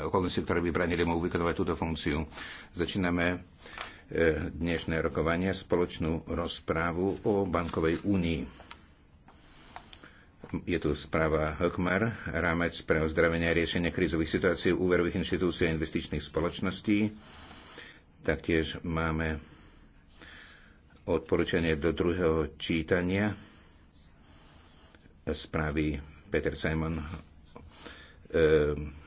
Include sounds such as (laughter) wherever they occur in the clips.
okolnosti, ktoré by branili mu vykonovať túto funkciu. Začíname e, dnešné rokovanie, spoločnú rozprávu o bankovej únii. Je tu správa HKMAR, rámec pre ozdravenie a riešenie krízových situácií úverových inštitúcií a investičných spoločností. Taktiež máme odporúčanie do druhého čítania správy Peter Simon e,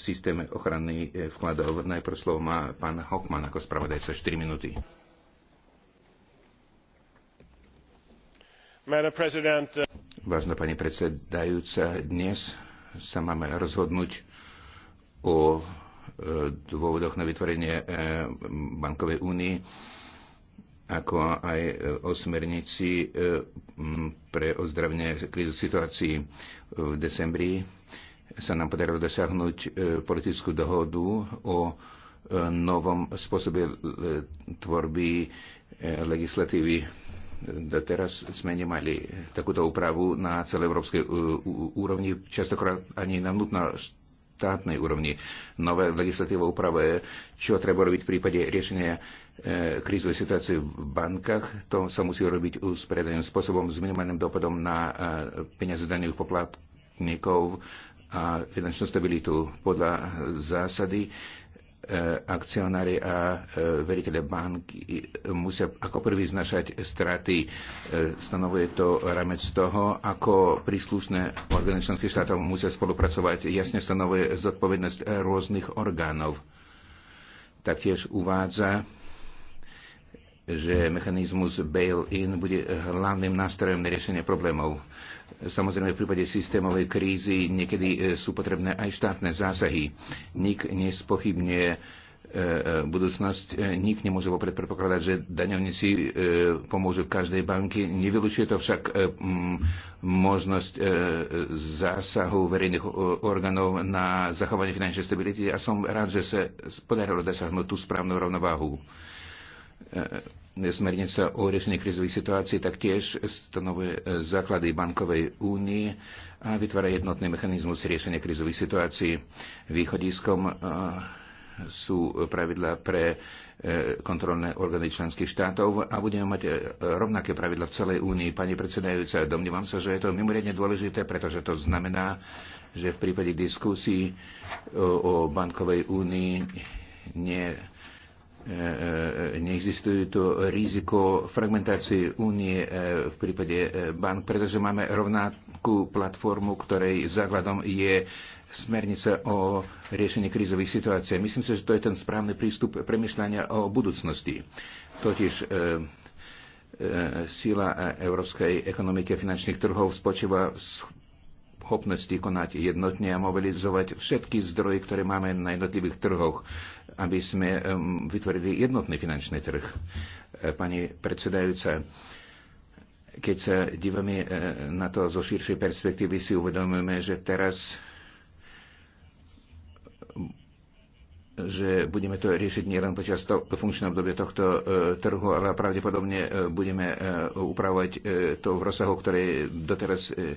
systéme ochrany e, vkladov. Najprv slovo má pán Hockman ako spravodajca 4 minúty. Uh, Vážna pani predsedajúca, dnes sa máme rozhodnúť o e, dôvodoch na vytvorenie e, bankovej únie ako aj o smernici pre ozdravenie krízu situácií v decembri sa nám podarilo dosiahnuť e, politickú dohodu o e, novom spôsobe e, tvorby legislatívy. Doteraz sme nemali takúto úpravu na celé európskej úrovni, častokrát ani na nutná vnútroštátnej úrovni. Nové legislatíva upravuje, čo treba robiť v prípade riešenia krízovej situácie v bankách. To sa musí robiť uspredeným spôsobom s minimálnym dopadom na peniaze daných poplatníkov a finančnú stabilitu podľa zásady e, akcionári a e, veriteľe banky musia ako prvý znašať straty. E, stanovuje to ramec toho, ako príslušné orgány členských štátov musia spolupracovať. Jasne stanovuje zodpovednosť rôznych orgánov. Taktiež uvádza, že mechanizmus bail-in bude hlavným nástrojom na riešenie problémov Samozrejme, v prípade systémovej krízy niekedy e, sú potrebné aj štátne zásahy. Nik nespochybňuje e, e, budúcnosť. Nik nemôže vopred predpokladať, že daňovníci pomôžu každej banky. Nevylučuje to však možnosť zásahu verejných orgánov na zachovanie finančnej stability a ja som rád, že sa podarilo dosiahnuť tú správnu rovnováhu Smernica o riešení krizových situácií taktiež stanovuje e, základy bankovej únie a vytvára jednotný mechanizmus riešenia krizových situácií. Východiskom e, sú pravidla pre e, kontrolné orgány členských štátov a budeme mať rovnaké pravidla v celej únii. Pani predsedajúca, domnívam sa, že je to mimoriadne dôležité, pretože to znamená, že v prípade diskusí o bankovej únii nie E, e, e, neexistuje to riziko fragmentácie únie v prípade bank, pretože máme rovnakú platformu, ktorej základom je smernica o riešení krízových situácií. Myslím si, že to je ten správny prístup premyšľania o budúcnosti. Totiž sila európskej ekonomiky a finančných trhov spočíva v schopnosti konať jednotne a mobilizovať všetky zdroje, ktoré máme na jednotlivých trhoch aby sme vytvorili jednotný finančný trh. Pani predsedajúca, keď sa dívame na to zo širšej perspektívy, si uvedomujeme, že teraz že budeme to riešiť nielen počas to, funkčného obdobia tohto e, trhu, ale pravdepodobne e, budeme e, upravovať e, to v rozsahu, ktorý doteraz e, e,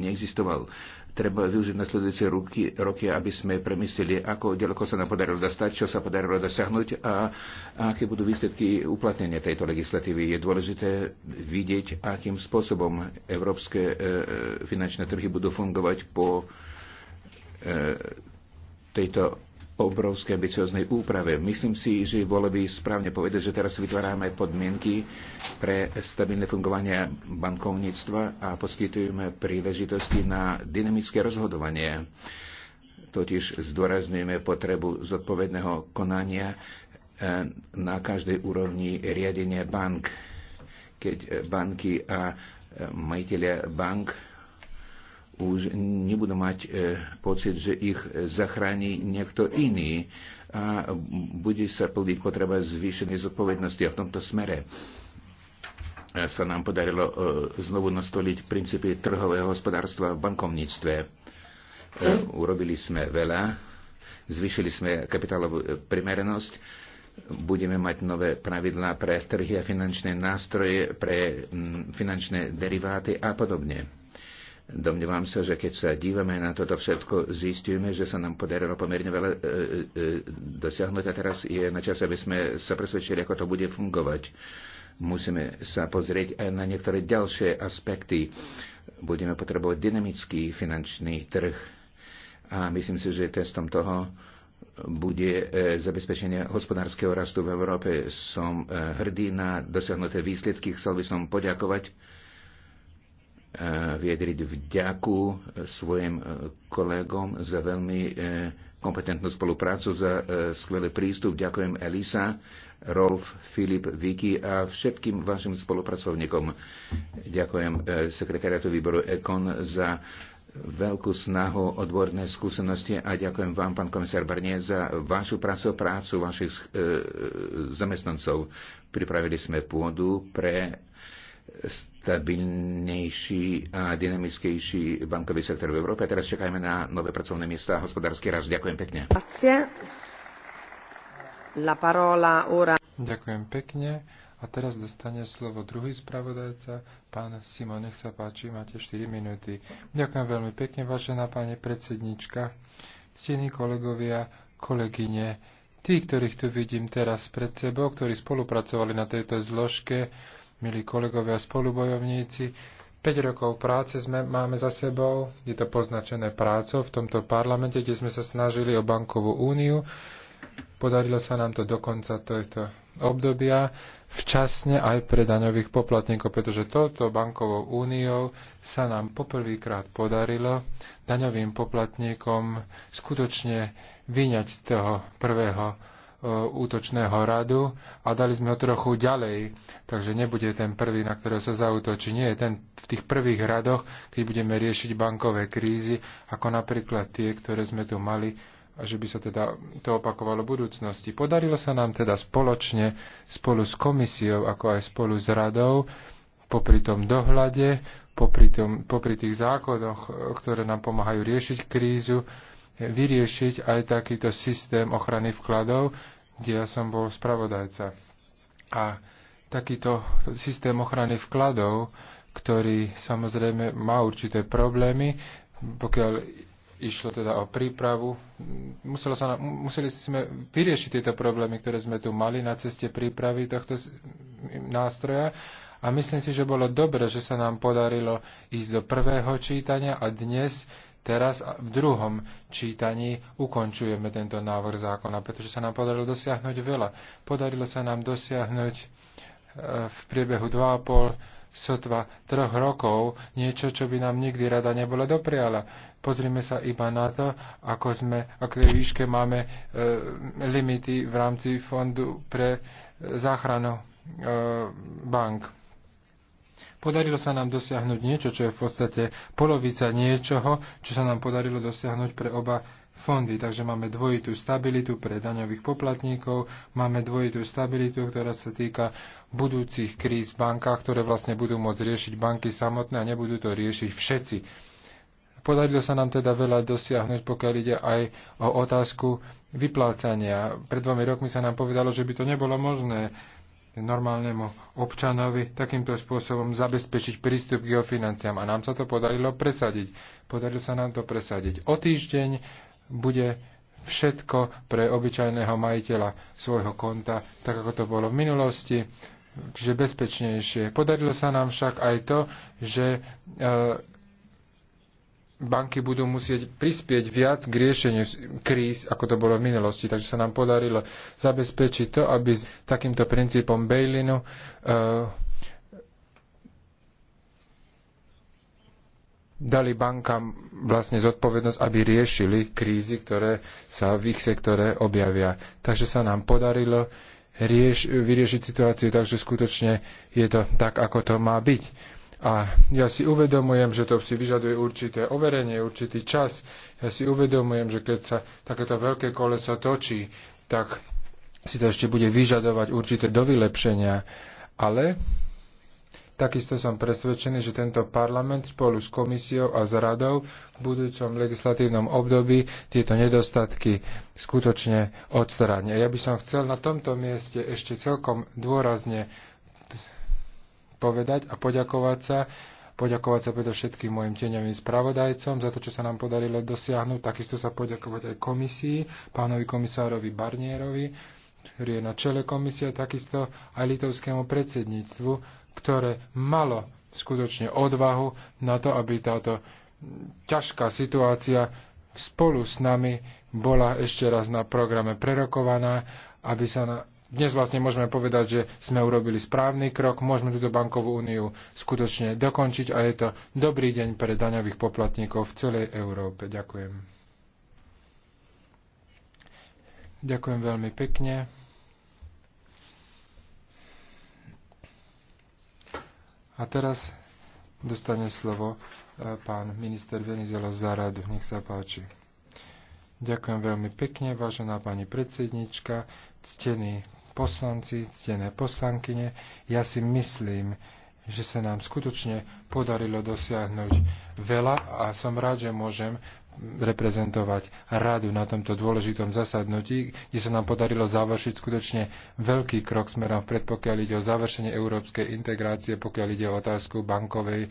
neexistoval. E, treba využiť nasledujúce roky, roky, aby sme premyslili, ako ďaleko sa nám podarilo dostať, čo sa podarilo dosiahnuť a, a aké budú výsledky uplatnenia tejto legislatívy. Je dôležité vidieť, akým spôsobom európske e, e finančné trhy budú fungovať po e, tejto obrovskej ambicioznej úprave. Myslím si, že bolo by správne povedať, že teraz vytvárame podmienky pre stabilné fungovanie bankovníctva a poskytujeme príležitosti na dynamické rozhodovanie. Totiž zdôrazňujeme potrebu zodpovedného konania e, na každej úrovni riadenia bank. Keď banky a majiteľia bank už nebudú mať e, pocit, že ich e, zachráni niekto iný a bude sa plniť potreba zvýšenej zodpovednosti. A v tomto smere e, sa nám podarilo znovu nastoliť princípy trhového hospodárstva v bankovníctve. Urobili sme veľa, zvýšili sme kapitálovú primerenosť, budeme mať nové pravidlá pre trhy a finančné nástroje, pre finančné deriváty a podobne Domnievam sa, že keď sa dívame na toto všetko, zistíme, že sa nám podarilo pomerne veľa e, e, dosiahnuť a teraz je na čas, aby sme sa presvedčili, ako to bude fungovať. Musíme sa pozrieť aj na niektoré ďalšie aspekty. Budeme potrebovať dynamický finančný trh a myslím si, že testom toho bude e, zabezpečenie hospodárskeho rastu v Európe. Som e, hrdý na dosiahnuté výsledky. Chcel by som poďakovať Eh, vyjadriť vďaku eh, svojim eh, kolegom za veľmi kompetentnú spoluprácu, za skvelý prístup. Ďakujem Elisa, Rolf, Filip, Vicky a všetkým vašim spolupracovníkom. Ďakujem sekretariatu výboru EKON za veľkú snahu, odborné skúsenosti a ďakujem vám, pán komisár Barnier, za vašu prácu, prácu vašich e, zamestnancov. Pripravili sme pôdu pre stabilnejší a dynamickejší bankový sektor v Európe. A teraz čakajme na nové pracovné miesta a hospodársky rast. Ďakujem pekne. Ďakujem pekne. A teraz dostane slovo druhý spravodajca, pán Simon, nech sa páči, máte 4 minúty. Ďakujem veľmi pekne, vážená pani predsednička, ctení kolegovia, kolegyne, tí, ktorých tu vidím teraz pred sebou, ktorí spolupracovali na tejto zložke, milí kolegovia spolubojovníci. 5 rokov práce sme, máme za sebou, je to poznačené prácou v tomto parlamente, kde sme sa snažili o bankovú úniu. Podarilo sa nám to do konca tohto obdobia včasne aj pre daňových poplatníkov, pretože touto bankovou úniou sa nám poprvýkrát podarilo daňovým poplatníkom skutočne vyňať z toho prvého Eh, útočného radu a dali sme ho trochu ďalej, takže nebude ten prvý, na ktorého sa zautočí. Nie, ten v tých prvých radoch, keď budeme riešiť bankové krízy, ako napríklad tie, ktoré sme tu mali, a že by sa teda to opakovalo v budúcnosti. Podarilo sa nám teda spoločne, spolu s komisiou, ako aj spolu s radou, popri tom dohľade, popri, tom, popri tých zákonoch, eh, ktoré nám pomáhajú riešiť krízu, vyriešiť aj takýto systém ochrany vkladov, kde ja som bol spravodajca. A takýto systém ochrany vkladov, ktorý samozrejme má určité problémy, pokiaľ išlo teda o prípravu. Muselo sa na, museli sme vyriešiť tieto problémy, ktoré sme tu mali na ceste prípravy tohto nástroja. A myslím si, že bolo dobre, že sa nám podarilo ísť do prvého čítania a dnes Teraz v druhom čítaní ukončujeme tento návrh zákona, pretože sa nám podarilo dosiahnuť veľa. Podarilo sa nám dosiahnuť e, v priebehu 2,5 sotva troch rokov niečo, čo by nám nikdy rada nebola dopriala. Pozrime sa iba na to, ako sme, aké výške máme e, limity v rámci fondu pre e, záchranu e, bank. Podarilo sa nám dosiahnuť niečo, čo je v podstate polovica niečoho, čo sa nám podarilo dosiahnuť pre oba fondy. Takže máme dvojitú stabilitu pre daňových poplatníkov, máme dvojitú stabilitu, ktorá sa týka budúcich kríz v bankách, ktoré vlastne budú môcť riešiť banky samotné a nebudú to riešiť všetci. Podarilo sa nám teda veľa dosiahnuť, pokiaľ ide aj o otázku vyplácania. Pred dvomi rokmi sa nám povedalo, že by to nebolo možné normálnemu občanovi takýmto spôsobom zabezpečiť prístup k jeho financiám. A nám sa to podarilo presadiť. Podarilo sa nám to presadiť. O týždeň bude všetko pre obyčajného majiteľa svojho konta, tak ako to bolo v minulosti, že bezpečnejšie. Podarilo sa nám však aj to, že e, banky budú musieť prispieť viac k riešeniu kríz, ako to bolo v minulosti. Takže sa nám podarilo zabezpečiť to, aby s takýmto princípom bailinu uh, dali bankám vlastne zodpovednosť, aby riešili krízy, ktoré sa v ich sektore objavia. Takže sa nám podarilo rieš, vyriešiť situáciu, takže skutočne je to tak, ako to má byť a ja si uvedomujem, že to si vyžaduje určité overenie, určitý čas. Ja si uvedomujem, že keď sa takéto veľké koleso točí, tak si to ešte bude vyžadovať určité dovylepšenia. Ale takisto som presvedčený, že tento parlament spolu s komisiou a s radou v budúcom legislatívnom období tieto nedostatky skutočne A Ja by som chcel na tomto mieste ešte celkom dôrazne povedať a poďakovať sa. Poďakovať sa predovšetkým mojim tieňovým spravodajcom za to, čo sa nám podarilo dosiahnuť. Takisto sa poďakovať aj komisii, pánovi komisárovi Barnierovi, ktorý je na čele komisie, takisto aj litovskému predsedníctvu, ktoré malo skutočne odvahu na to, aby táto ťažká situácia spolu s nami bola ešte raz na programe prerokovaná, aby sa na dnes vlastne môžeme povedať, že sme urobili správny krok, môžeme túto bankovú úniu skutočne dokončiť a je to dobrý deň pre daňových poplatníkov v celej Európe. Ďakujem. Ďakujem veľmi pekne. A teraz dostane slovo e, pán minister Venizela Zaradu. Nech sa páči. Ďakujem veľmi pekne, vážená pani predsednička, ctení poslanci, ctené poslankyne, ja si myslím, že sa nám skutočne podarilo dosiahnuť veľa a som rád, že môžem reprezentovať radu na tomto dôležitom zasadnutí, kde sa nám podarilo završiť skutočne veľký krok smerom vpred, pokiaľ ide o završenie európskej integrácie, pokiaľ ide o otázku bankovej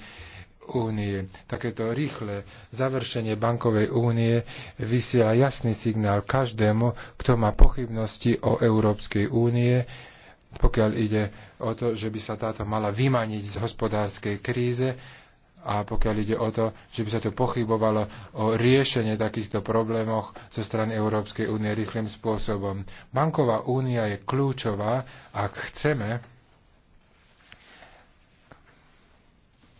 únie. Takéto rýchle završenie bankovej únie vysiela jasný signál každému, kto má pochybnosti o Európskej únie, pokiaľ ide o to, že by sa táto mala vymaniť z hospodárskej kríze a pokiaľ ide o to, že by sa to pochybovalo o riešenie takýchto problémoch zo strany Európskej únie rýchlým spôsobom. Banková únia je kľúčová, ak chceme,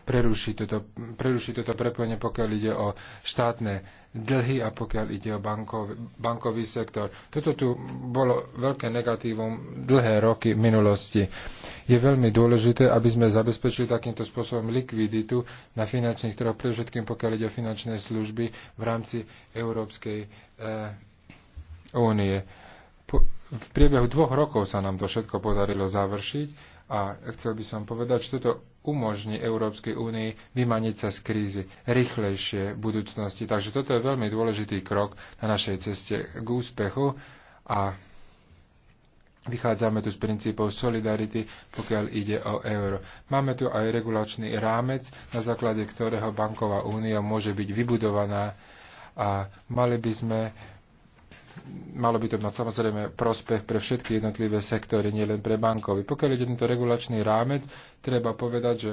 prerušiť toto, prerušiť toto prepojenie, pokiaľ ide o štátne dlhy a pokiaľ ide o bankový, bankový sektor. Toto tu bolo veľké negatívum dlhé roky v minulosti. Je veľmi dôležité, aby sme zabezpečili takýmto spôsobom likviditu na finančných trhoch, predovšetkým pokiaľ ide o finančné služby v rámci Európskej eh, únie. Eh, v priebehu dvoch rokov sa nám to všetko podarilo završiť a chcel by som povedať, že toto umožní Európskej únii vymaniť sa z krízy rýchlejšie v budúcnosti. Takže toto je veľmi dôležitý krok na našej ceste k úspechu a Vychádzame tu z princípov solidarity, pokiaľ ide o euro. Máme tu aj regulačný rámec, na základe ktorého banková únia môže byť vybudovaná a mali by sme malo by to mať samozrejme prospech pre všetky jednotlivé sektory, nielen pre bankovi. Pokiaľ je tento regulačný rámec, treba povedať, že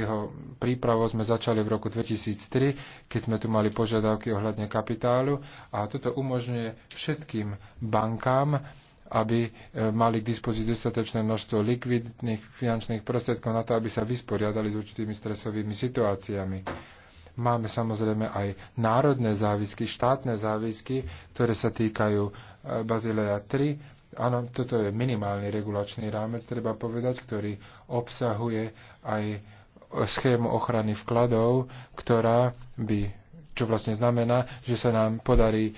jeho prípravou sme začali v roku 2003, keď sme tu mali požiadavky ohľadne kapitálu a toto umožňuje všetkým bankám, aby e, mali k dispozícii dostatočné množstvo likvidných finančných prostriedkov na to, aby sa vysporiadali s určitými stresovými situáciami Máme samozrejme aj národné závisky, štátne závisky, ktoré sa týkajú e, Bazileja 3, Áno, toto je minimálny regulačný rámec, treba povedať, ktorý obsahuje aj schému ochrany vkladov, ktorá by, čo vlastne znamená, že sa nám podarí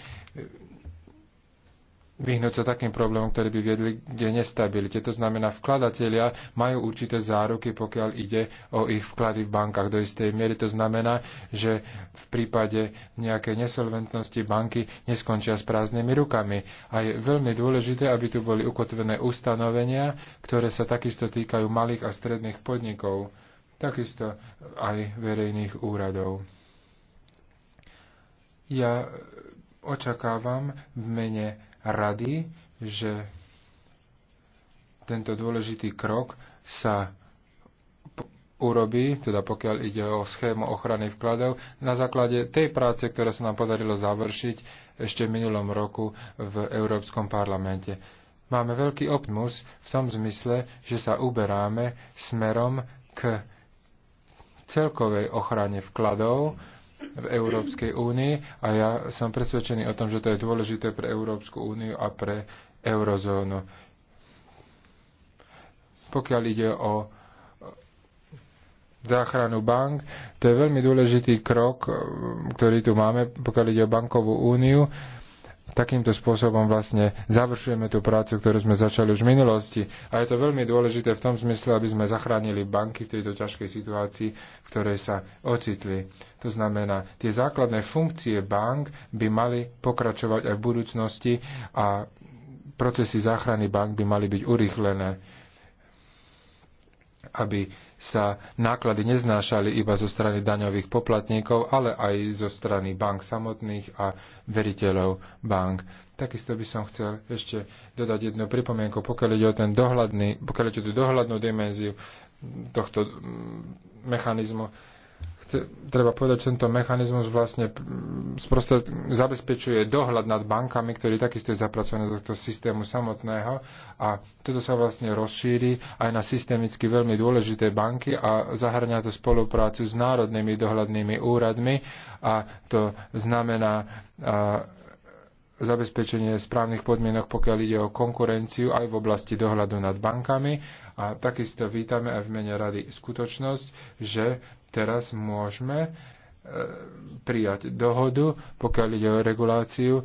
vyhnúť sa takým problémom, ktoré by viedli k nestabilite. To znamená, vkladatelia majú určité záruky, pokiaľ ide o ich vklady v bankách do istej miery. To znamená, že v prípade nejakej nesolventnosti banky neskončia s prázdnymi rukami. A je veľmi dôležité, aby tu boli ukotvené ustanovenia, ktoré sa takisto týkajú malých a stredných podnikov, takisto aj verejných úradov. Ja očakávam v mene rady, že tento dôležitý krok sa urobí, teda pokiaľ ide o schému ochrany vkladov, na základe tej práce, ktorá sa nám podarilo završiť ešte v minulom roku v Európskom parlamente. Máme veľký optimus v tom zmysle, že sa uberáme smerom k celkovej ochrane vkladov, v Európskej únii a ja som presvedčený o tom, že to je dôležité pre Európsku úniu a pre eurozónu. Pokiaľ ide o záchranu bank. To je veľmi dôležitý krok, ktorý tu máme, pokiaľ ide o bankovú úniu takýmto spôsobom vlastne završujeme tú prácu, ktorú sme začali už v minulosti. A je to veľmi dôležité v tom zmysle, aby sme zachránili banky v tejto ťažkej situácii, v ktorej sa ocitli. To znamená, tie základné funkcie bank by mali pokračovať aj v budúcnosti a procesy záchrany bank by mali byť urýchlené, aby sa náklady neznášali iba zo strany daňových poplatníkov, ale aj zo strany bank samotných a veriteľov bank. Takisto by som chcel ešte dodať jednu pripomienku, pokiaľ ide o ten dohľadný, pokiaľ ide o tú dohľadnú dimenziu tohto mm, mechanizmu treba povedať, že tento mechanizmus vlastne mm, sprostred, zabezpečuje dohľad nad bankami, ktorý takisto je zapracovaný do tohto systému samotného a toto sa vlastne rozšíri aj na systemicky veľmi dôležité banky a zahrňa to spoluprácu s národnými dohľadnými úradmi a to znamená a, zabezpečenie správnych podmienok, pokiaľ ide o konkurenciu aj v oblasti dohľadu nad bankami. A takisto vítame aj v mene rady skutočnosť, že teraz môžeme e, prijať dohodu, pokiaľ ide o reguláciu e,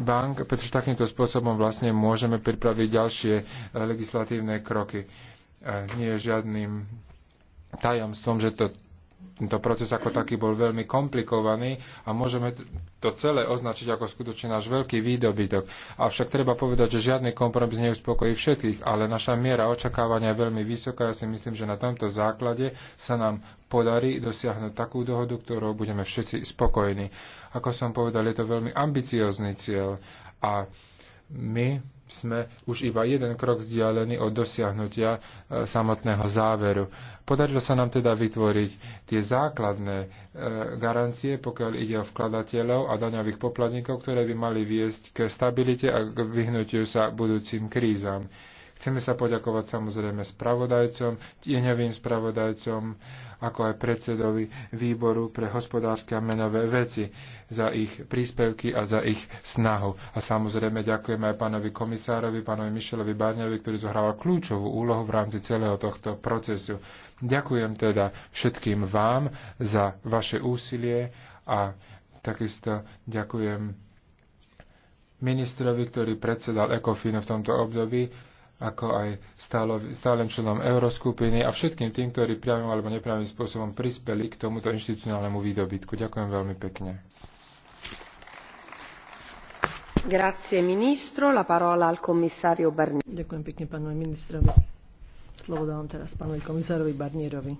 bank, pretože takýmto spôsobom vlastne môžeme pripraviť ďalšie e, legislatívne kroky. Nie je žiadnym tajomstvom, že to tento proces ako taký bol veľmi komplikovaný a môžeme to celé označiť ako skutočne náš veľký výdobytok. Avšak treba povedať, že žiadny kompromis neuspokojí všetkých, ale naša miera očakávania je veľmi vysoká. Ja si myslím, že na tomto základe sa nám podarí dosiahnuť takú dohodu, ktorou budeme všetci spokojní. Ako som povedal, je to veľmi ambiciózny cieľ a my sme už iba jeden krok vzdialení od dosiahnutia e, samotného záveru. Podarilo sa nám teda vytvoriť tie základné e, garancie, pokiaľ ide o vkladateľov a daňových poplatníkov, ktoré by mali viesť k stabilite a k vyhnutiu sa budúcim krízam. Chceme sa poďakovať samozrejme spravodajcom, tieňovým spravodajcom, ako aj predsedovi výboru pre hospodárske a menové veci za ich príspevky a za ich snahu. A samozrejme ďakujeme aj pánovi komisárovi, pánovi Mišelovi Barňovi, ktorý zohrával kľúčovú úlohu v rámci celého tohto procesu. Ďakujem teda všetkým vám za vaše úsilie a takisto ďakujem ministrovi, ktorý predsedal ECOFIN v tomto období ako aj stále, stálem členom Euroskupiny a všetkým tým, ktorí priamým alebo nepriamým spôsobom prispeli k tomuto inštitucionálnemu výdobytku. Ďakujem veľmi pekne. Grazie, ministro. La parola al commissario Barnier. Ďakujem pekne pánovi ministrovi. Slovo dávam teraz pánovi komisárovi Barnierovi.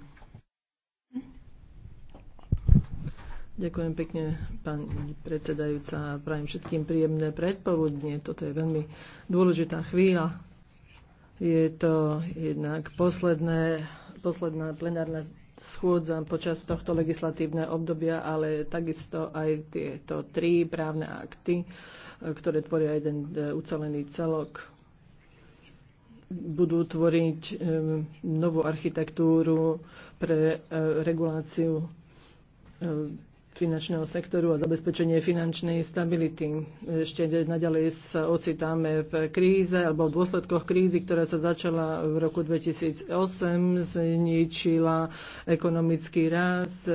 Ďakujem pekne, pani predsedajúca. Prajem všetkým príjemné predpoludne. Toto je veľmi dôležitá chvíľa je to jednak posledné, posledná plenárna schôdza počas tohto legislatívneho obdobia, ale takisto aj tieto tri právne akty, e, ktoré tvoria jeden e, ucelený celok, budú tvoriť e, novú architektúru pre reguláciu finančného sektoru a zabezpečenie finančnej stability. Ešte naďalej sa ocitáme v kríze alebo v dôsledkoch krízy, ktorá sa začala v roku 2008, zničila ekonomický rast,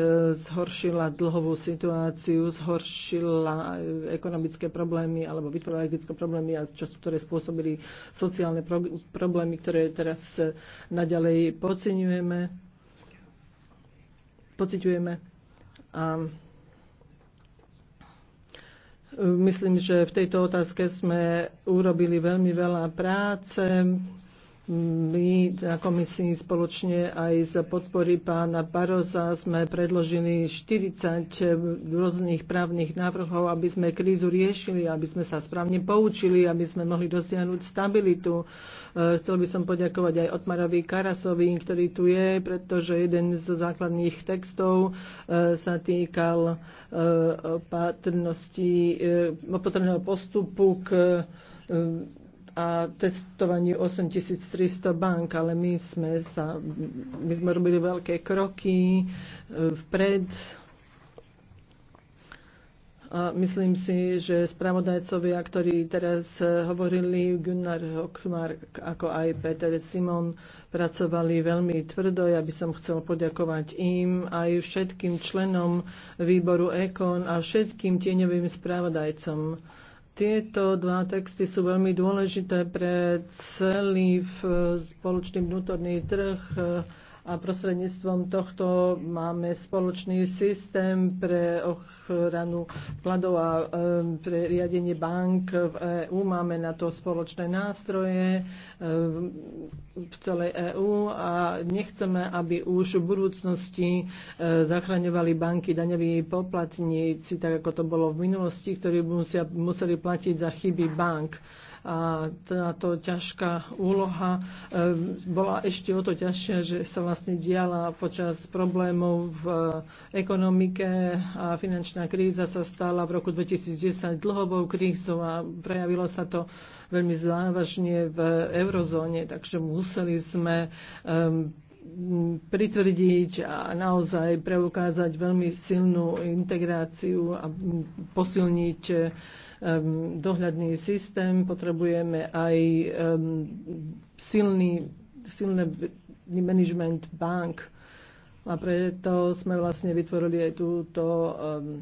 zhoršila dlhovú situáciu, zhoršila ekonomické problémy alebo vytvorila ekonomické problémy, a času, ktoré spôsobili sociálne pro- problémy, ktoré teraz naďalej pociňujeme, pociťujeme. A Myslím, že v tejto otázke sme urobili veľmi veľa práce my na komisii spoločne aj za podpory pána Baroza sme predložili 40 rôznych právnych návrhov, aby sme krízu riešili, aby sme sa správne poučili, aby sme mohli dosiahnuť stabilitu. E, chcel by som poďakovať aj Otmarovi Karasovi, ktorý tu je, pretože jeden z základných textov e, sa týkal e, opatrnosti, opatrného postupu k a testovaní 8300 bank, ale my sme, sa, my sme robili veľké kroky e, vpred. A myslím si, že spravodajcovia, ktorí teraz e, hovorili, Gunnar Hochmark ako aj Peter Simon, pracovali veľmi tvrdo. Ja by som chcel poďakovať im aj všetkým členom výboru EKON a všetkým tieňovým spravodajcom. Tieto dva texty sú veľmi dôležité pre celý spoločný vnútorný trh a prostredníctvom tohto máme spoločný systém pre ochranu vkladov a pre riadenie bank v EÚ. Máme na to spoločné nástroje v celej EÚ a nechceme, aby už v budúcnosti zachraňovali banky daňoví poplatníci, tak ako to bolo v minulosti, ktorí musia, museli platiť za chyby bank a táto ťažká úloha e, bola ešte o to ťažšia, že sa vlastne diala počas problémov v ekonomike a finančná kríza sa stala v roku 2010 dlhovou krízou a prejavilo sa to veľmi závažne v eurozóne, takže museli sme um, pritvrdiť a naozaj preukázať veľmi silnú integráciu a posilniť dohľadný systém, potrebujeme aj silný, silný management bank. A preto sme vlastne vytvorili aj túto, um,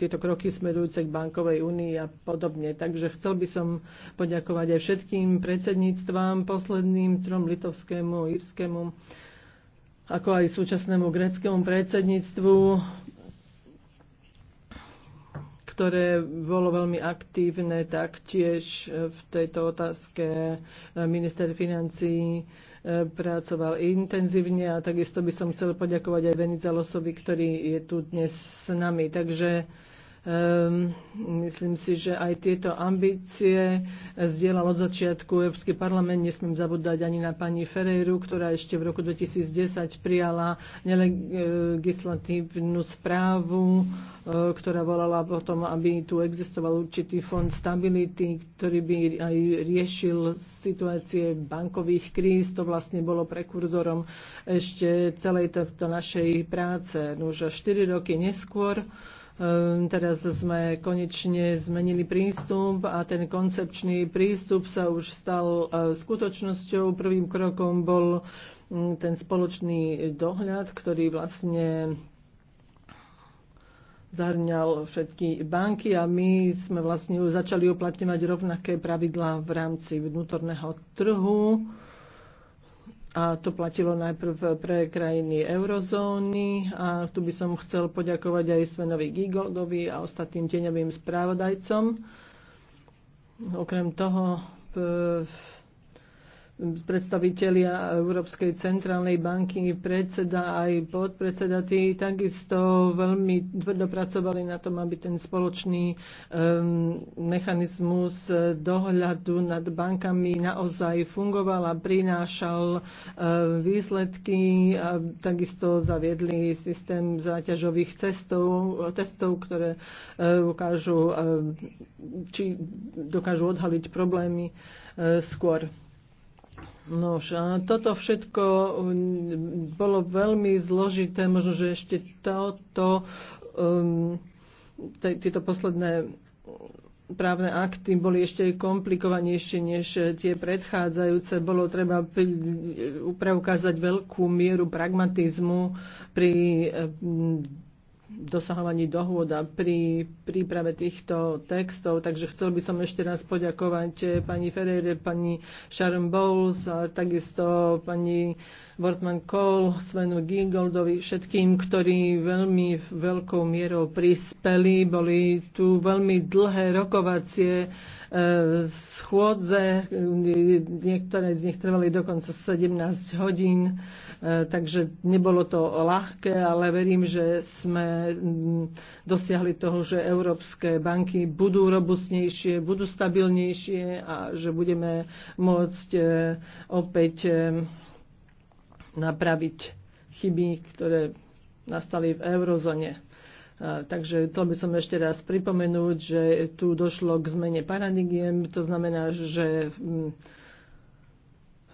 tieto kroky smerujúce k bankovej únii a podobne. Takže chcel by som poďakovať aj všetkým predsedníctvám, posledným trom litovskému, írskému, ako aj súčasnému greckému predsedníctvu, ktoré bolo veľmi aktívne taktiež v tejto otázke. Minister financí e, pracoval intenzívne a takisto by som chcel poďakovať aj Venizalosovi, ktorý je tu dnes s nami. Takže Ehm, myslím si, že aj tieto ambície zdieľal od začiatku Európsky parlament. Nesmiem zabúdať ani na pani Ferreiru, ktorá ešte v roku 2010 prijala nelegislatívnu správu, e, ktorá volala potom, aby tu existoval určitý fond stability, ktorý by aj riešil situácie bankových kríz. To vlastne bolo prekurzorom ešte celej to, to našej práce. No už 4 roky neskôr Ehm, teraz sme konečne zmenili prístup a ten koncepčný prístup sa už stal e, skutočnosťou. Prvým krokom bol mm, ten spoločný dohľad, ktorý vlastne zahrňal všetky banky a my sme vlastne začali uplatňovať rovnaké pravidlá v rámci vnútorného trhu a to platilo najprv pre krajiny eurozóny a tu by som chcel poďakovať aj Svenovi Gigogovi a ostatným deňovým správodajcom. Okrem toho predstavitelia Európskej centrálnej banky, predseda aj podpredseda, tí takisto veľmi tvrdo pracovali na tom, aby ten spoločný um, mechanizmus dohľadu nad bankami naozaj fungoval a prinášal um, výsledky a takisto zaviedli systém záťažových cestov, testov, ktoré um, ukážu, um, či dokážu odhaliť problémy um, skôr. No, toto všetko um, bolo veľmi zložité, možno, že ešte toto, um, tieto posledné právne akty boli ešte komplikovanejšie než tie predchádzajúce. Bolo treba preukázať veľkú mieru pragmatizmu pri um, dosahovaní dohôd a pri príprave týchto textov. Takže chcel by som ešte raz poďakovať eh, pani Ferreire, pani Sharon Bowles a takisto pani Wortman Kohl, Svenu Gingoldovi, všetkým, ktorí veľmi veľkou mierou prispeli. Boli tu veľmi dlhé rokovacie E, schôdze, niektoré z nich trvali dokonca 17 hodín, e, takže nebolo to ľahké, ale verím, že sme dosiahli toho, že európske banky budú robustnejšie, budú stabilnejšie a že budeme môcť e, opäť napraviť chyby, ktoré nastali v eurozóne. Takže to by som ešte raz pripomenúť, že tu došlo k zmene paradigiem, to znamená, že mm,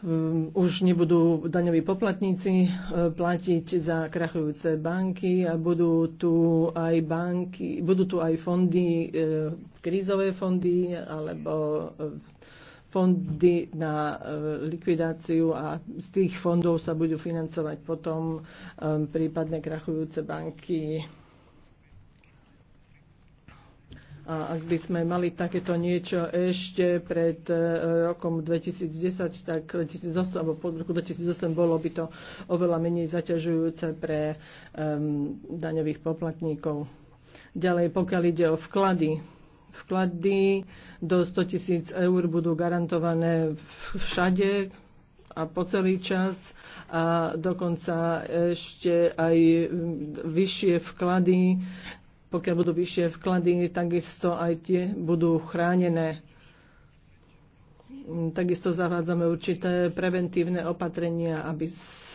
mm, už nebudú daňoví poplatníci e, platiť za krachujúce banky a budú tu aj banky, budú tu aj fondy, e, krízové fondy alebo e, fondy na likvidáciu a z tých fondov sa budú financovať potom prípadne krachujúce banky. A ak by sme mali takéto niečo ešte pred e, rokom 2010, tak 2008, alebo po roku 2008 bolo by to oveľa menej zaťažujúce pre um, daňových poplatníkov. Ďalej, pokiaľ ide o vklady, vklady do 100 tisíc eur budú garantované všade a po celý čas a dokonca ešte aj vyššie vklady pokiaľ budú vyššie vklady, takisto aj tie budú chránené. Takisto zavádzame určité preventívne opatrenia, aby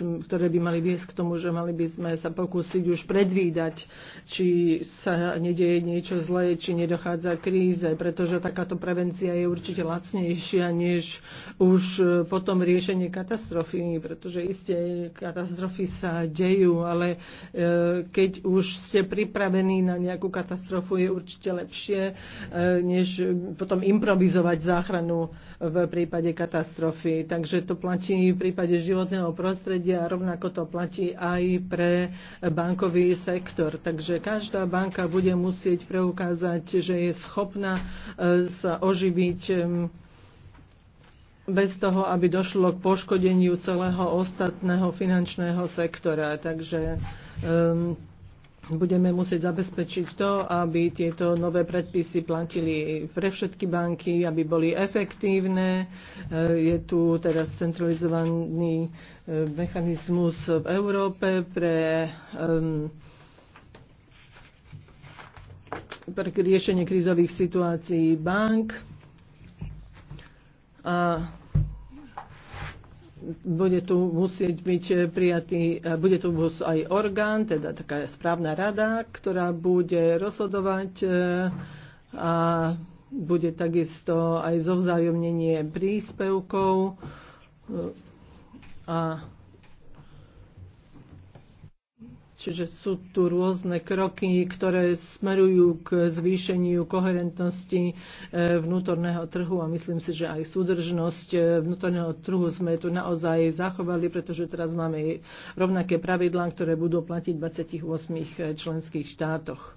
ktoré by mali viesť k tomu, že mali by sme sa pokúsiť už predvídať, či sa nedieje niečo zlé, či nedochádza kríze, pretože takáto prevencia je určite lacnejšia než už e, potom riešenie katastrofy, pretože isté katastrofy sa dejú, ale e, keď už ste pripravení na nejakú katastrofu, je určite lepšie, e, než potom improvizovať záchranu v prípade katastrofy. Takže to platí v prípade životného prostredia prostredia, rovnako to platí aj pre bankový sektor. Takže každá banka bude musieť preukázať, že je schopná e, sa oživiť bez toho, aby došlo k poškodeniu celého ostatného finančného sektora. Takže um, budeme musieť zabezpečiť to, aby tieto nové predpisy platili pre všetky banky, aby boli efektívne. E, je tu teraz centralizovaný e, mechanizmus v Európe pre pre riešenie krízových situácií bank. A bude tu musieť byť eh, prijatý, eh, bude tu aj orgán, teda taká správna rada, ktorá bude rozhodovať eh, a bude takisto aj zovzájomnenie príspevkov a Čiže sú tu rôzne kroky, ktoré smerujú k zvýšeniu koherentnosti e, vnútorného trhu a myslím si, že aj súdržnosť e, vnútorného trhu sme tu naozaj zachovali, pretože teraz máme rovnaké pravidlá, ktoré budú platiť v 28 e, členských štátoch.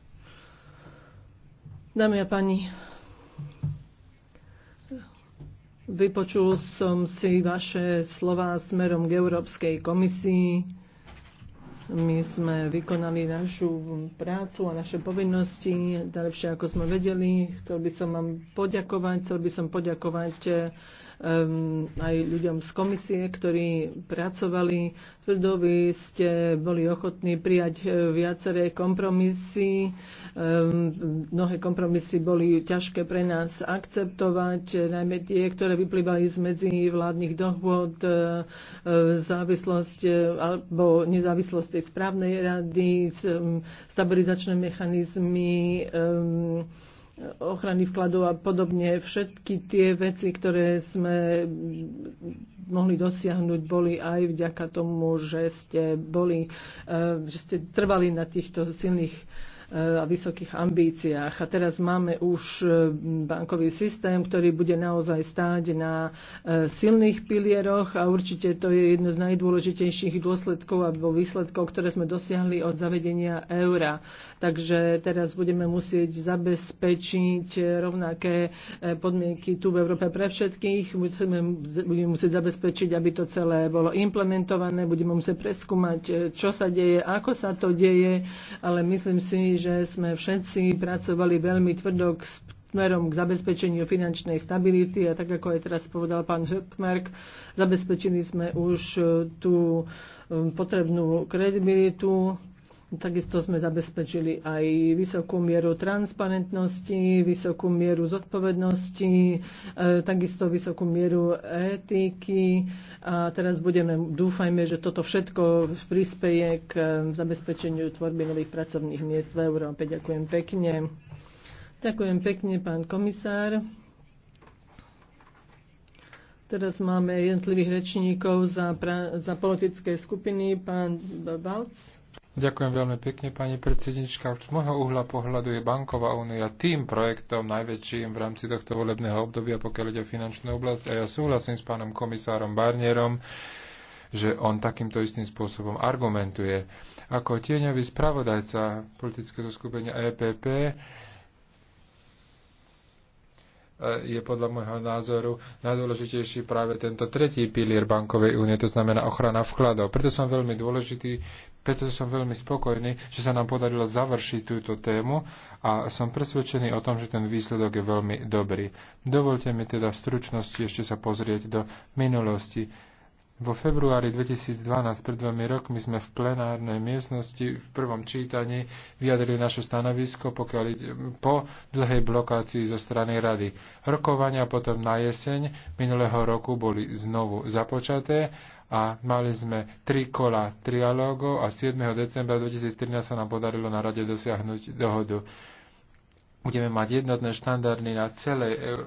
Dámy a pani, vypočul som si vaše slova smerom k Európskej komisii my sme vykonali našu prácu a naše povinnosti, najlepšie ako sme vedeli. Chcel by som vám poďakovať, chcel by som poďakovať eh, aj ľuďom z komisie, ktorí pracovali tvrdo. Vy ste boli ochotní prijať eh, viaceré kompromisy. Mnohé kompromisy boli ťažké pre nás akceptovať, eh, najmä tie, ktoré vyplývali z medzi vládnych dohôd, eh, závislosť alebo nezávislosť tej správnej rady, mm, stabilizačné mechanizmy, ochrany vkladov a podobne. Všetky tie veci, ktoré sme mohli dosiahnuť, boli aj vďaka tomu, že ste, boli, eh, že ste trvali na týchto silných a vysokých ambíciách. A teraz máme už e, bankový systém, ktorý bude naozaj stáť na e, silných pilieroch a určite to je jedno z najdôležitejších dôsledkov alebo výsledkov, ktoré sme dosiahli od zavedenia eura. Takže teraz budeme musieť zabezpečiť rovnaké e, podmienky tu v Európe pre všetkých. Budeme, budeme musieť zabezpečiť, aby to celé bolo implementované, budeme musieť preskúmať, čo sa deje, ako sa to deje, ale myslím si, že sme všetci pracovali veľmi tvrdok s smerom k zabezpečeniu finančnej stability a tak ako aj teraz povedal pán Hökmark, zabezpečili sme už e, tú e, potrebnú kredibilitu Takisto sme zabezpečili aj vysokú mieru transparentnosti, vysokú mieru zodpovednosti, e, takisto vysokú mieru etiky. A teraz budeme, dúfajme, že toto všetko prispieje k e, zabezpečeniu tvorby nových pracovných miest v Európe. Ďakujem pekne. Ďakujem pekne, pán komisár. Teraz máme jednotlivých rečníkov za, za politické skupiny. Pán Balc. Ďakujem veľmi pekne, pani predsednička. Z môjho uhla pohľadu je Banková únia tým projektom najväčším v rámci tohto volebného obdobia, pokiaľ ide o finančnú oblasť. A ja súhlasím s pánom komisárom Barnierom, že on takýmto istým spôsobom argumentuje. Ako tieňový spravodajca politického skupenia EPP E, je podľa môjho názoru najdôležitejší práve tento tretí pilier bankovej únie, to znamená ochrana vkladov. Preto som veľmi dôležitý, preto som veľmi spokojný, že sa nám podarilo završiť túto tému a som presvedčený o tom, že ten výsledok je veľmi dobrý. Dovolte mi teda v stručnosti ešte sa pozrieť do minulosti vo februári 2012, pred dvomi rokmi, sme v plenárnej miestnosti v prvom čítaní vyjadrili naše stanovisko pokiaľ, po dlhej blokácii zo strany rady. Rokovania potom na jeseň minulého roku boli znovu započaté a mali sme tri kola trialógov a 7. decembra 2013 sa nám podarilo na rade dosiahnuť dohodu. Budeme mať jednotné štandardy na celej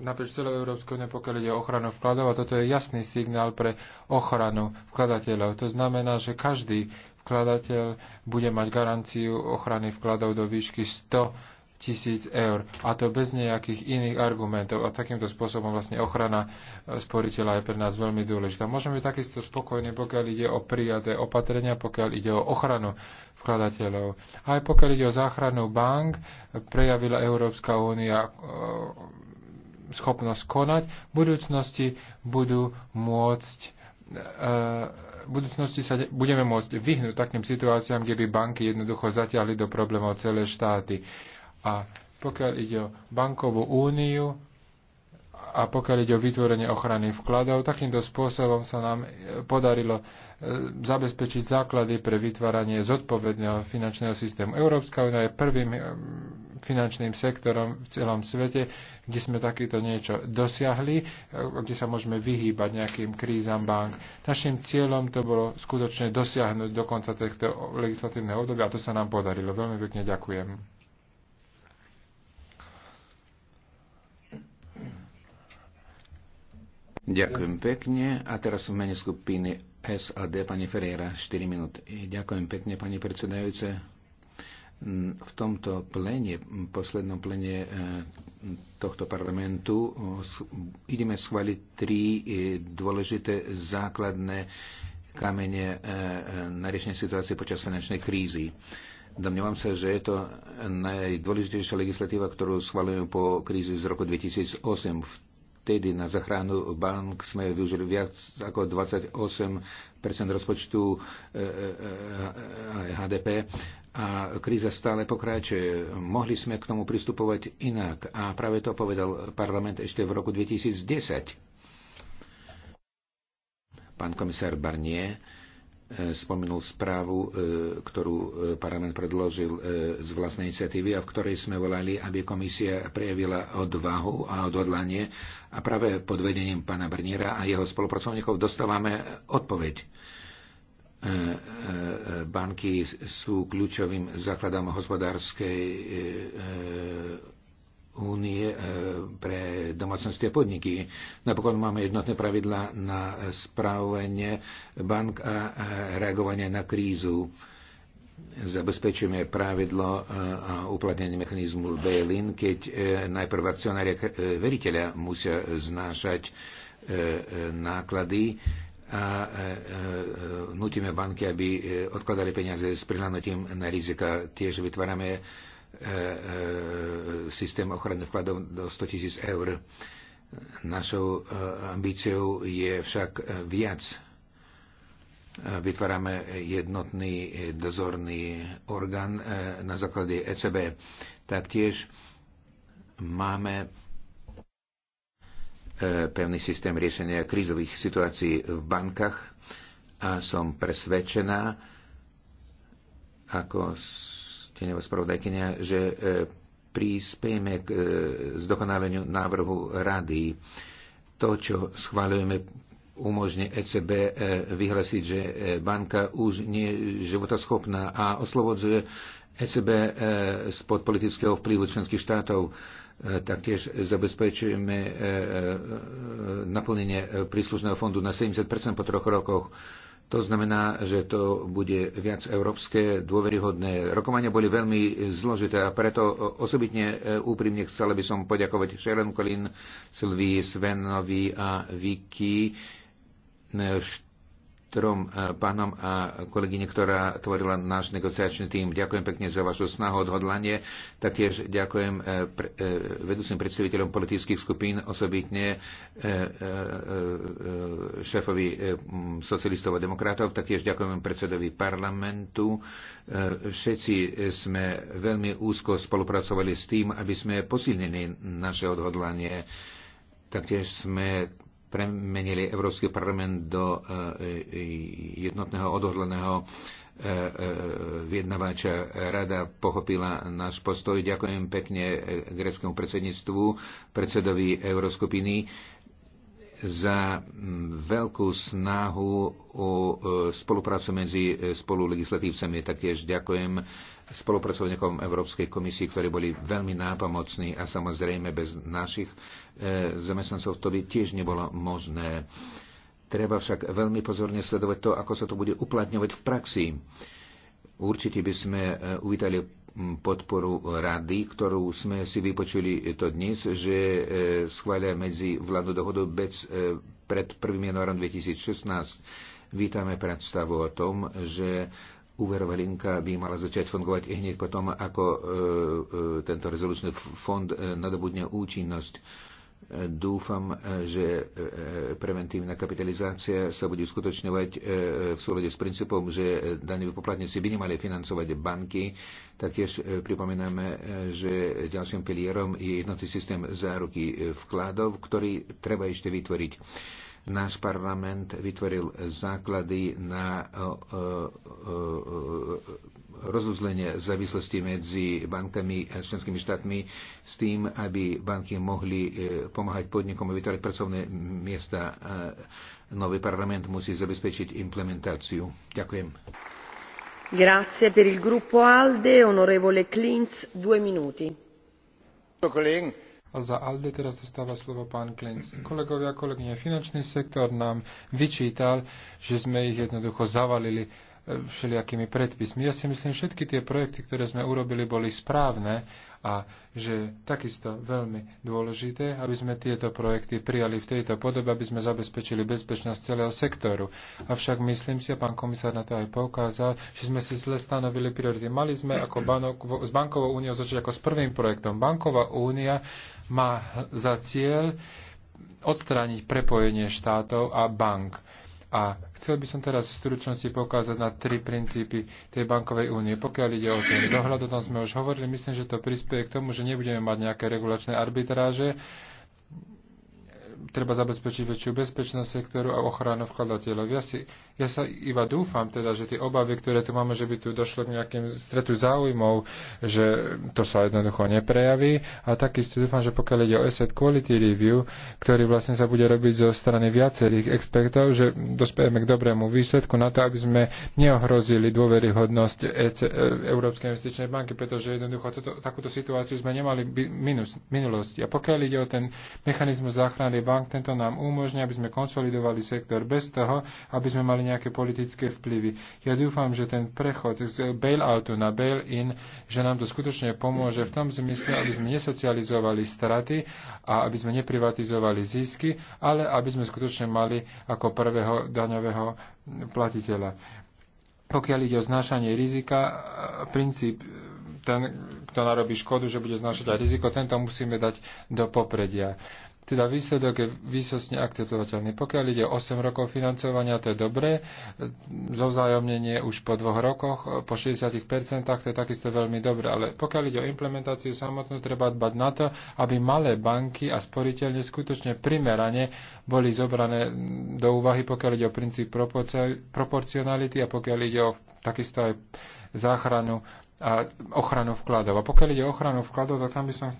naprieč celou Európskou úniou, pokiaľ ide o ochranu vkladov a toto je jasný signál pre ochranu vkladateľov. To znamená, že každý vkladateľ bude mať garanciu ochrany vkladov do výšky 100 tisíc eur. A to bez nejakých iných argumentov. A takýmto spôsobom vlastne ochrana e, sporiteľa je pre nás veľmi dôležitá. Môžeme byť takisto spokojní, pokiaľ ide o prijaté opatrenia, pokiaľ ide o ochranu vkladateľov. Aj pokiaľ ide o záchranu bank, e, prejavila Európska únia e, schopnosť konať, v budúcnosti budú môcť eh, v budúcnosti sa budeme môcť vyhnúť takým situáciám, kde by banky jednoducho zatiahli do problémov celé štáty. A pokiaľ ide o bankovú úniu a pokiaľ ide o vytvorenie ochrany vkladov, takýmto spôsobom sa nám eh, podarilo eh, zabezpečiť základy pre vytváranie zodpovedného finančného systému. Európska únia je prvým finančným sektorom v celom svete, kde sme takéto niečo dosiahli, e, kde sa môžeme vyhýbať nejakým krízam bank. Našim cieľom to bolo skutočne dosiahnuť do konca tohto legislatívneho obdobia a to sa nám podarilo. Veľmi pekne ďakujem. Ďakujem pekne. A teraz v mene skupiny SAD pani Ferreira 4 minúty. Ďakujem pekne, pani predsedajúce v tomto plene, poslednom plene eh, tohto parlamentu eh, ideme schváliť tri eh, dôležité základné kamene na riešenie situácie počas finančnej krízy. Domnievam sa, že je to najdôležitejšia legislatíva, ktorú schválujeme po krízi z roku 2008. V vtedy na zachránu bank sme využili viac ako 28 rozpočtu e, e, e, HDP a kríza stále pokračuje. Mohli sme k tomu pristupovať inak a práve to povedal parlament ešte v roku 2010. Pán komisár Barnier E, spomenul správu, e, ktorú e, parlament predložil z vlastnej iniciatívy a v ktorej sme volali, aby komisia prejavila odvahu a odhodlanie a práve pod vedením pána Brniera a jeho spolupracovníkov dostávame odpoveď. Banky sú kľúčovým základom hospodárskej únie e, pre domácnosti a podniky. Napokon máme jednotné pravidla na správanie bank a reagovanie na krízu. Zabezpečujeme pravidlo e, a uplatnenie mechanizmu bail-in, keď e, najprv akcionári veriteľa musia znášať náklady a nutíme banky, aby odkladali peniaze s prihľadnutím na rizika. Tiež vytvárame E, e, systém ochrany vkladov do 100 tisíc eur. Našou e, ambíciou je však viac. Vytvárame jednotný dozorný orgán na základe ECB. Taktiež máme pevný systém riešenia krízových situácií v bankách a som presvedčená, ako tieňová spravodajkynia, že e, prispiejeme k e, zdokonaleniu návrhu rady. To, čo schváľujeme, umožne ECB vyhlasiť, že e, banka už nie je životaschopná a oslobodzuje ECB spod politického vplyvu členských štátov taktiež zabezpečujeme naplnenie príslušného fondu na 70% po troch rokoch to znamená, že to bude viac európske, dôveryhodné. Rokovania boli veľmi zložité a preto e, osobitne e, úprimne chcela by som poďakovať Sharon Colin, Sylvie Svenovi a Vicky, e, trom e, pánom a kolegyne, ktorá tvorila náš negociačný tým. Ďakujem pekne za vašu snahu, odhodlanie. Taktiež ďakujem e, pre, e, vedúcim predstaviteľom politických skupín, osobitne šéfovi socialistov a demokratov. Taktiež ďakujem predsedovi parlamentu. Všetci sme veľmi úzko spolupracovali s tým, aby sme posilnili naše odhodlanie. Taktiež sme premenili Európsky parlament do e, e, jednotného odhodleného e, vyjednávača rada pochopila náš postoj. Ďakujem pekne greckému predsedníctvu, predsedovi Euroskupiny za veľkú snahu o spoluprácu medzi spolulegislatívcami. Taktiež ďakujem spolupracovníkom Európskej komisii, ktorí boli veľmi nápomocní a samozrejme bez našich e, zamestnancov to by tiež nebolo možné. Treba však veľmi pozorne sledovať to, ako sa to bude uplatňovať v praxi. Určite by sme e, uvítali podporu rady, ktorú sme si vypočuli to dnes, že e, schvália medzi vládu dohodu bez, pred 1. januárom 2016. Vítame predstavu o tom, že úverová linka by mala začať fungovať hneď potom, ako e, e, tento rezolučný fond e, nadobudne účinnosť. Dúfam, že preventívna kapitalizácia sa bude skutočňovať v súlade s princípom, že daňoví poplatníci by nemali financovať banky. Taktiež pripomíname, že ďalším pilierom je jednotný systém záruky vkladov, ktorý treba ešte vytvoriť Náš parlament vytvoril základy na rozuzlenie závislosti medzi bankami a členskými štátmi s tým, aby banky mohli e, pomáhať podnikom a vytvárať pracovné miesta. Nový parlament musí zabezpečiť implementáciu. Ďakujem. Grazie per il gruppo ALDE, onorevole Klintz, due minuti. Kollegen, a za ALDE teraz dostáva slovo pán Klinc. Kolegovia, kolegyne, finančný sektor nám vyčítal, že sme ich jednoducho zavalili eh, všelijakými predpismi. Ja si myslím, všetky tie projekty, ktoré sme urobili, boli správne a že takisto veľmi dôležité, aby sme tieto projekty prijali v tejto podobe, aby sme zabezpečili bezpečnosť celého sektoru. Avšak myslím si, a pán komisár na to aj poukázal, že sme si zle stanovili priority. Mali sme ako banok, s bankovou úniou začať ako s prvým projektom. Banková únia má za cieľ odstrániť prepojenie štátov a bank a chcel by som teraz v stručnosti poukázať na tri princípy tej bankovej únie. Pokiaľ ide o ten dohľad, o tom sme už hovorili, myslím, že to prispieje k tomu, že nebudeme mať nejaké regulačné arbitráže, treba zabezpečiť väčšiu bezpečnosť sektoru a ochranu vkladateľov. Ja, si, ja sa iba dúfam teda, že tie obavy, ktoré tu máme, že by tu došlo k nejakým stretu záujmov, že to sa jednoducho neprejaví. A takisto dúfam, že pokiaľ ide o asset quality review, ktorý vlastne sa bude robiť zo strany viacerých expertov, že dospejeme k dobrému výsledku na to, aby sme neohrozili dôveryhodnosť EC, e, Európskej investičnej banky, pretože jednoducho toto, takúto situáciu sme nemali minus, minulosti. A pokiaľ ide o ten mechanizmus záchrany bank, tento nám umožňuje, aby sme konsolidovali sektor bez toho, aby sme mali nejaké politické vplyvy. Ja dúfam, že ten prechod z bailoutu na bail-in, že nám to skutočne pomôže v tom zmysle, aby sme nesocializovali straty a aby sme neprivatizovali zisky, ale aby sme skutočne mali ako prvého daňového platiteľa. Pokiaľ ide o znášanie rizika, eh, princíp eh, ten, kto narobí škodu, že bude znašať aj riziko, tento musíme dať do popredia. Teda výsledok je výsostne akceptovateľný. Pokiaľ ide o 8 rokov financovania, to je dobré. Zovzájomnenie už po dvoch rokoch, po 60%, to je takisto veľmi dobré. Ale pokiaľ ide o implementáciu samotnú, treba dbať na to, aby malé banky a sporiteľne skutočne primerane boli zobrané do úvahy, pokiaľ ide o princíp proporcionality a pokiaľ ide o takisto aj záchranu a ochranu vkladov. A pokiaľ ide o ochranu vkladov, tak tam by som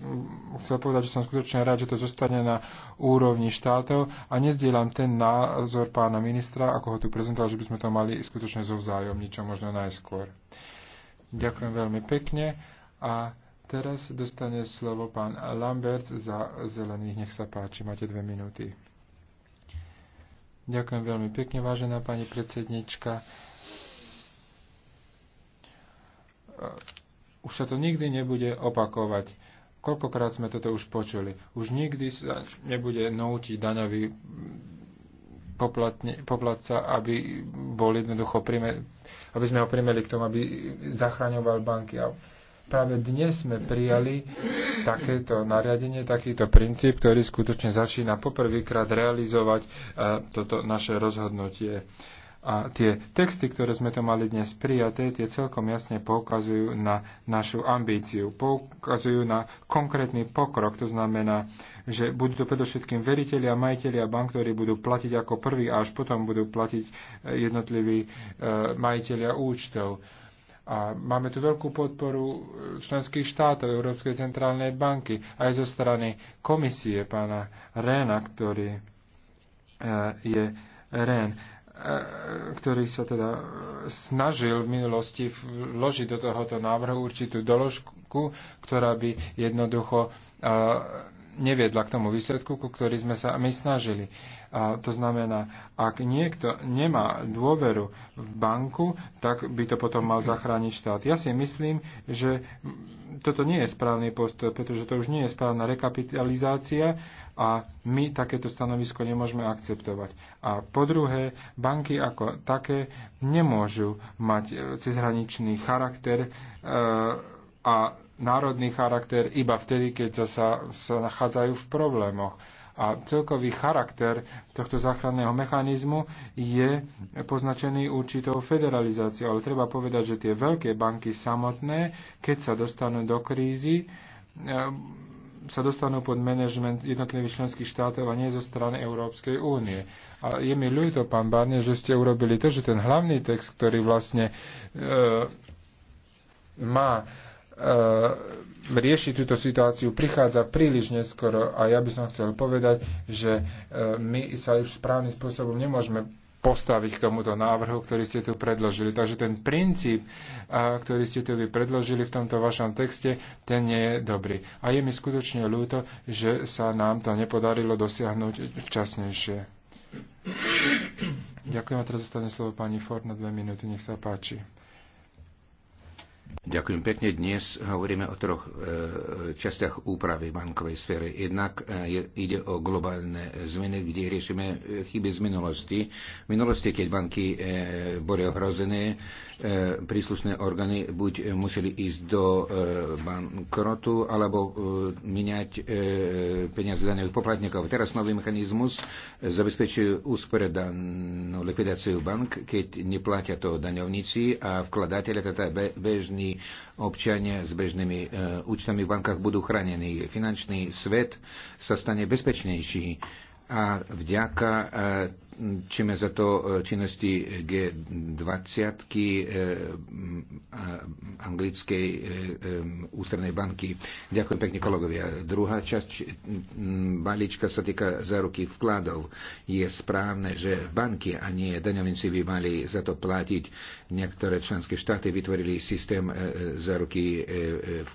chcel povedať, že som skutočne rád, že to zostane na úrovni štátov a nezdielam ten názor pána ministra, ako ho tu prezentoval, že by sme to mali skutočne zo vzájom, čo možno najskôr. Ďakujem veľmi pekne a teraz dostane slovo pán Lambert za zelených. Nech sa páči, máte dve minúty. Ďakujem veľmi pekne, vážená pani predsednička. Eh, už sa to nikdy nebude opakovať. Koľkokrát sme toto už počuli. Už nikdy sa nebude noučiť daňový poplatne, poplatca, aby bol jednoducho prime, aby sme ho primeli k tomu, aby zachraňoval banky. A práve dnes sme prijali takéto nariadenie, takýto princíp, ktorý skutočne začína poprvýkrát realizovať eh, toto naše rozhodnutie. A tie texty, ktoré sme to mali dnes prijaté, tie celkom jasne poukazujú na našu ambíciu, poukazujú na konkrétny pokrok. To znamená, že budú to predovšetkým veriteľi a majiteľi a bank, ktorí budú platiť ako prvý a až potom budú platiť e, jednotliví e, majiteľia účtov. A máme tu veľkú podporu e, členských štátov Európskej centrálnej banky, aj zo strany komisie pána Réna, ktorý je REN. E, e, ktorý sa teda e, snažil v minulosti vložiť do tohoto návrhu určitú doložku, ktorá by jednoducho neviedla k tomu výsledku, ku ktorý sme sa my snažili. A to znamená, ak niekto nemá dôveru v banku, tak by to potom mal zachrániť štát. Ja si myslím, že toto nie je správny postoj, pretože to už nie je správna rekapitalizácia a my takéto stanovisko nemôžeme akceptovať. A po druhé, banky ako také nemôžu mať e, cezhraničný charakter e, a národný charakter iba vtedy, keď sa, sa nachádzajú v problémoch. A celkový charakter tohto záchranného mechanizmu je poznačený určitou federalizáciou. Ale treba povedať, že tie veľké banky samotné, keď sa dostanú do krízy, e, sa dostanú pod manažment jednotlivých členských štátov a nie zo strany Európskej únie. A je mi ľúto, pán Barne, že ste urobili to, že ten hlavný text, ktorý vlastne e, má e, riešiť túto situáciu prichádza príliš neskoro a ja by som chcel povedať, že e, my sa už správnym spôsobom nemôžeme postaviť k tomuto návrhu, ktorý ste tu predložili. Takže ten princíp, ktorý ste tu vy predložili v tomto vašom texte, ten nie je dobrý. A je mi skutočne ľúto, že sa nám to nepodarilo dosiahnuť včasnejšie. Ďakujem a teraz zostane slovo pani Ford na dve minúty. Nech sa páči. Ďakujem pekne. Dnes hovoríme o troch e, častiach úpravy bankovej sféry. Jednak e, ide o globálne zmeny, kde riešime e, chyby z minulosti. V minulosti, keď banky e, boli ohrozené, e, príslušné orgány buď museli ísť do e, bankrotu, alebo e, miniať e, peniaze daných poplatníkov. Teraz nový mechanizmus zabezpečuje úsporedanú likvidáciu bank, keď neplatia to daňovníci a vkladateľe, teda bežní bežní občania s bežnými e, účtami v bankách budú chránení. Finančný svet sa stane bezpečnejší a vďaka e, Čime za to e, činnosti G20, e, anglickej e, ústrednej banky. Ďakujem pekne, kolegovia. Druhá časť balíčka sa týka záruky vkladov. Je správne, že banky a nie daňovníci by mali za to platiť. Niektoré členské štáty vytvorili systém záruky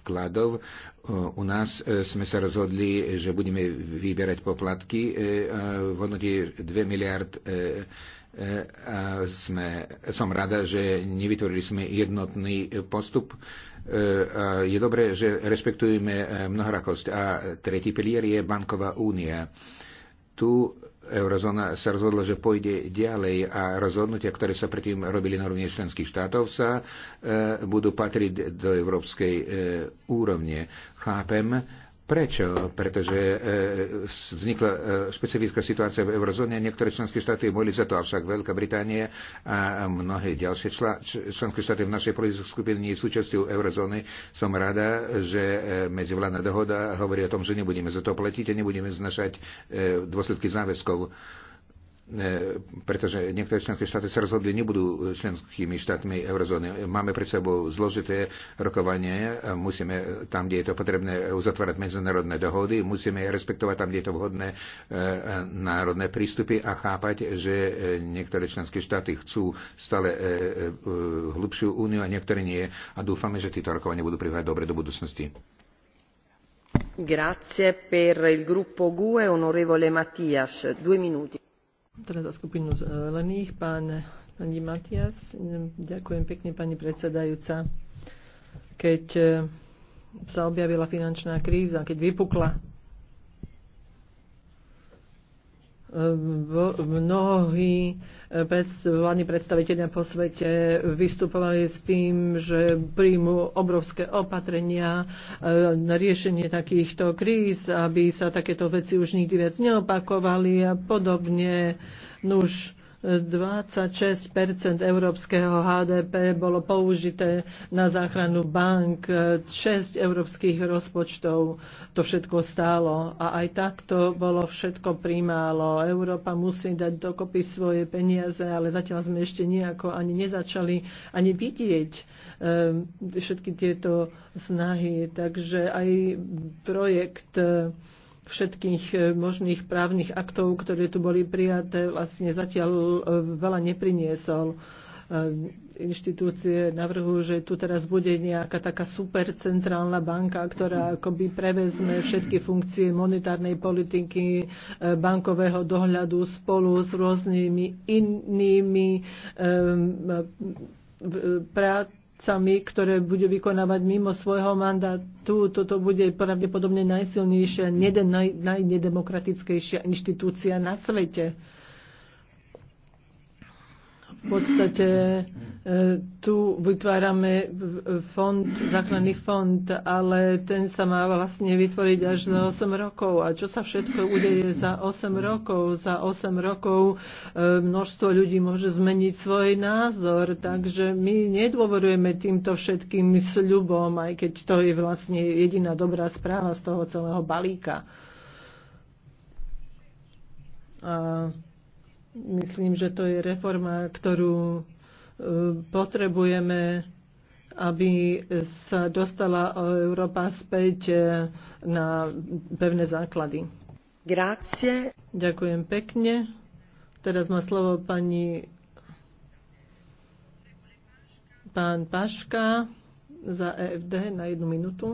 vkladov. U nás sme sa rozhodli, že budeme vyberať poplatky v hodnote 2 miliard E, e, a sme, som rada, že nevytvorili sme jednotný postup. E, a je dobré, že rešpektujeme e, mnohorakosť. A tretí pilier je banková únia. Tu eurozóna sa rozhodla, že pôjde ďalej a rozhodnutia, ktoré sa predtým robili na úrovni členských štátov, sa e, budú patriť do európskej e, úrovne. Chápem, Prečo? Pretože e, e, vznikla e, špecifická situácia v eurozóne, niektoré členské štáty boli za to, avšak Veľká Británia a mnohé ďalšie čl členské štáty v našej politickej skupine nie sú súčasťou eurozóny. Som rada, že medzivládna dohoda hovorí o tom, že nebudeme za to platiť a nebudeme znašať dôsledky záväzkov. E, pretože niektoré členské štáty sa rozhodli, nebudú členskými štátmi eurozóny. Máme pred sebou zložité rokovanie, musíme tam, kde je to potrebné, uzatvárať medzinárodné dohody, musíme respektovať tam, kde je to vhodné, e, národné prístupy a chápať, že e, niektoré členské štáty chcú stále hlubšiu úniu a niektoré nie. A dúfame, že tieto rokovania budú privať dobre do budúcnosti. Grazie per il gruppo GUE, onorevole Mattias. Due minuti teda za skupinu zelených, pán, pani Matias. Ďakujem pekne, pani predsedajúca. Keď eh, sa objavila finančná kríza, keď vypukla mnohí eh, vládni predstaviteľia po svete vystupovali s tým, že príjmu obrovské opatrenia eh, na riešenie takýchto kríz, aby sa takéto veci už nikdy viac neopakovali a podobne. už. 26 európskeho HDP bolo použité na záchranu bank, 6 európskych rozpočtov to všetko stálo. A aj takto bolo všetko primálo. Európa musí dať dokopy svoje peniaze, ale zatiaľ sme ešte nejako ani nezačali ani vidieť e, všetky tieto snahy. Takže aj projekt e, všetkých e, možných právnych aktov, ktoré tu boli prijaté, vlastne zatiaľ e, veľa nepriniesol e, inštitúcie navrhujú, že tu teraz bude nejaká taká supercentrálna banka, ktorá akoby prevezme všetky funkcie monetárnej politiky, bankového dohľadu spolu s rôznymi inými um, Sami, ktoré budú vykonávať mimo svojho mandátu. Toto bude pravdepodobne najsilnejšia, najnedemokratickejšia inštitúcia na svete v podstate e, tu vytvárame fond, záchranný fond, ale ten sa má vlastne vytvoriť až za 8 rokov. A čo sa všetko udeje za 8 rokov? Za 8 rokov e, množstvo ľudí môže zmeniť svoj názor, takže my nedôverujeme týmto všetkým sľubom, aj keď to je vlastne jediná dobrá správa z toho celého balíka. A Myslím, že to je reforma, ktorú e, potrebujeme, aby sa dostala Európa späť e, na pevné základy. Grazie. Ďakujem pekne. Teraz má slovo pani pán Paška za EFD na jednu minútu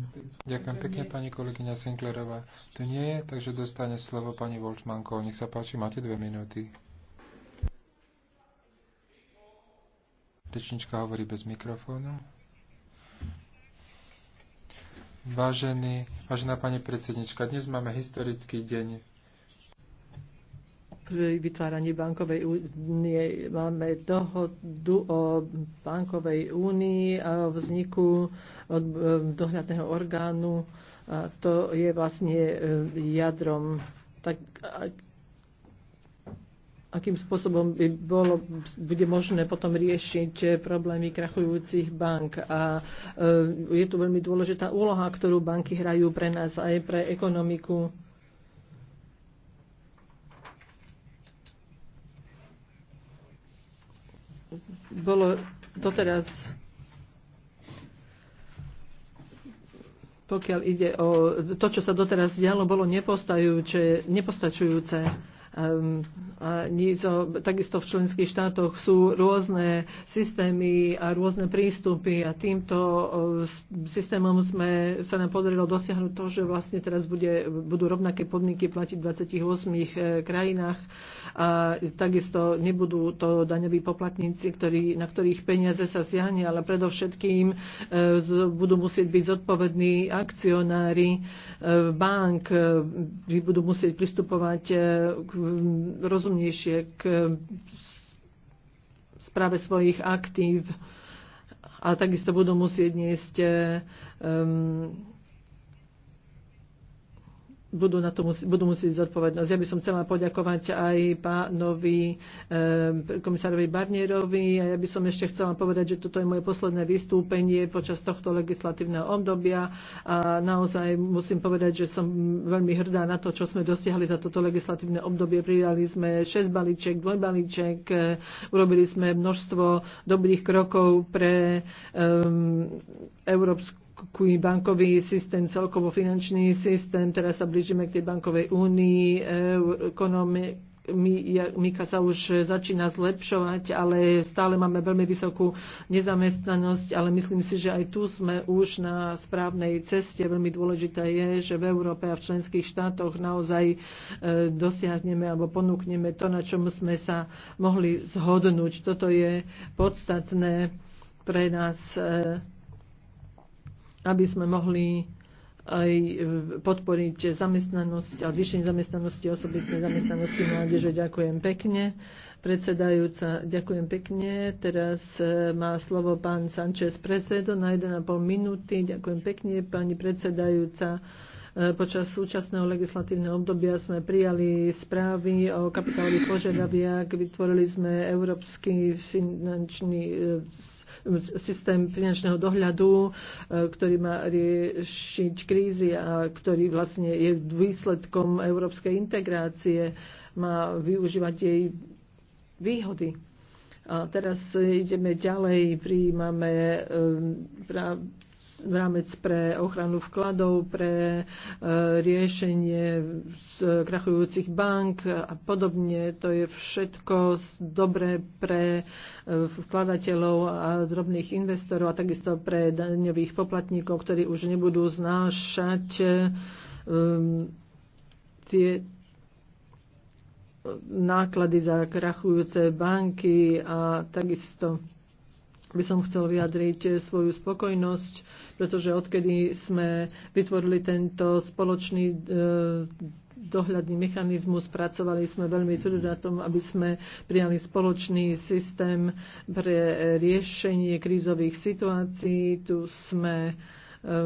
Ďakujem pekne, pani kolegyňa Sinklerová. Tu nie je, takže dostane slovo pani Volčmanko. Nech sa páči, máte dve minúty. Rečnička hovorí bez mikrofónu. Vážený, vážená pani predsednička, dnes máme historický deň pri vytváraní bankovej únie. Máme dohodu o bankovej únii a o vzniku od dohľadného orgánu. A to je vlastne e, jadrom. Tak, akým spôsobom by bolo, bude možné potom riešiť e, problémy krachujúcich bank. A e, je tu veľmi dôležitá úloha, ktorú banky hrajú pre nás aj pre ekonomiku. bolo doteraz pokiaľ ide o to, čo sa doteraz dialo, bolo nepostačujúce. Ehm, takisto v členských štátoch sú rôzne systémy a rôzne prístupy a týmto e, systémom sme, sa nám podarilo dosiahnuť to, že vlastne teraz bude, budú rovnaké podmienky platiť v 28 e, krajinách a takisto nebudú to daňoví poplatníci, ktorí, na ktorých peniaze sa siahne, ale predovšetkým e, budú musieť byť zodpovední akcionári bank, budú musieť pristupovať k rozumnejšie k správe svojich aktív a takisto budú musieť niesť um, budú, na to, budú musieť zodpovednosť. Ja by som chcela poďakovať aj pánovi e, komisárovi Barnierovi a ja by som ešte chcela povedať, že toto je moje posledné vystúpenie počas tohto legislatívneho obdobia a naozaj musím povedať, že som veľmi hrdá na to, čo sme dosiahli za toto legislatívne obdobie. Prijali sme 6 balíček, 2 balíček, e, urobili sme množstvo dobrých krokov pre e, Európsku bankový systém, celkovo finančný systém. Teraz sa blížime k tej bankovej únii, ekonomii Mika sa už začína zlepšovať, ale stále máme veľmi vysokú nezamestnanosť, ale myslím si, že aj tu sme už na správnej ceste. Veľmi dôležité je, že v Európe a v členských štátoch naozaj e, dosiahneme alebo ponúkneme to, na čom sme sa mohli zhodnúť. Toto je podstatné pre nás e, aby sme mohli aj e, podporiť zamestnanosť a zvýšenie zamestnanosti, osobitnej zamestnanosti mládeže. Ďakujem pekne. Predsedajúca, ďakujem pekne. Teraz e, má slovo pán Sanchez Presedo na 1,5 minúty. Ďakujem pekne, pani predsedajúca. E, počas súčasného legislatívneho obdobia sme prijali správy o kapitálových požiadaviach, vytvorili sme Európsky finančný systém finančného dohľadu, e, ktorý má riešiť krízy a ktorý vlastne je výsledkom európskej integrácie, má využívať jej výhody. A teraz ideme ďalej, prijímame e, rámec pre ochranu vkladov, pre e, riešenie krachujúcich bank a podobne. To je všetko dobré pre e, vkladateľov a drobných investorov a takisto pre daňových poplatníkov, ktorí už nebudú znášať e, tie náklady za krachujúce banky a takisto by som chcel vyjadriť svoju spokojnosť, pretože odkedy sme vytvorili tento spoločný e, dohľadný mechanizmus, pracovali sme veľmi tvrdo na tom, aby sme prijali spoločný systém pre riešenie krízových situácií. Tu sme e,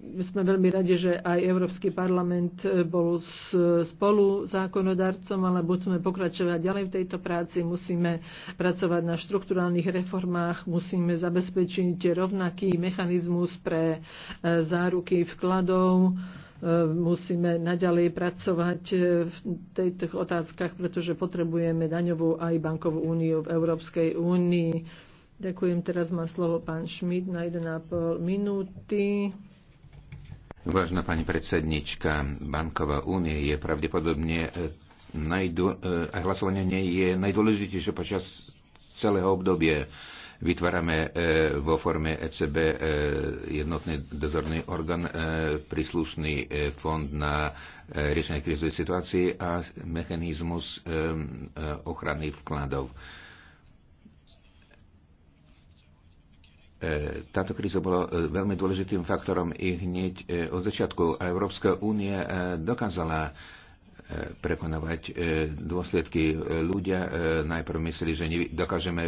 sme veľmi radi, že aj Európsky parlament e, bol e, spolu zákonodarcom, ale budeme pokračovať ďalej v tejto práci, musíme pracovať na štruktúrálnych reformách, musíme zabezpečiť rovnaký mechanizmus pre e, záruky vkladov, musíme naďalej pracovať v tejto otázkach, pretože potrebujeme daňovú aj bankovú úniu v Európskej únii. Ďakujem, teraz má slovo pán Šmit na 1,5 minúty. Vážna pani predsednička, Banková únie je pravdepodobne e, najdu, e, a hlasovanie nie je najdôležitejšie počas celého obdobia. Vytvárame e, vo forme ECB jednotný dozorný orgán, príslušný fond na riešenie krizovej situácie a mechanizmus ochrany vkladov. E, táto kríza bola e, veľmi dôležitým faktorom i hneď e, od začiatku. A Európska únia dokázala prekonávať dôsledky. Ľudia najprv mysleli, že dokážeme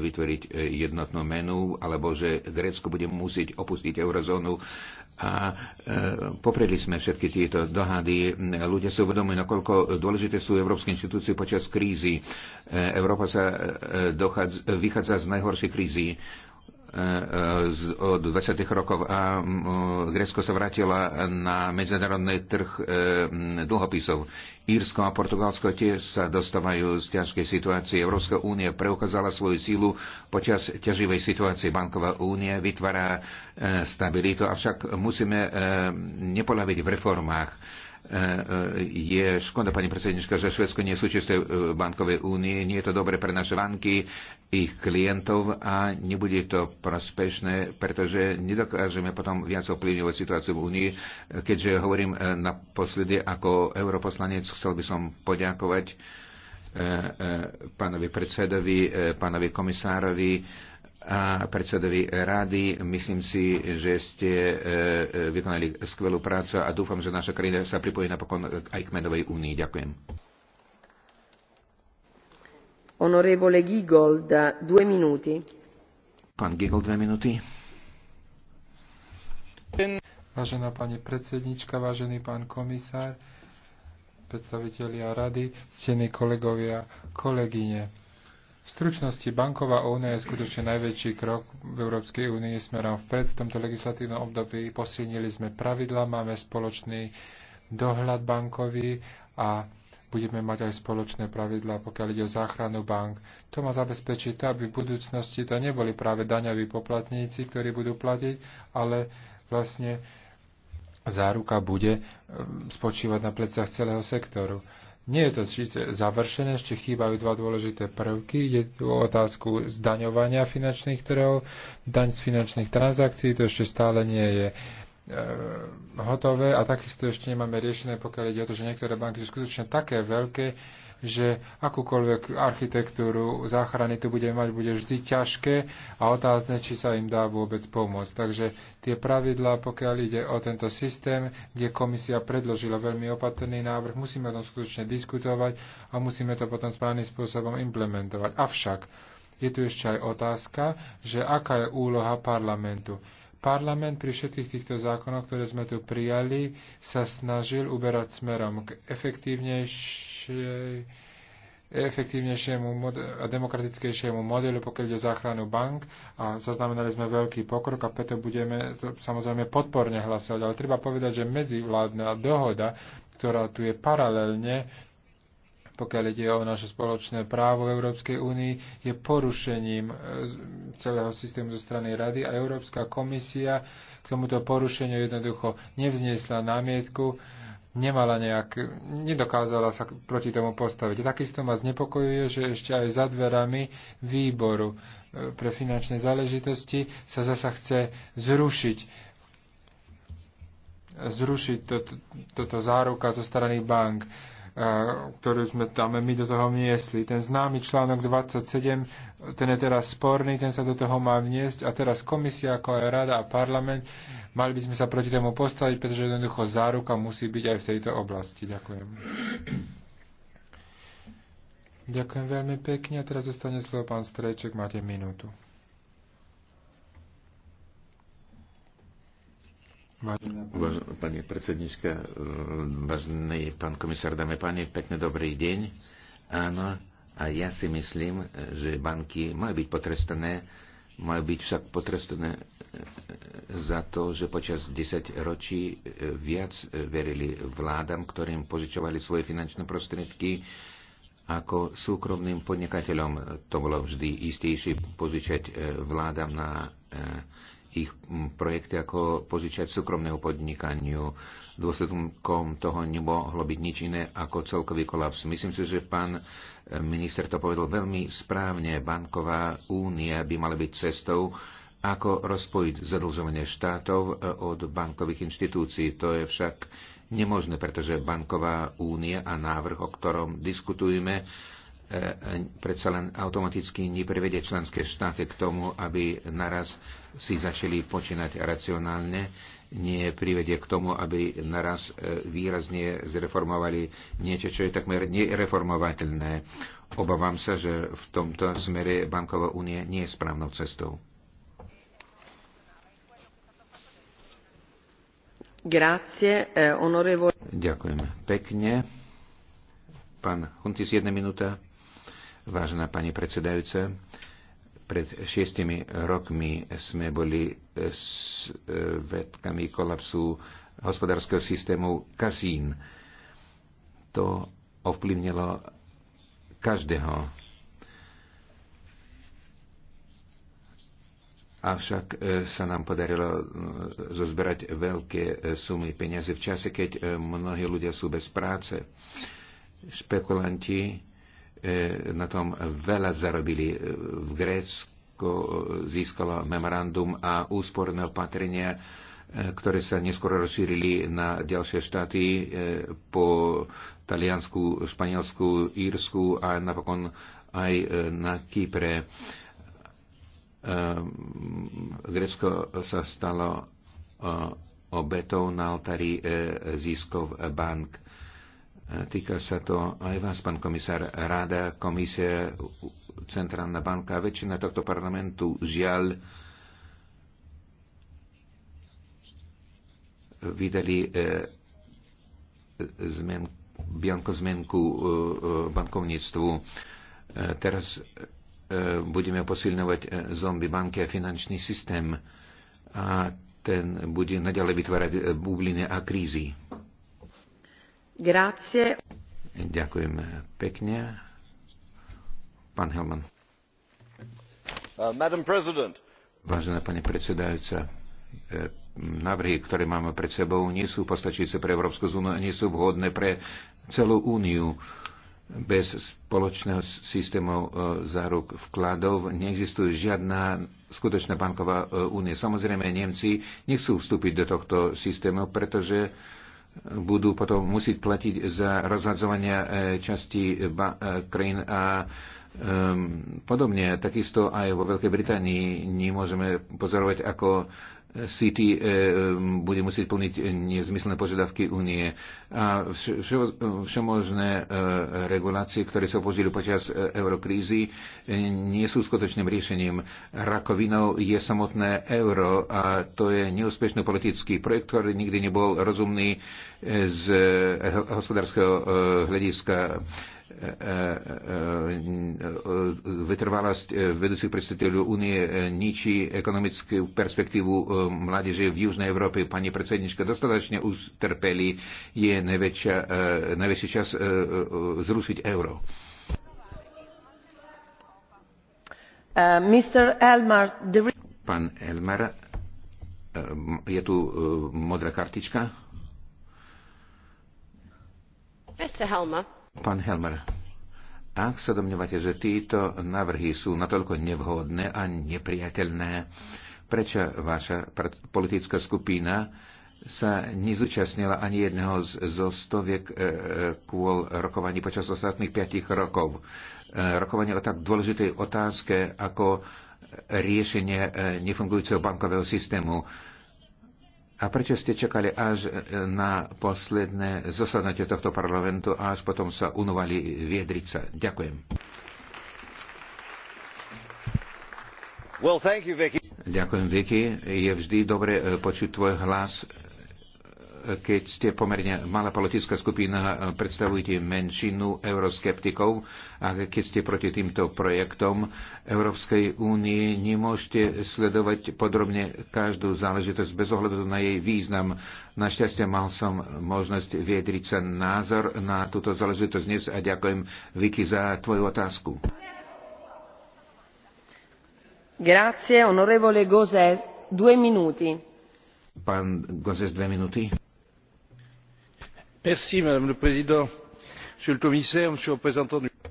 vytvoriť jednotnú menu, alebo že Grécko bude musieť opustiť eurozónu. A popreli sme všetky tieto dohady. Ľudia sú uvedomujú, nakoľko dôležité sú európske inštitúcie počas krízy. Európa sa dochádza, vychádza z najhoršej krízy E, od 20. rokov a Grécko sa vrátila na medzinárodný trh e, dlhopisov. Írsko a Portugalsko tiež sa dostávajú z ťažkej situácie. Európska únia preukázala svoju sílu počas ťaživej situácie. Banková únia vytvára e, stabilitu, avšak musíme nepolaviť v reformách E, e, je škoda, pani predsednička, že Švedsko nie sú čisté e, bankovej únie, nie je to dobre pre naše banky, ich klientov a nebude to prospešné, pretože nedokážeme potom viac ovplyvňovať situáciu v únii. Keďže hovorím naposledy ako europoslanec, chcel by som poďakovať pánovi predsedovi, pánovi komisárovi, a predsedovi rady. Myslím si, že ste e, e, vykonali skvelú prácu a dúfam, že naša krajina sa pripojí napokon aj k menovej únii. Ďakujem. Honorevole Gigol, da dve minúty. Pán Gigol, dve minúty. Vážená pani predsednička, vážený pán komisár, predstavitelia rady, ctení kolegovia, kolegyne v stručnosti banková únia je skutočne najväčší krok v Európskej únii smerom vpred. V tomto legislatívnom období posilnili sme pravidla, máme spoločný dohľad bankový a budeme mať aj spoločné pravidlá, pokiaľ ide o záchranu bank. To má zabezpečiť to, aby v budúcnosti to neboli práve daňoví poplatníci, ktorí budú platiť, ale vlastne záruka bude ehm, spočívať na plecach celého sektoru. Nie je to síce završené, ešte chýbajú dva dôležité prvky. Je tu otázku zdaňovania finančných trhov, daň z finančných transakcií, to ešte stále nie je e, hotové a takisto ešte nemáme riešené, pokiaľ ide o to, že niektoré banky sú skutočne také veľké, že akúkoľvek architektúru záchrany tu bude mať, bude vždy ťažké a otázne, či sa im dá vôbec pomôcť. Takže tie pravidlá, pokiaľ ide o tento systém, kde komisia predložila veľmi opatrný návrh, musíme o tom skutočne diskutovať a musíme to potom správnym spôsobom implementovať. Avšak je tu ešte aj otázka, že aká je úloha parlamentu. Parlament pri všetkých týchto zákonoch, ktoré sme tu prijali, sa snažil uberať smerom k efektívnejšej efektívnejšej efektívnejšiemu a demokratickejšiemu modelu, pokiaľ ide o záchranu bank a zaznamenali sme veľký pokrok a preto budeme to samozrejme podporne hlasovať. Ale treba povedať, že medzivládna dohoda, ktorá tu je paralelne, pokiaľ ide o naše spoločné právo v Európskej únii, je porušením e, celého systému zo strany Rady a Európska komisia k tomuto porušeniu jednoducho nevzniesla námietku nemala nejak, nedokázala sa proti tomu postaviť. Takisto ma znepokojuje, že ešte aj za dverami výboru e, pre finančné záležitosti sa zasa chce zrušiť zrušiť to, to, toto záruka zo strany bank ktorú sme tam my do toho vniesli. Ten známy článok 27, ten je teraz sporný, ten sa do toho má vniesť a teraz komisia, ako aj rada a parlament, mali by sme sa proti tomu postaviť, pretože jednoducho záruka musí byť aj v tejto oblasti. Ďakujem. Ďakujem veľmi pekne a teraz zostane slovo pán Strejček, máte minútu. pani predsednička, vážený pán komisár, dáme páni, pekne dobrý deň. Áno, a ja si myslím, že banky majú byť potrestané, majú byť však potrestané eh, za to, že počas 10 ročí eh, viac eh, verili vládam, ktorým požičovali svoje finančné prostriedky, ako súkromným podnikateľom. To bolo vždy istejšie požičať vládam na ich projekty ako požičať súkromného podnikaniu. Dôsledkom toho nemohlo byť nič iné ako celkový kolaps. Myslím si, že pán e, minister to povedal veľmi správne. Banková únia by mala byť cestou, ako rozpojiť zadlžovanie štátov e, od bankových inštitúcií. To je však nemožné, pretože banková únia a návrh, o ktorom diskutujeme, E, predsa len automaticky neprivedie členské štáty k tomu, aby naraz si začali počínať racionálne, nie privedie k tomu, aby naraz e, výrazne zreformovali niečo, čo je takmer nereformovateľné. Obávam sa, že v tomto smere banková únie nie je správnou cestou. Grazie, e, onorevo... Ďakujeme pekne. Pán Huntis, jedna minúta. Vážená pani predsedajúca, pred šiestimi rokmi sme boli e, s e, vedkami kolapsu hospodárskeho systému kasín. To ovplyvnilo každého. Avšak e, sa nám podarilo zozberať veľké sumy peniaze v čase, keď mnohí ľudia sú bez práce. Špekulanti E, na tom veľa zarobili. E, v Grécku e, získalo memorandum a úsporné opatrenia, ktoré sa neskôr rozšírili na ďalšie štáty po Taliansku, Španielsku, Írsku a napokon aj na Kypre. Grécko sa stalo obetou na altári ziskov bank Týka sa to aj vás, pán komisár. Rada, Komisie, Centrálna banka, väčšina tohto parlamentu žiaľ vydali e, zmen, bianko zmenku e, e bankovníctvu. E, teraz e, budeme posilňovať e, zombie banky a finančný systém a ten bude nadalej vytvárať e, bubliny a krízy. Grazie. Ďakujem pekne. Pán Helman. Uh, Madam President. Vážená pani predsedajúca, eh, návrhy, ktoré máme pred sebou, nie sú postačujúce pre Európsku zónu a nie sú vhodné pre celú úniu. Bez spoločného systému eh, záruk vkladov neexistuje žiadna skutočná banková eh, únia. Samozrejme, Nemci nechcú vstúpiť do tohto systému, pretože budú potom musieť platiť za rozhadzovania e, časti e, krajín a um, podobne. Takisto aj vo Veľkej Británii nemôžeme pozorovať, ako City eh, bude musieť plniť nezmyslné požiadavky únie. A všemožné eh, regulácie, ktoré sa použili počas eh, eurokrízy, nie sú skutočným riešením. Rakovinou je samotné euro a to je neúspešný politický projekt, ktorý nikdy nebol rozumný z hospodárskeho hľadiska E, e, e, vytrvalosť vedúcich predstaviteľov únie ničí ekonomickú perspektívu mládeže v Južnej Európe. Pani predsednička, dostatočne už trpeli, je najväčší čas zrušiť euro. Pán Elmar, je tu modrá kartička. Mr. Helmer Pán Helmer, ak sa domnievate, že títo návrhy sú natoľko nevhodné a nepriateľné, prečo vaša politická skupina sa nezúčastnila ani jedného z, zo stoviek e, e, kôl rokovaní počas ostatných piatich rokov. E, rokovanie o tak dôležitej otázke ako riešenie e, nefungujúceho bankového systému. A prečo ste čakali až e, na posledné zasadnutie tohto parlamentu a až potom sa unovali viedriť sa? Ďakujem. Well, thank you, Vicky. Ďakujem, Vicky. Je vždy dobre e, počuť tvoj hlas keď ste pomerne malá politická skupina, predstavujete menšinu euroskeptikov a keď ste proti týmto projektom Európskej únie, nemôžete sledovať podrobne každú záležitosť bez ohľadu na jej význam. Našťastie mal som možnosť viedriť sa názor na túto záležitosť dnes a ďakujem Viki za tvoju otázku. Grazie, onorevole Gozes. Due minuti. Pán Gozes, dve minuty.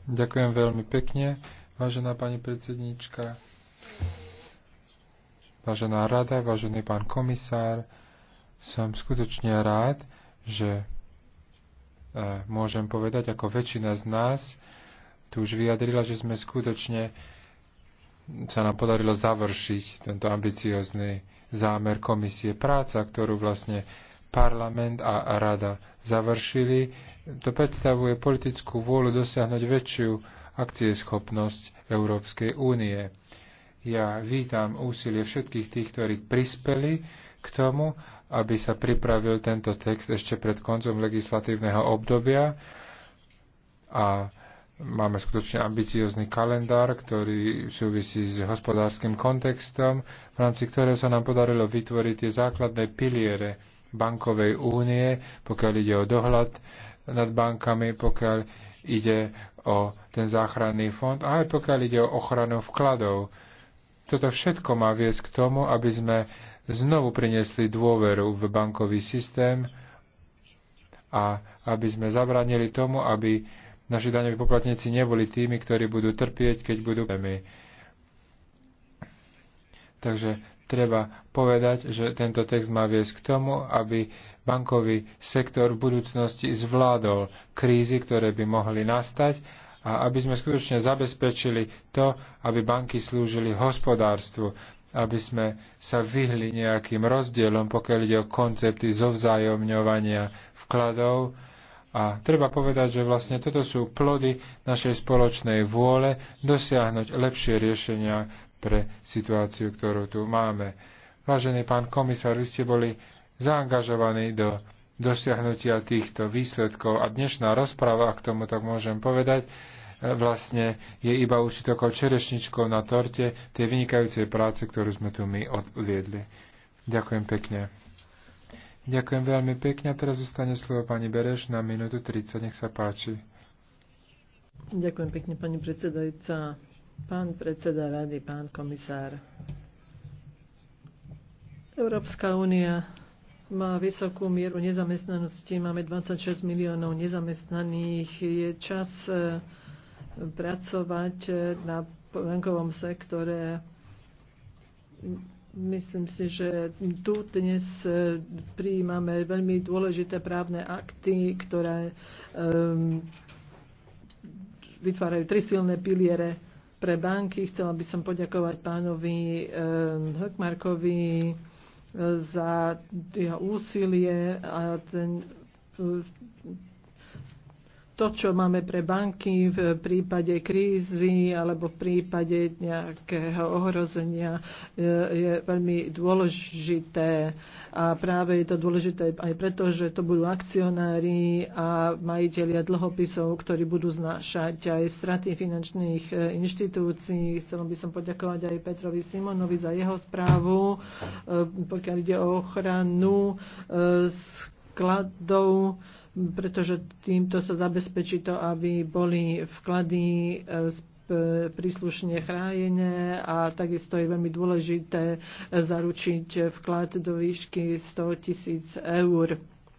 Ďakujem veľmi pekne, vážená pani predsedníčka, vážená rada, vážený pán komisár. Som skutočne rád, že e, môžem povedať, ako väčšina z nás tu už vyjadrila, že sme skutočne sa nám podarilo završiť tento ambiciózny zámer komisie práca, ktorú vlastne parlament a rada završili, to predstavuje politickú vôľu dosiahnuť väčšiu akcieschopnosť Európskej únie. Ja vítam úsilie všetkých tých, ktorí prispeli k tomu, aby sa pripravil tento text ešte pred koncom legislatívneho obdobia a máme skutočne ambiciózny kalendár, ktorý súvisí s hospodárskym kontextom, v rámci ktorého sa nám podarilo vytvoriť tie základné piliere bankovej únie, pokiaľ ide o dohľad nad bankami, pokiaľ ide o ten záchranný fond a aj pokiaľ ide o ochranu vkladov. Toto všetko má viesť k tomu, aby sme znovu priniesli dôveru v bankový systém a aby sme zabranili tomu, aby naši daňoví poplatníci neboli tými, ktorí budú trpieť, keď budú problémy. Takže treba povedať, že tento text má viesť k tomu, aby bankový sektor v budúcnosti zvládol krízy, ktoré by mohli nastať a aby sme skutočne zabezpečili to, aby banky slúžili hospodárstvu, aby sme sa vyhli nejakým rozdielom, pokiaľ ide o koncepty zovzájomňovania vkladov. A treba povedať, že vlastne toto sú plody našej spoločnej vôle dosiahnuť lepšie riešenia pre situáciu, ktorú tu máme. Vážený pán komisár, vy ste boli zaangažovaní do dosiahnutia týchto výsledkov a dnešná rozpráva, ak tomu tak môžem povedať, e, vlastne je iba určitokou čerešničkou na torte tej vynikajúcej práce, ktorú sme tu my odviedli. Ďakujem pekne. Ďakujem veľmi pekne a teraz zostane slovo pani Bereš na minútu 30. Nech sa páči. Ďakujem pekne, pani predsedajúca. Pán predseda rady, pán komisár. Európska únia má vysokú mieru nezamestnanosti, máme 26 miliónov nezamestnaných. Je čas e, pracovať e, na bankovom sektore. Myslím si, že tu dnes e, prijímame veľmi dôležité právne akty, ktoré um, vytvárajú tri silné piliere pre banky. Chcela by som poďakovať pánovi Hökmarkovi eh, za jeho úsilie a ten eh, to, čo máme pre banky v prípade krízy alebo v prípade nejakého ohrozenia, je veľmi dôležité. A práve je to dôležité aj preto, že to budú akcionári a majiteľia dlhopisov, ktorí budú znášať aj straty finančných e, inštitúcií. Chcel by som poďakovať aj Petrovi Simonovi za jeho správu, e, pokiaľ ide o ochranu e, skladov pretože týmto sa zabezpečí to, aby boli vklady e, príslušne chránené a takisto je veľmi dôležité zaručiť vklad do výšky 100 tisíc eur.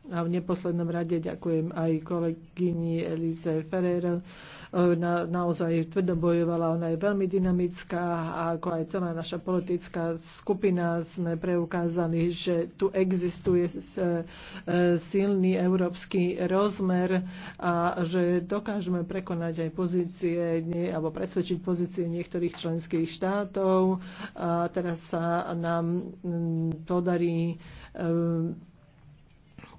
A v neposlednom rade ďakujem aj kolegyni Elize Ferrer Eh, na, naozaj tvrdo bojovala. Ona je veľmi dynamická a ako aj celá naša politická skupina sme preukázali, že tu existuje eh, eh, silný európsky rozmer a že dokážeme prekonať aj pozície nie, alebo presvedčiť pozície niektorých členských štátov. A teraz sa nám mm, podarí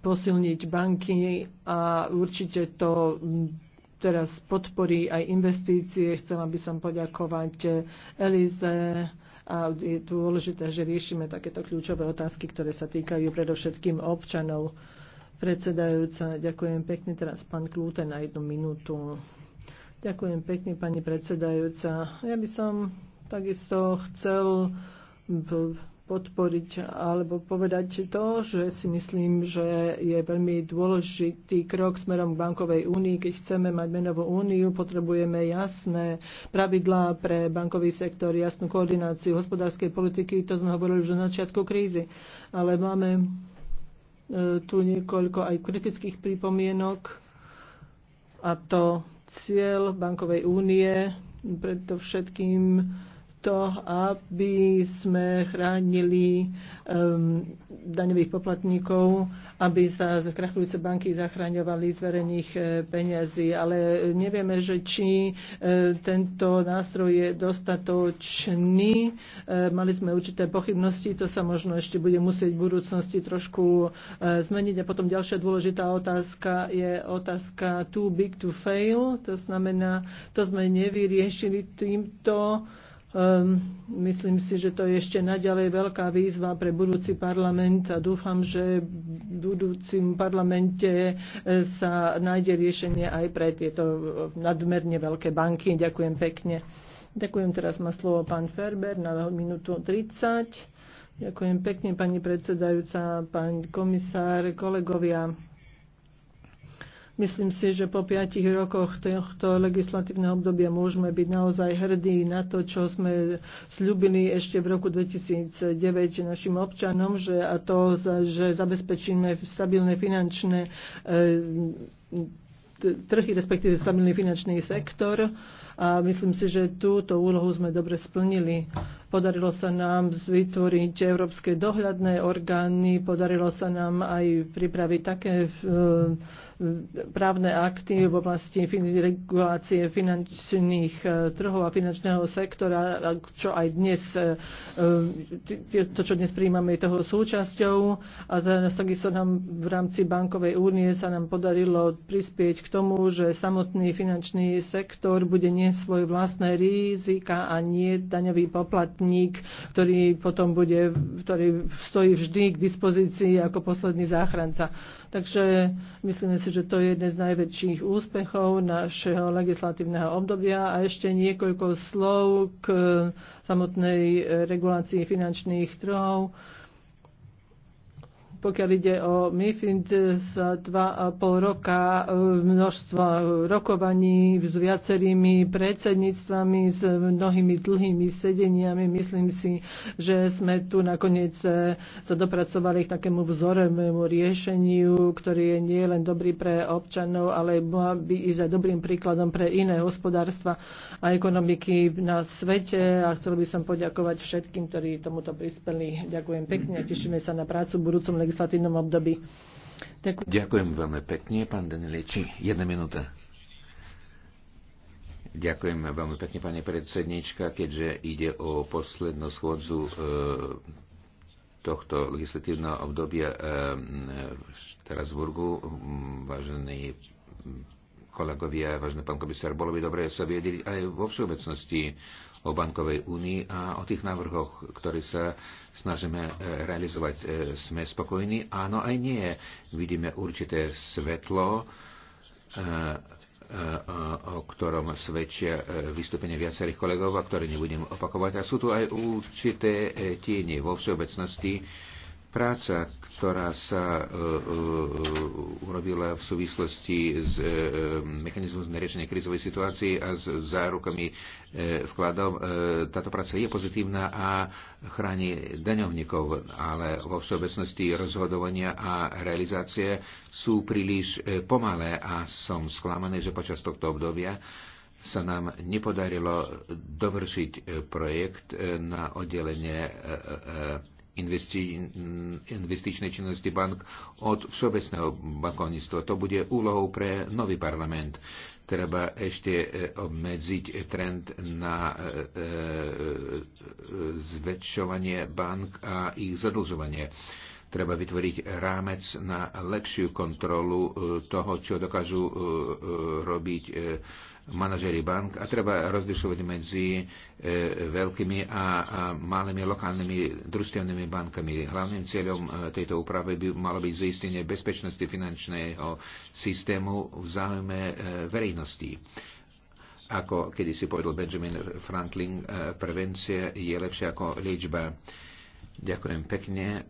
posilniť banky a určite to mm, teraz podporí aj investície. Chcela by som poďakovať eh, Elize a je dôležité, že riešime takéto kľúčové otázky, ktoré sa týkajú predovšetkým občanov. Predsedajúca, ďakujem pekne teraz pán Klúte na jednu minútu. Ďakujem pekne pani predsedajúca. Ja by som takisto chcel podporiť alebo povedať to, že si myslím, že je veľmi dôležitý krok smerom k bankovej únii. Keď chceme mať menovú úniu, potrebujeme jasné pravidlá pre bankový sektor, jasnú koordináciu hospodárskej politiky. To sme hovorili už na začiatku krízy. Ale máme e, tu niekoľko aj kritických pripomienok a to cieľ bankovej únie, predovšetkým to, aby sme chránili um, daňových poplatníkov, aby sa krachujúce banky zachraňovali z verejných e, peniazí. Ale nevieme, že či e, tento nástroj je dostatočný. E, mali sme určité pochybnosti, to sa možno ešte bude musieť v budúcnosti trošku e, zmeniť. A potom ďalšia dôležitá otázka je otázka too big to fail. To znamená, to sme nevyriešili týmto Um, myslím si, že to je ešte naďalej veľká výzva pre budúci parlament a dúfam, že v budúcim parlamente eh, sa nájde riešenie aj pre tieto eh, nadmerne veľké banky. Ďakujem pekne. Ďakujem, teraz má slovo pán Ferber na minútu 30. Ďakujem pekne, pani predsedajúca, pán komisár, kolegovia. Myslím si, že po piatich rokoch tohto legislatívneho obdobia môžeme byť naozaj hrdí na to, čo sme slúbili ešte v roku 2009 našim občanom, že, a to, že zabezpečíme stabilné finančné e, trhy, respektíve stabilný finančný sektor. A myslím si, že túto úlohu sme dobre splnili. Podarilo sa nám vytvoriť európske dohľadné orgány, podarilo sa nám aj pripraviť také e, právne akty v oblasti regulácie finančných e, trhov a finančného sektora, čo aj dnes, e, e, to, čo dnes príjmame, je toho súčasťou. A teraz takisto nám v rámci bankovej únie sa nám podarilo prispieť k tomu, že samotný finančný sektor bude nie svoje vlastné rizika a nie daňový poplatník, ktorý potom bude, ktorý stojí vždy k dispozícii ako posledný záchranca. Takže myslíme si, že to je jeden z najväčších úspechov našeho legislatívneho obdobia. A ešte niekoľko slov k samotnej regulácii finančných trhov. Pokiaľ ide o MIFID, sa dva a pol roka e, množstva rokovaní s viacerými predsedníctvami, s mnohými dlhými sedeniami. Myslím si, že sme tu nakoniec e, sa dopracovali k takému vzoremu riešeniu, ktorý je nie len dobrý pre občanov, ale má by ísť aj dobrým príkladom pre iné hospodárstva a ekonomiky na svete. A chcel by som poďakovať všetkým, ktorí tomuto prispeli. Ďakujem pekne a tešíme sa na prácu v budúcom legislatívnom období. Tak... Ďakujem veľmi pekne, pán Danileči. Jedna minúta. Ďakujem veľmi pekne, pani predsednička, keďže ide o poslednú schôdzu e, tohto legislatívneho obdobia e, e v Štrasburgu. Vážený kolegovia, vážny pán komisár, bolo by dobre sa vedieť aj vo všeobecnosti o bankovej únii a o tých návrhoch, ktoré sa snažíme e, realizovať. E, sme spokojní? Áno, aj nie. Vidíme určité svetlo, e, o ktorom svedčia vystúpenie viacerých kolegov, a ktoré nebudem opakovať. A sú tu aj určité tieni vo všeobecnosti Práca, ktorá sa e, e, urobila v súvislosti s e, mechanizmom neriešenia krizovej situácie a s zárukami vkladov, táto práca je pozitívna a chráni daňovníkov, ale vo všeobecnosti rozhodovania a realizácie sú príliš pomalé a som sklamaný, že počas tohto obdobia sa nám nepodarilo dovršiť projekt na oddelenie investičnej činnosti bank od všeobecného bankovníctva. To bude úlohou pre nový parlament. Treba ešte e, obmedziť trend na e, e, zväčšovanie bank a ich zadlžovanie treba vytvoriť rámec na lepšiu kontrolu toho, čo dokážu robiť manažeri bank a treba rozlišovať medzi e, veľkými a, a malými lokálnymi družstevnými bankami. Hlavným cieľom e, tejto úpravy by malo byť zaistenie bezpečnosti finančného systému v záujme e, verejnosti. Ako kedy si povedal Benjamin Franklin, e, prevencia je lepšia ako liečba. Ďakujem pekne.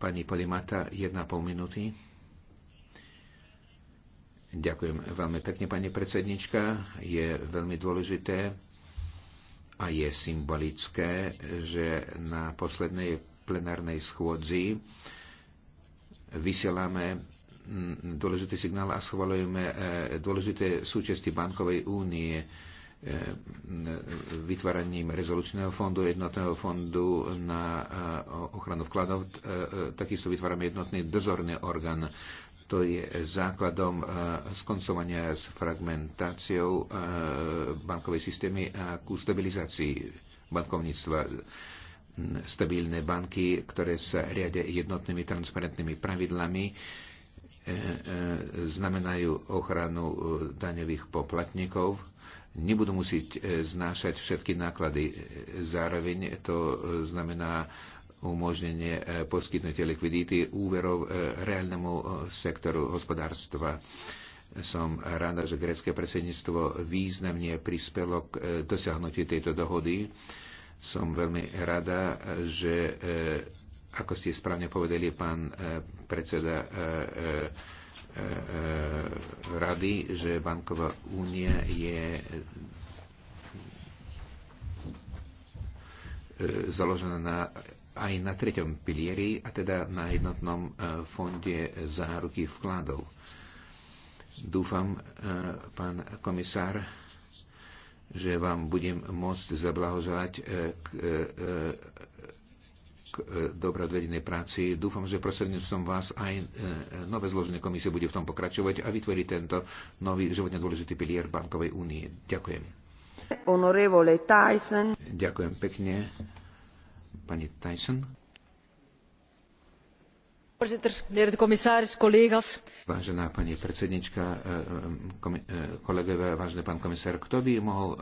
Pani Polimata, jedna pol minúty. Ďakujem veľmi pekne, pani predsednička. Je veľmi dôležité a je symbolické, že na poslednej plenárnej schôdzi vysielame dôležitý signál a schvalujeme e, dôležité súčasti bankovej únie e, vytváraním rezolučného fondu, jednotného fondu na e, ochranu vkladov. Takisto vytvárame jednotný dozorný orgán to je základom e, skoncovania s fragmentáciou e, bankovej systémy a ku stabilizácii bankovníctva. Stabilné banky, ktoré sa riade jednotnými transparentnými pravidlami, e, znamenajú ochranu daňových poplatníkov, nebudú musieť znášať všetky náklady. Zároveň to znamená umožnenie e, poskytnutia likvidity úverov e, reálnemu e, sektoru hospodárstva. Som rada, že grecké predsedníctvo významne prispelo k dosiahnutiu tejto dohody. Som veľmi rada, že ako ste správne povedali, pán predseda rady, že banková únia je založená na aj na treťom pilieri, a teda na jednotnom e, fonde záruky vkladov. Dúfam, e, pán komisár, že vám budem môcť zablahoželať e, k, k dobre práci. Dúfam, že prostredníctvom vás aj nové zložené komisie bude v tom pokračovať a vytvorí tento nový životne dôležitý pilier bankovej únie. Ďakujem. Honorevole Tyson. Ďakujem pekne. Pani Tyson. Vážená pani predsednička, eh, eh, eh, kolegovia, vážený pán komisár, kto by mohol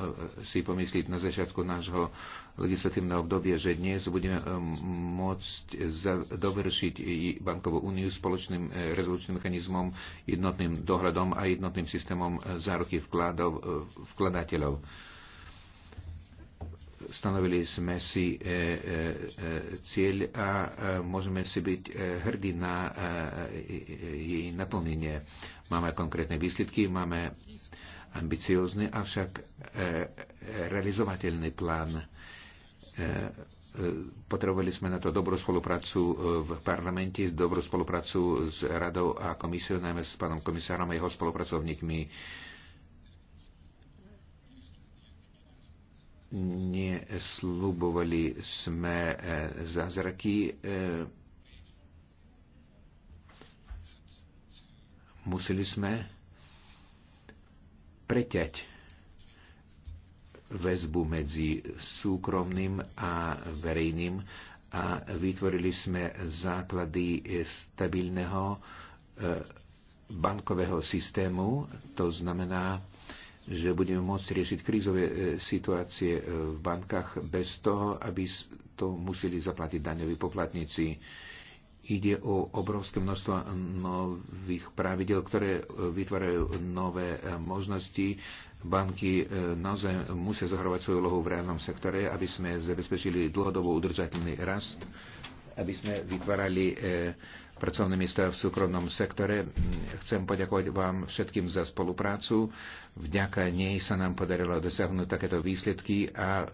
si pomyslieť na začiatku nášho legislatívneho obdobia, že dnes budeme môcť dovršiť bankovú úniu spoločným rezolučným mechanizmom, jednotným dohľadom a jednotným systémom záruky vkladov, vkladateľov stanovili sme si e, e, e, cieľ a môžeme si byť hrdí na jej naplnenie. Máme konkrétne výsledky, máme ambiciózny, avšak realizovateľný plán. Potrebovali sme na to dobrú spoluprácu v parlamente, dobrú spoluprácu s radou a komisiou, najmä s pánom komisárom a jeho spolupracovníkmi neslubovali sme e, zázraky. E, museli sme preťať väzbu medzi súkromným a verejným a vytvorili sme základy stabilného e, bankového systému, to znamená že budeme môcť riešiť krízové e, situácie e, v bankách bez toho, aby to museli zaplatiť daňoví poplatníci. Ide o obrovské množstvo nových pravidel, ktoré e, vytvárajú nové možnosti. Banky naozaj musia zohrovať svoju lohu v reálnom sektore, aby sme zabezpečili dlhodobo udržateľný rast, aby sme vytvárali pracovné miesta v súkromnom sektore. Chcem poďakovať vám všetkým za spoluprácu. Vďaka nej sa nám podarilo dosiahnuť takéto výsledky a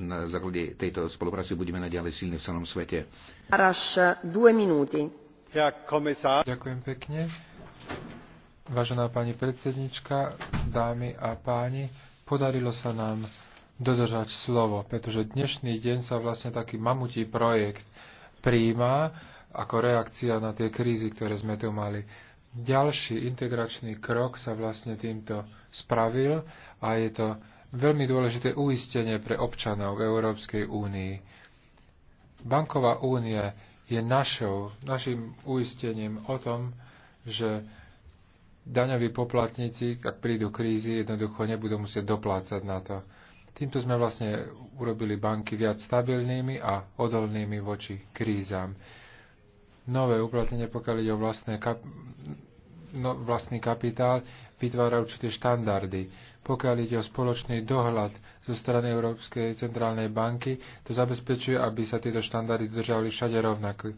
na základe tejto spolupráce budeme naďalej silní v celom svete. Raš, dve minúty. Ja, komisár. Ďakujem pekne. Vážená pani predsednička, dámy a páni, podarilo sa nám dodržať slovo, pretože dnešný deň sa vlastne taký mamutí projekt príjma ako reakcia na tie krízy, ktoré sme tu mali. Ďalší integračný krok sa vlastne týmto spravil a je to veľmi dôležité uistenie pre občanov v Európskej únii. Banková únia je našou, našim uistením o tom, že daňoví poplatníci, ak prídu krízy, jednoducho nebudú musieť doplácať na to. Týmto sme vlastne urobili banky viac stabilnými a odolnými voči krízam nové uplatnenie, pokiaľ ide o vlastné kap- no, vlastný kapitál, vytvára určité štandardy. Pokiaľ ide o spoločný dohľad zo strany Európskej centrálnej banky, to zabezpečuje, aby sa tieto štandardy držali všade rovnako.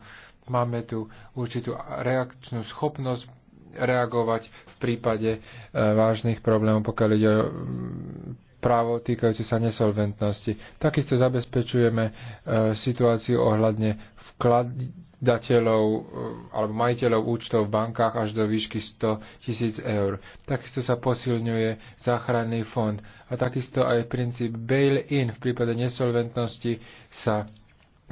Máme tu určitú reakčnú schopnosť reagovať v prípade e, vážnych problémov, pokiaľ ide o mm, právo týkajúce sa nesolventnosti. Takisto zabezpečujeme e, situáciu ohľadne vklad, dateľov eh, alebo majiteľov účtov v bankách až do výšky 100 tisíc eur. Takisto sa posilňuje záchranný fond a takisto aj princíp bail-in v prípade nesolventnosti sa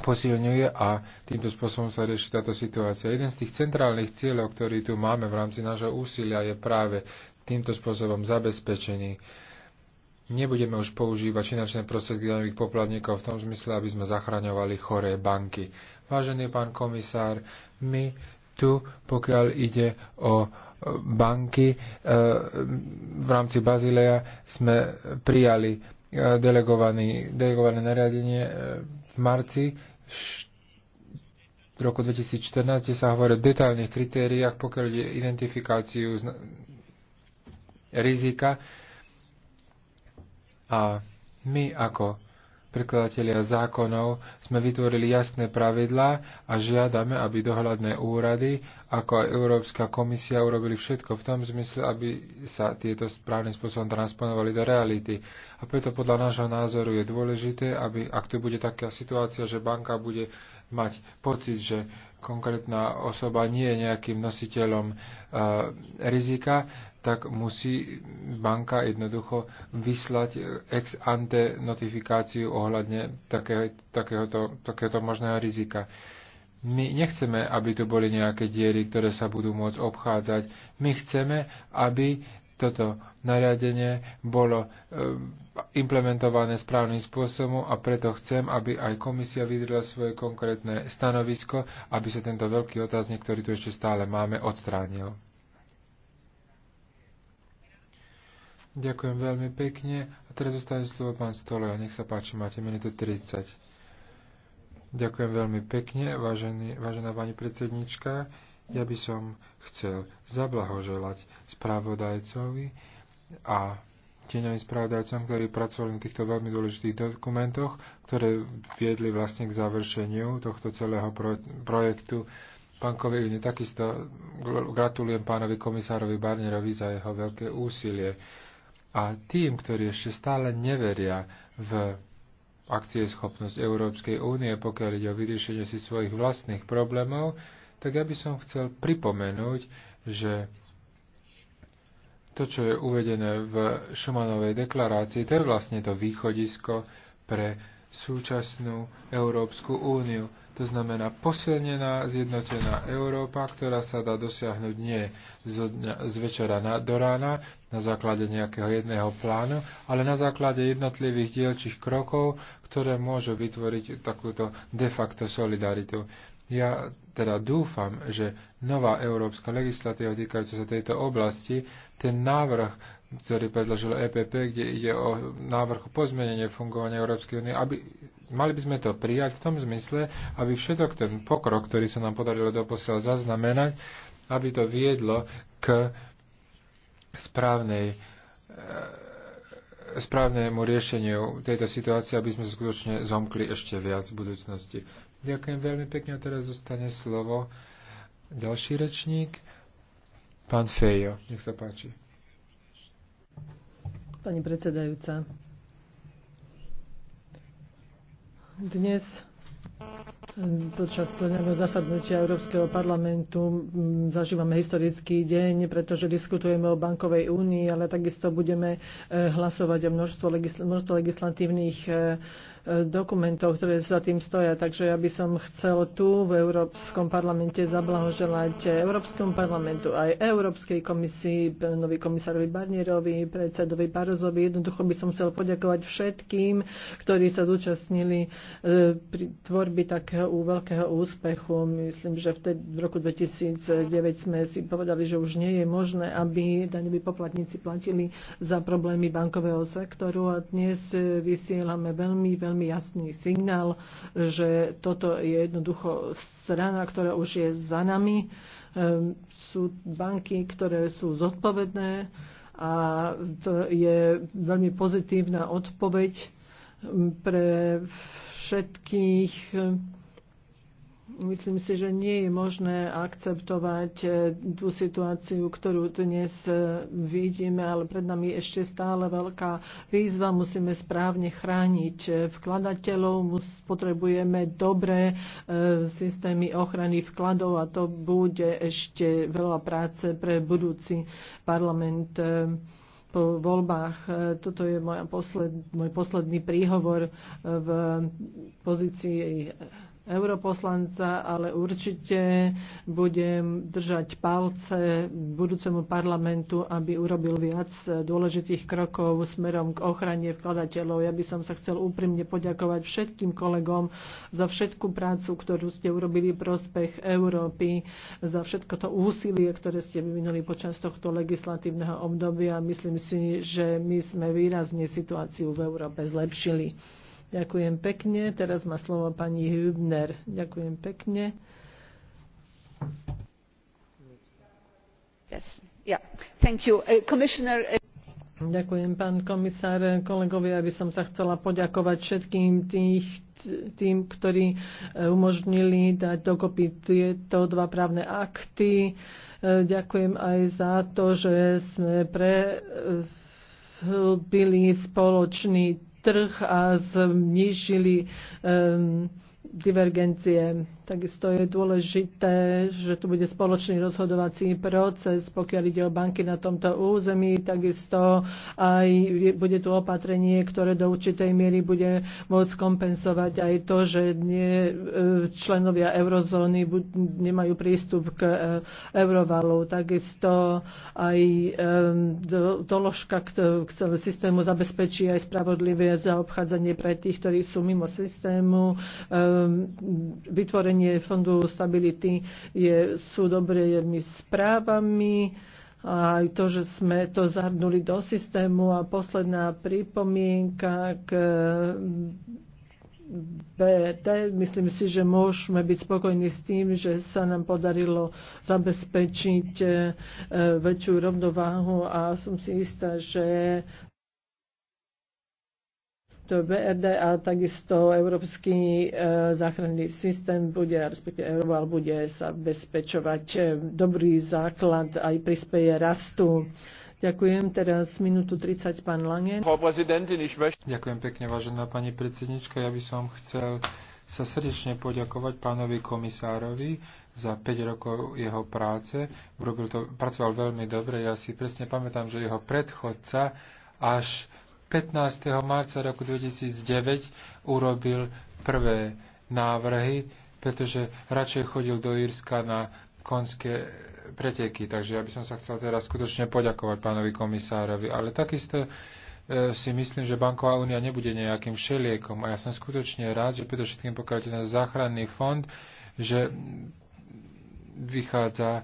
posilňuje a týmto spôsobom sa rieši táto situácia. Jeden z tých centrálnych cieľov, ktorý tu máme v rámci nášho úsilia, je práve týmto spôsobom zabezpečený nebudeme už používať finančné prostriedky daňových poplatníkov v tom zmysle, aby sme zachraňovali choré banky. Vážený pán komisár, my tu, pokiaľ ide o banky, e, v rámci Bazileja sme prijali e, delegovaný, delegované nariadenie e, v marci roku 2014, kde sa hovorí o detailných kritériách, pokiaľ ide identifikáciu rizika a my ako predkladatelia zákonov sme vytvorili jasné pravidlá a žiadame, aby dohľadné úrady, ako aj Európska komisia, urobili všetko v tom zmysle, aby sa tieto správnym spôsobom transponovali do reality. A preto podľa nášho názoru je dôležité, aby ak tu bude taká situácia, že banka bude mať pocit, že konkrétna osoba nie je nejakým nositeľom uh, rizika, tak musí banka jednoducho vyslať ex ante notifikáciu ohľadne takého, takéhoto, takéhoto možného rizika. My nechceme, aby tu boli nejaké diery, ktoré sa budú môcť obchádzať. My chceme, aby toto nariadenie bolo e, implementované správnym spôsobom a preto chcem, aby aj komisia vydrila svoje konkrétne stanovisko, aby sa tento veľký otáznik, ktorý tu ešte stále máme, odstránil. Ďakujem veľmi pekne. A teraz zostane slovo pán Stole. Nech sa páči, máte minútu 30. Ďakujem veľmi pekne, vážený, vážená pani predsednička. Ja by som chcel zablahoželať správodajcovi a tieňovým správodajcom, ktorí pracovali na týchto veľmi dôležitých dokumentoch, ktoré viedli vlastne k završeniu tohto celého projektu. Pán Kovilne, takisto gratulujem pánovi komisárovi Barnerovi za jeho veľké úsilie. A tým, ktorí ešte stále neveria v akcieschopnosť Európskej únie, pokiaľ ide o vyriešenie si svojich vlastných problémov, tak ja by som chcel pripomenúť, že to, čo je uvedené v Šumanovej deklarácii, to je vlastne to východisko pre súčasnú Európsku úniu. To znamená posilnená, zjednotená Európa, ktorá sa dá dosiahnuť nie z, dňa, z večera na, do rána na základe nejakého jedného plánu, ale na základe jednotlivých dielčích krokov, ktoré môžu vytvoriť takúto de facto solidaritu. Ja teda dúfam, že nová európska legislatíva týkajúca sa tejto oblasti, ten návrh, ktorý predložil EPP, kde ide o návrh pozmenenie fungovania Európskej únie, aby mali by sme to prijať v tom zmysle, aby všetok ten pokrok, ktorý sa nám podarilo doposiaľ zaznamenať, aby to viedlo k správnej e, správnemu riešeniu tejto situácie, aby sme sa skutočne zomkli ešte viac v budúcnosti. Ďakujem veľmi pekne a teraz zostane slovo ďalší rečník, pán Fejo. Nech sa páči. Pani predsedajúca, dnes Počas plenárneho zasadnutia Európskeho parlamentu zažívame historický deň, pretože diskutujeme o bankovej únii, ale takisto budeme eh, hlasovať o množstvo, legisl- množstvo legislatívnych eh, dokumentov, ktoré za tým stoja. Takže ja by som chcel tu v Európskom parlamente zablahoželať Európskom parlamentu aj Európskej komisii, nový komisárovi Barnierovi, predsedovi Barozovi. Jednoducho by som chcel poďakovať všetkým, ktorí sa zúčastnili e, pri tvorbi takého veľkého úspechu. Myslím, že vtedy v roku 2009 sme si povedali, že už nie je možné, aby daňoví poplatníci platili za problémy bankového sektoru a dnes e, vysielame veľmi, veľmi veľmi jasný signál, že toto je jednoducho strana, ktorá už je za nami. Ehm, sú banky, ktoré sú zodpovedné a to je veľmi pozitívna odpoveď pre všetkých Myslím si, že nie je možné akceptovať e, tú situáciu, ktorú dnes e, vidíme, ale pred nami je ešte stále veľká výzva. Musíme správne chrániť e, vkladateľov, potrebujeme dobré systémy ochrany vkladov a to bude ešte veľa práce pre budúci parlament po voľbách. Toto je moja posled, môj posledný príhovor v pozícii europoslanca, ale určite budem držať palce budúcemu parlamentu, aby urobil viac dôležitých krokov smerom k ochrane vkladateľov. Ja by som sa chcel úprimne poďakovať všetkým kolegom za všetku prácu, ktorú ste urobili prospech Európy, za všetko to úsilie, ktoré ste vyvinuli počas tohto legislatívneho obdobia. Myslím si, že my sme výrazne situáciu v Európe zlepšili. Ďakujem pekne. Teraz má slovo pani Hübner. Ďakujem pekne. Yes. Yeah. Thank you. Uh, Commissioner... Uh, ďakujem, pán komisár. Kolegovia, by som sa chcela poďakovať všetkým tých, tým, ktorí uh, umožnili dať dokopy tieto dva právne akty. Uh, ďakujem aj za to, že sme prehlbili spoločný trh a znížili um, ehm, divergencie Takisto je dôležité, že tu bude spoločný rozhodovací proces, pokiaľ ide o banky na tomto území. Takisto aj bude tu opatrenie, ktoré do určitej miery bude môcť kompensovať aj to, že nie, e, členovia eurozóny nemajú prístup k e, eurovalu. Takisto aj e, doložka k systému zabezpečí aj spravodlivé zaobchádzanie pre tých, ktorí sú mimo systému. Vytvorenie riadenie fondu stability je, sú dobrými správami a aj to, že sme to zahrnuli do systému. A posledná pripomienka k BT. Myslím si, že môžeme byť spokojní s tým, že sa nám podarilo zabezpečiť e, väčšiu rovnováhu a som si istá, že BRD a takisto Európsky e, záchranný systém bude, respektíve Euroval bude sa bezpečovať e, dobrý základ aj prispieje rastu. Ďakujem. Teraz minútu 30, pán Lange. Ďakujem pekne, vážená pani predsednička. Ja by som chcel sa srdečne poďakovať pánovi komisárovi za 5 rokov jeho práce. Urobil to, pracoval veľmi dobre. Ja si presne pamätám, že jeho predchodca až 15. marca roku 2009 urobil prvé návrhy, pretože radšej chodil do Írska na konské preteky. Takže ja by som sa chcel teraz skutočne poďakovať pánovi komisárovi. Ale takisto e, si myslím, že banková únia nebude nejakým všeliekom. A ja som skutočne rád, že predovšetkým pokiaľ ten záchranný fond, že vychádza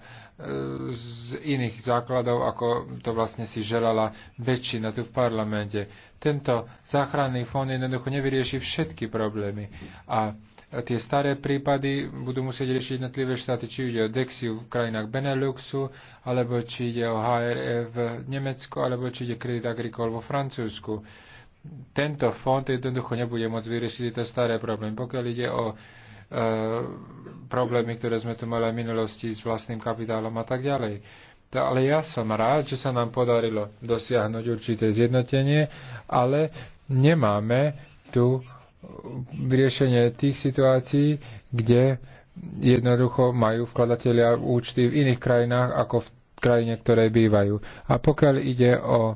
z iných základov, ako to vlastne si želala väčšina tu v parlamente. Tento záchranný fond jednoducho nevyrieši všetky problémy. A tie staré prípady budú musieť riešiť jednotlivé štáty, či ide o Dexiu v krajinách Beneluxu, alebo či ide o HRE v Nemecku, alebo či ide Credit Agricole vo Francúzsku. Tento fond jednoducho nebude môcť vyriešiť tieto staré problémy. Pokiaľ ide o E, problémy, ktoré sme tu mali v minulosti s vlastným kapitálom a tak ďalej. To, ale ja som rád, že sa nám podarilo dosiahnuť určité zjednotenie, ale nemáme tu riešenie tých situácií, kde jednoducho majú vkladatelia účty v iných krajinách ako v krajine, ktoré bývajú. A pokiaľ ide o uh,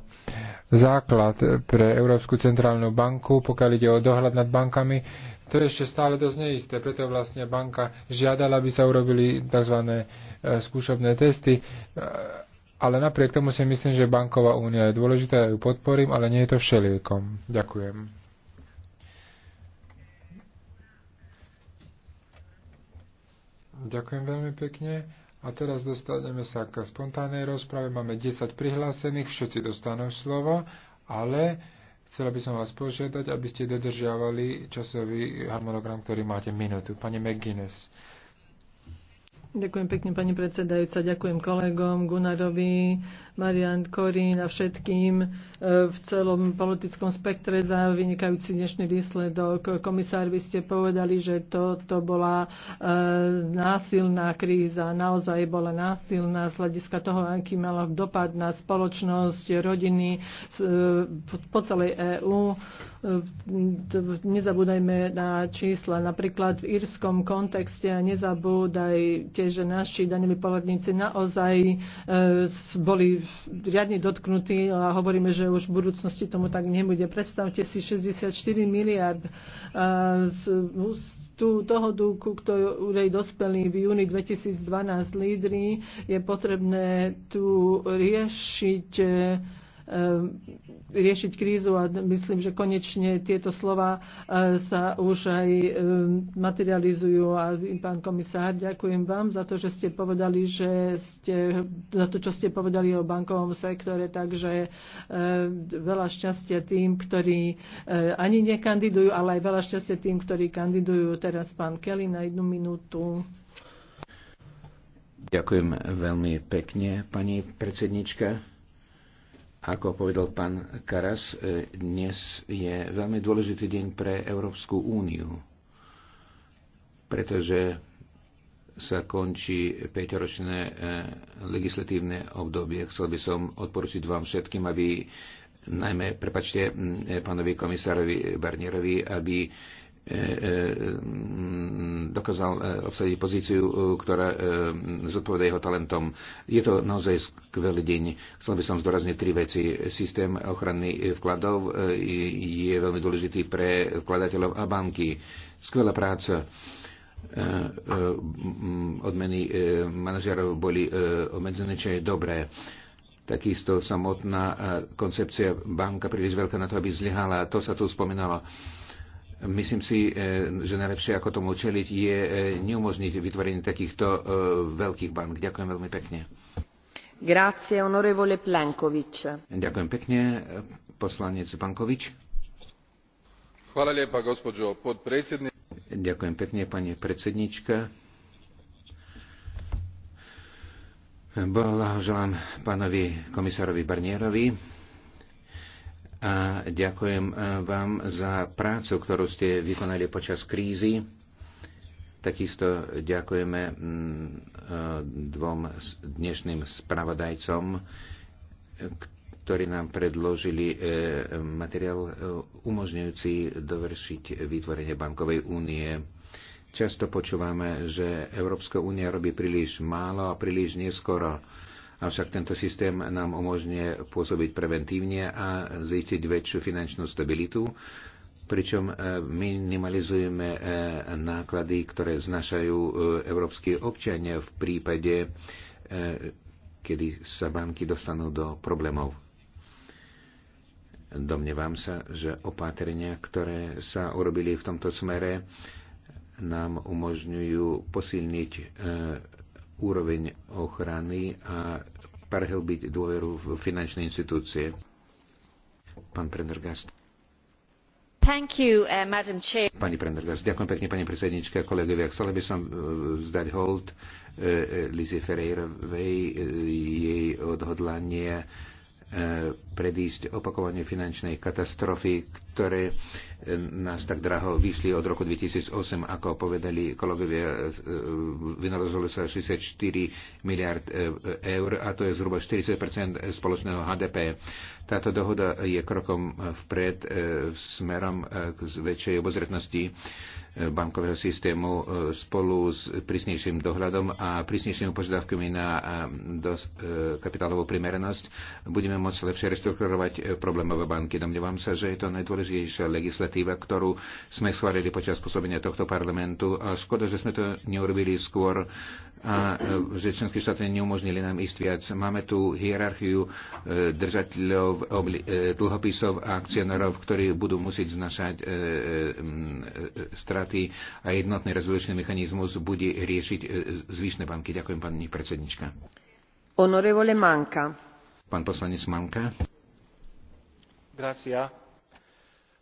základ pre Európsku centrálnu banku, pokiaľ ide o dohľad nad bankami, to je ešte stále dosť neisté. Preto vlastne banka žiadala, aby sa urobili tzv. E, skúšobné testy, e, ale napriek tomu si myslím, že banková únia je dôležitá, ja ju podporím, ale nie je to všeliekom. Ďakujem. Ďakujem veľmi pekne. A teraz dostaneme sa k spontánnej rozprave. Máme 10 prihlásených, všetci dostanú slovo, ale chcela by som vás požiadať, aby ste dodržiavali časový harmonogram, ktorý máte minútu. Pani McGuinness. Ďakujem pekne, pani predsedajúca. Ďakujem kolegom Gunarovi, Marian Korín a všetkým e, v celom politickom spektre za vynikajúci dnešný výsledok. Komisár, vy ste povedali, že toto bola e, násilná kríza. Naozaj bola násilná z hľadiska toho, aký mala dopad na spoločnosť, rodiny e, po celej EÚ. E, nezabúdajme na čísla. Napríklad v írskom kontexte a nezabúdajte, že naši daňoví povodníci naozaj e, boli riadne dotknutí a hovoríme, že už v budúcnosti tomu tak nebude. Predstavte si 64 miliard e, z tú dohodu, ku ktorej dospeli v júni 2012 lídry, je potrebné tu riešiť Eh, riešiť krízu a myslím, že konečne tieto slova eh, sa už aj eh, materializujú a pán komisár, ďakujem vám za to, že ste povedali, že ste, za to, čo ste povedali o bankovom sektore, takže veľa šťastia tým, ktorí ani nekandidujú, ale aj veľa šťastia tým, ktorí kandidujú. Teraz pán Kelly na jednu minútu. Ďakujem veľmi pekne, pani predsednička. Ako povedal pán Karas, e, dnes je veľmi dôležitý deň pre Európsku úniu, pretože sa končí 5-ročné e, legislatívne obdobie. Chcel by som odporučiť vám všetkým, aby najmä, prepačte, e, pánovi komisárovi Barnierovi, aby E, e, dokázal e, obsadiť pozíciu, ktorá zodpoveda jeho talentom. Je to naozaj skvelý deň. Chcel by som zdorazniť tri veci. Systém ochrany vkladov je veľmi dôležitý pre vkladateľov a banky. Skvelá práca odmeny manažerov boli obmedzené, čo je dobré. Takisto samotná koncepcia banka príliš veľká na to, aby zlyhala. To sa tu spomínalo Myslím si, e, že najlepšie, ako tomu čeliť, je e, neumožniť vytvorenie takýchto e, veľkých bank. Ďakujem veľmi pekne. Grazie, onorevole Plankovič. Ďakujem pekne, poslanec Bankovič. Hvala lepa, gospođo podpredsjednice. Ďakujem pekne, pani predsednička. Bola želám pánovi komisárovi Barnierovi a ďakujem e, vám za prácu, ktorú ste vykonali počas krízy. Takisto ďakujeme e, dvom dnešným spravodajcom, ktorí nám predložili e, materiál umožňujúci dovršiť vytvorenie bankovej únie. Často počúvame, že Európska únia robí príliš málo a príliš neskoro avšak tento systém nám umožňuje pôsobiť preventívne a zistiť väčšiu finančnú stabilitu, pričom e, minimalizujeme e, náklady, ktoré znašajú e, európsky občania v prípade, kedy sa banky dostanú do problémov. Domnievam sa, že opatrenia, ktoré sa urobili v tomto smere, nám umožňujú posilniť úroveň ochrany a prehlbiť dôveru v finančné inštitúcie. Pán Prendergast. Thank you, uh, Madam Chair. Pani Prendergast, ďakujem pekne, pani predsednička, kolegovia. Chcela by som eh, vzdať hold uh, eh, Lize Ferreirovej, uh, jej odhodlanie uh, predísť opakovanie finančnej katastrofy, ktoré uh, nás tak draho vyšli od roku 2008, ako povedali kolegovia, e, e, vynalezilo sa 64 miliard e, eur a to je zhruba 40 spoločného HDP. Táto dohoda je krokom vpred smerom k väčšej obozretnosti bankového systému spolu s prísnejším dohľadom a prísnejšími požiadavkami na kapitálovú primeranosť budeme môcť lepšie reštrukturovať problémové banky. Domnievam sa, že je to najdôležitejšia legislatíva iniciatíva, ktorú sme schválili počas pôsobenia tohto parlamentu. A škoda, že sme to neurobili skôr a že členské štáty neumožnili nám ísť viac. Máme tu hierarchiu e, držateľov obli- e, dlhopisov a akcionárov, ktorí budú musieť znašať e, straty a jednotný rezolučný mechanizmus bude riešiť zvyšné banky. Ďakujem, pani predsednička. Honorevole Manka. Pán poslanec Manka. Grazie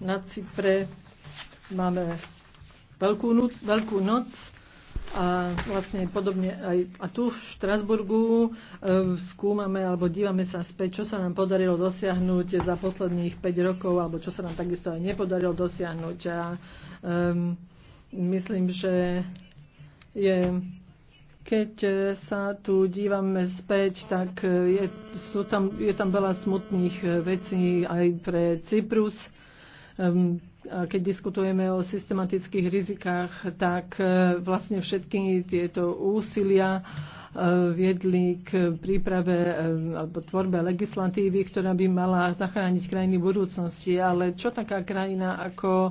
na Cypre máme veľkú, noc, veľkú noc a vlastne podobne aj a tu v Štrasburgu e, skúmame alebo dívame sa späť, čo sa nám podarilo dosiahnuť za posledných 5 rokov alebo čo sa nám takisto aj nepodarilo dosiahnuť. A e, myslím, že je keď e, sa tu dívame späť, tak e, je, sú tam, je tam veľa smutných e, vecí aj pre Cyprus Ehm, keď diskutujeme o systematických rizikách, tak e, vlastne všetky tieto úsilia viedli k príprave e, alebo tvorbe legislatívy, ktorá by mala zachrániť krajiny budúcnosti. Ale čo taká krajina ako e,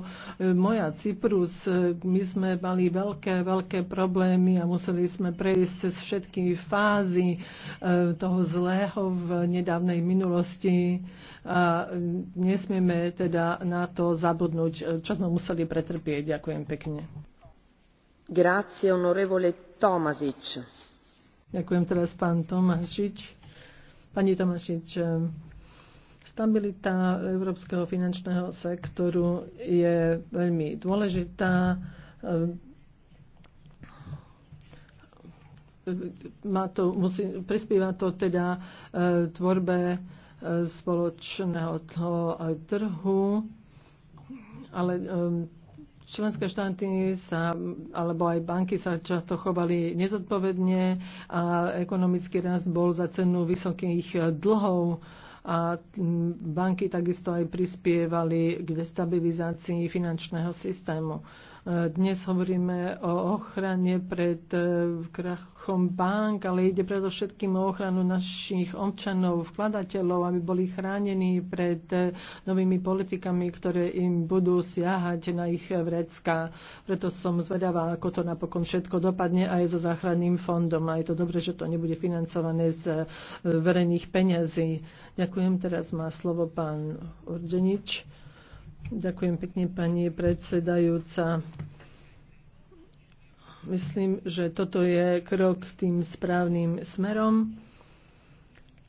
moja Cyprus? E, my sme mali veľké, veľké problémy a museli sme prejsť cez všetky fázy toho zlého v nedávnej minulosti. A nesmieme teda na to zabudnúť, čo sme museli pretrpieť. Ďakujem pekne. Grazie, onorevole Tomasic Ďakujem teraz pán Tomášič. Pani Tomášič, eh, stabilita európskeho finančného sektoru je veľmi dôležitá. Eh, má to, musí, prispieva to teda eh, tvorbe spoločného trhu, ale členské štáty sa, alebo aj banky sa často chovali nezodpovedne a ekonomický rast bol za cenu vysokých dlhov a banky takisto aj prispievali k destabilizácii finančného systému. Dnes hovoríme o ochrane pred e, krachom bank, ale ide predovšetkým o ochranu našich občanov, vkladateľov, aby boli chránení pred e, novými politikami, ktoré im budú siahať na ich vrecka. Preto som zvedavá, ako to napokon všetko dopadne aj so záchranným fondom. A je to dobre, že to nebude financované z e, verejných peňazí. Ďakujem, teraz má slovo pán Ordenič. Ďakujem pekne, pani predsedajúca. Myslím, že toto je krok tým správnym smerom,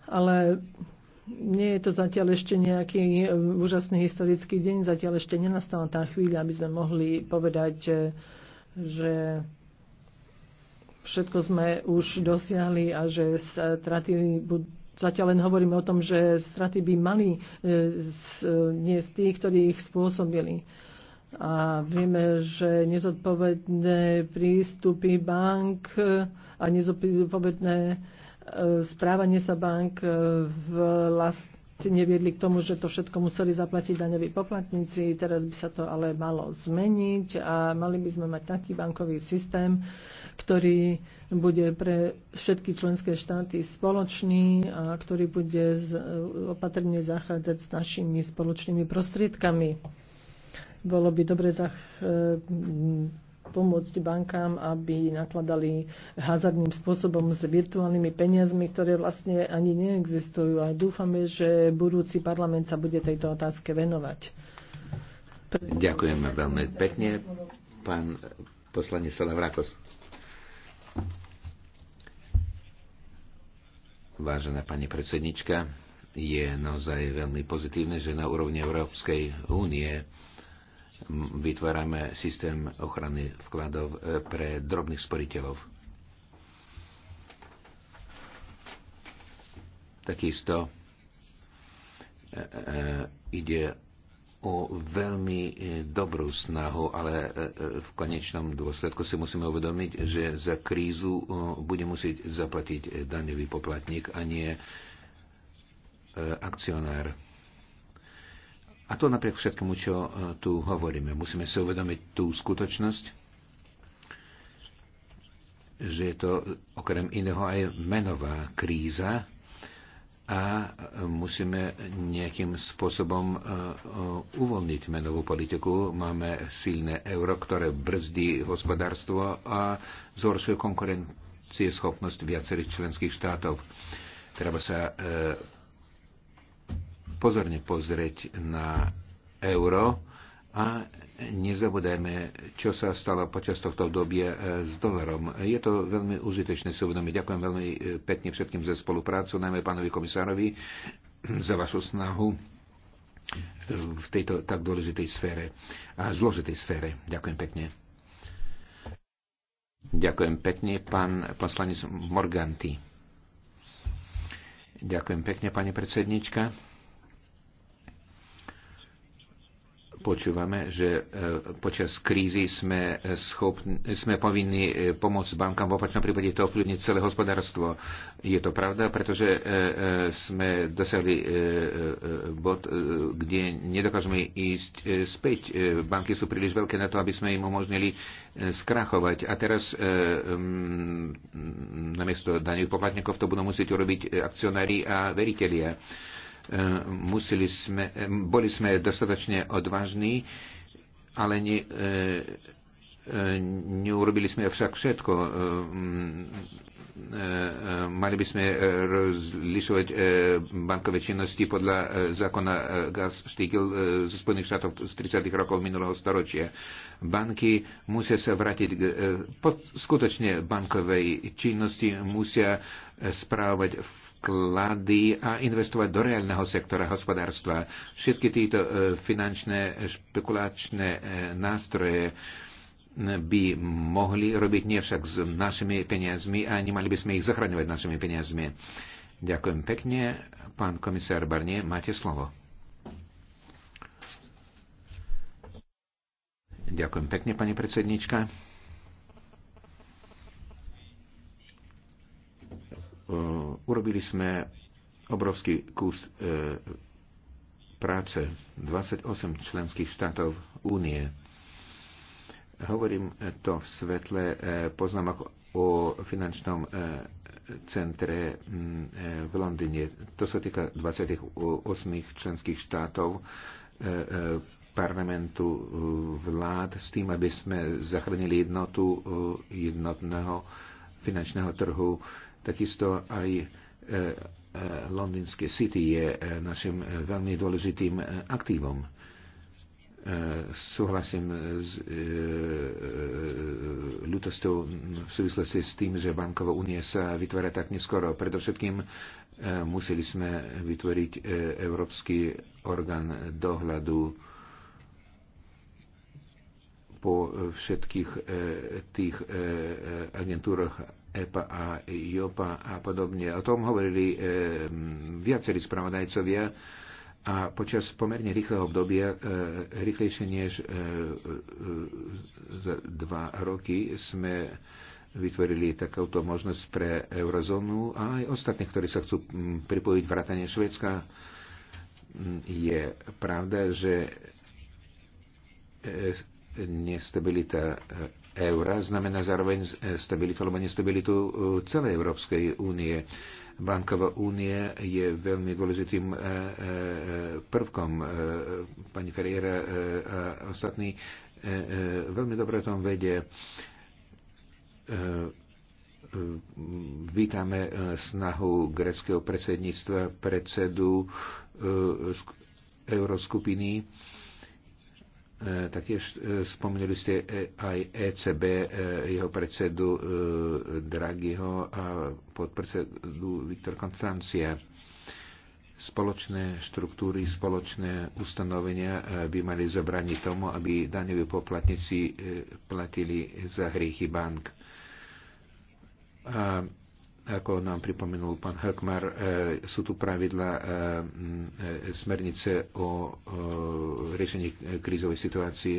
ale nie je to zatiaľ ešte nejaký e, úžasný historický deň, zatiaľ ešte nenastala tá chvíľa, aby sme mohli povedať, e, že všetko sme už dosiahli a že straty zatiaľ len hovoríme o tom, že straty by mali z e, e, tých, ktorí ich spôsobili. A vieme, že nezodpovedné prístupy bank e, a nezodpovedné správanie sa bank vlastne neviedli k tomu, že to všetko museli zaplatiť daňoví poplatníci. Teraz by sa to ale malo zmeniť a mali by sme mať taký bankový systém, ktorý bude pre všetky členské štáty spoločný a ktorý bude opatrne zachádzať s našimi spoločnými prostriedkami. Bolo by dobre zach- e, pomôcť bankám, aby nakladali hazardným spôsobom s virtuálnymi peniazmi, ktoré vlastne ani neexistujú. A dúfame, že budúci parlament sa bude tejto otázke venovať. Ďakujeme veľmi pekne, pán poslanec Salavrakos. Vážená pani predsednička, je naozaj veľmi pozitívne, že na úrovni Európskej únie vytvárame systém ochrany vkladov e, pre drobných sporiteľov. Takisto e, e, ide o veľmi e, dobrú snahu, ale e, e, v konečnom dôsledku si musíme uvedomiť, že za krízu bude musieť zaplatiť daňový poplatník a nie akcionár. A to napriek všetkému, čo tu hovoríme. Musíme si uvedomiť tú skutočnosť, že je to okrem iného aj menová kríza, a musíme nejakým spôsobom e, e, uvoľniť menovú politiku. Máme silné euro, ktoré brzdí hospodárstvo a zhoršuje konkurencieschopnosť viacerých členských štátov. Treba sa e, pozorne pozrieť na euro a nezabudajme, čo sa stalo počas tohto obdobia e, s dolarom. Je to veľmi užitečné si uvedomiť. Ďakujem veľmi e, pekne všetkým za spoluprácu, najmä pánovi komisárovi (clears throat) za vašu snahu e, v tejto tak dôležitej sfére a zložitej sfére. Ďakujem pekne. Ďakujem pekne, pán poslanec Morganti. Ďakujem pekne, pani predsednička. počúvame, že e, počas krízy sme, schopni, sme povinni e, pomôcť bankám, v opačnom prípade to ovplyvní celé hospodárstvo. Je to pravda, pretože e, sme dosiahli bod, kde nedokážeme ísť späť. Banky sú príliš veľké na to, aby sme im umožnili skrachovať. A teraz namiesto daných poplatníkov to budú musieť urobiť akcionári a veritelia Eh, museli sme, eh, boli sme dostatočne odvážni, ale ne, eh, neurobili sme však všetko. Mm, mali by sme rozlišovať bankové činnosti podľa zákona Gas stigl z Spojených štátov z 30. rokov minulého storočia. Banky musia sa vrátiť k skutočne bankovej činnosti, musia správať sklady a investovať do reálneho sektora hospodárstva. Všetky títo e, finančné špekulačné e, nástroje e, by mohli robiť nie však s našimi peniazmi a nemali by sme ich zachraňovať našimi peniazmi. Ďakujem pekne. Pán komisár Barnier, máte slovo. Ďakujem pekne, pani predsednička. Eh, urobili sme obrovský kus eh, práce 28 členských štátov únie. Hovorím to v svetle eh, poznámok o finančnom centre mm, v Londýne. To sa týka 28 členských štátov parlamentu vlád s tým, aby sme zachránili jednotu jednotného finančného trhu Takisto aj e, e, londýnske City je e, našim veľmi dôležitým aktívom. Súhlasím s ľutostou v súvislosti s tým, že banková únie sa vytvára tak neskoro. Predovšetkým museli sme vytvoriť Európsky orgán dohľadu po všetkých tých agentúrach EPA a IOPA a podobne. O tom hovorili e, viacerí spravodajcovia a počas pomerne rýchleho obdobia, e, rýchlejšie než e, e, za dva roky, sme vytvorili takúto možnosť pre eurozónu a aj ostatných, ktorí sa chcú mm, pripojiť vrátane Švedska. Je pravda, že nestabilita eura znamená zároveň e, stabilitu alebo nestabilitu e, celej Európskej únie. Banková únie je veľmi dôležitým e, prvkom. Pani Ferreira a ostatní veľmi dobre o tom vedie vítame snahu greckého predsedníctva, predsedu Euroskupiny E, taktiež e, spomenuli ste e, aj ECB, jeho predsedu Draghiho a podpredsedu Viktor Konstancia. Spoločné štruktúry, spoločné ustanovenia by mali zabraniť tomu, aby daňoví poplatníci platili za hriechy bank. A ako nám pripomenul pán Hakmar, e, sú tu pravidla e, e, smernice o riešení krízovej situácii.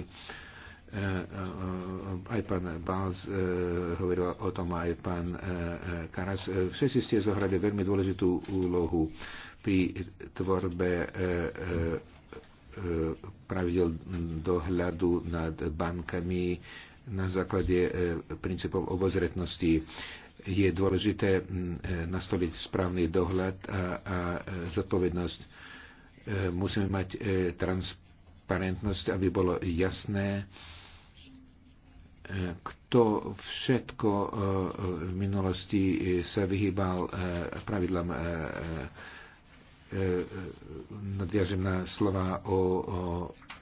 Aj pán Balz hovoril o tom, aj pán Karas. Všetci ste zohrali veľmi dôležitú úlohu pri tvorbe pravidel dohľadu nad bankami na základe princípov obozretnosti je dôležité mm, e, nastoliť správny dohľad a, a e, zodpovednosť. E, musíme mať transparentnosť, aby bolo jasné, kto všetko v minulosti sa vyhýbal pravidlám nadviažem na slova o, o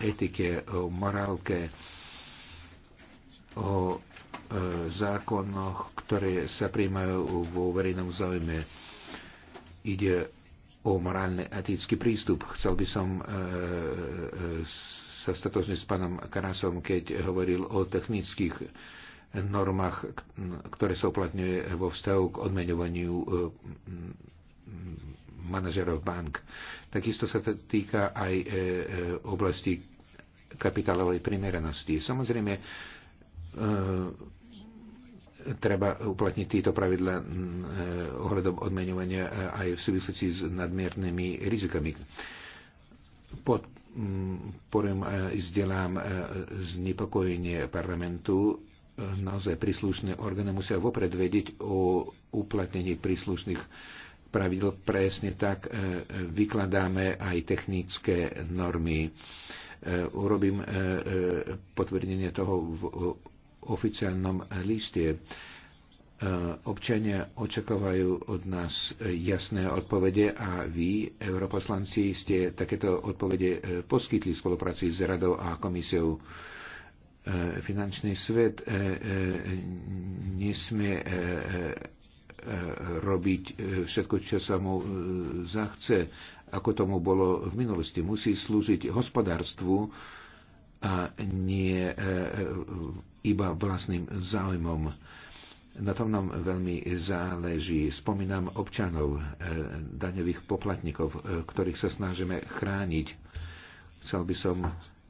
etike, o morálke, o zákonoch, ktoré sa príjmajú vo verejnom záujme. Ide o morálny etický prístup. Chcel by som e, e, e, sa statočniť s pánom Karasom, keď hovoril o technických normách, ktoré sa uplatňuje vo vzťahu k odmeňovaniu manažerov bank. Takisto sa to týka aj oblasti kapitálovej primeranosti. Samozrejme, treba uplatniť tieto pravidla eh, ohľadom odmeňovania eh, aj v súvislosti s nadmiernými rizikami. Pod mm, a eh, izdelám znepokojenie parlamentu. Naozaj príslušné orgány musia vopred vedieť o uplatnení príslušných pravidel. Presne tak vykladáme aj technické normy. Urobím potvrdenie toho v oficiálnom liste. Občania očakávajú od nás jasné odpovede a vy, europoslanci, ste takéto odpovede poskytli v spolupráci s Radou a komisiou e, finančný svet e, nesmie e, robiť všetko, čo sa mu zachce, ako tomu bolo v minulosti. Musí slúžiť hospodárstvu, a nie e, e, iba vlastným záujmom. Na tom nám veľmi záleží. Spomínam občanov, e, daňových poplatníkov, ktorých sa snažíme chrániť. Chcel by som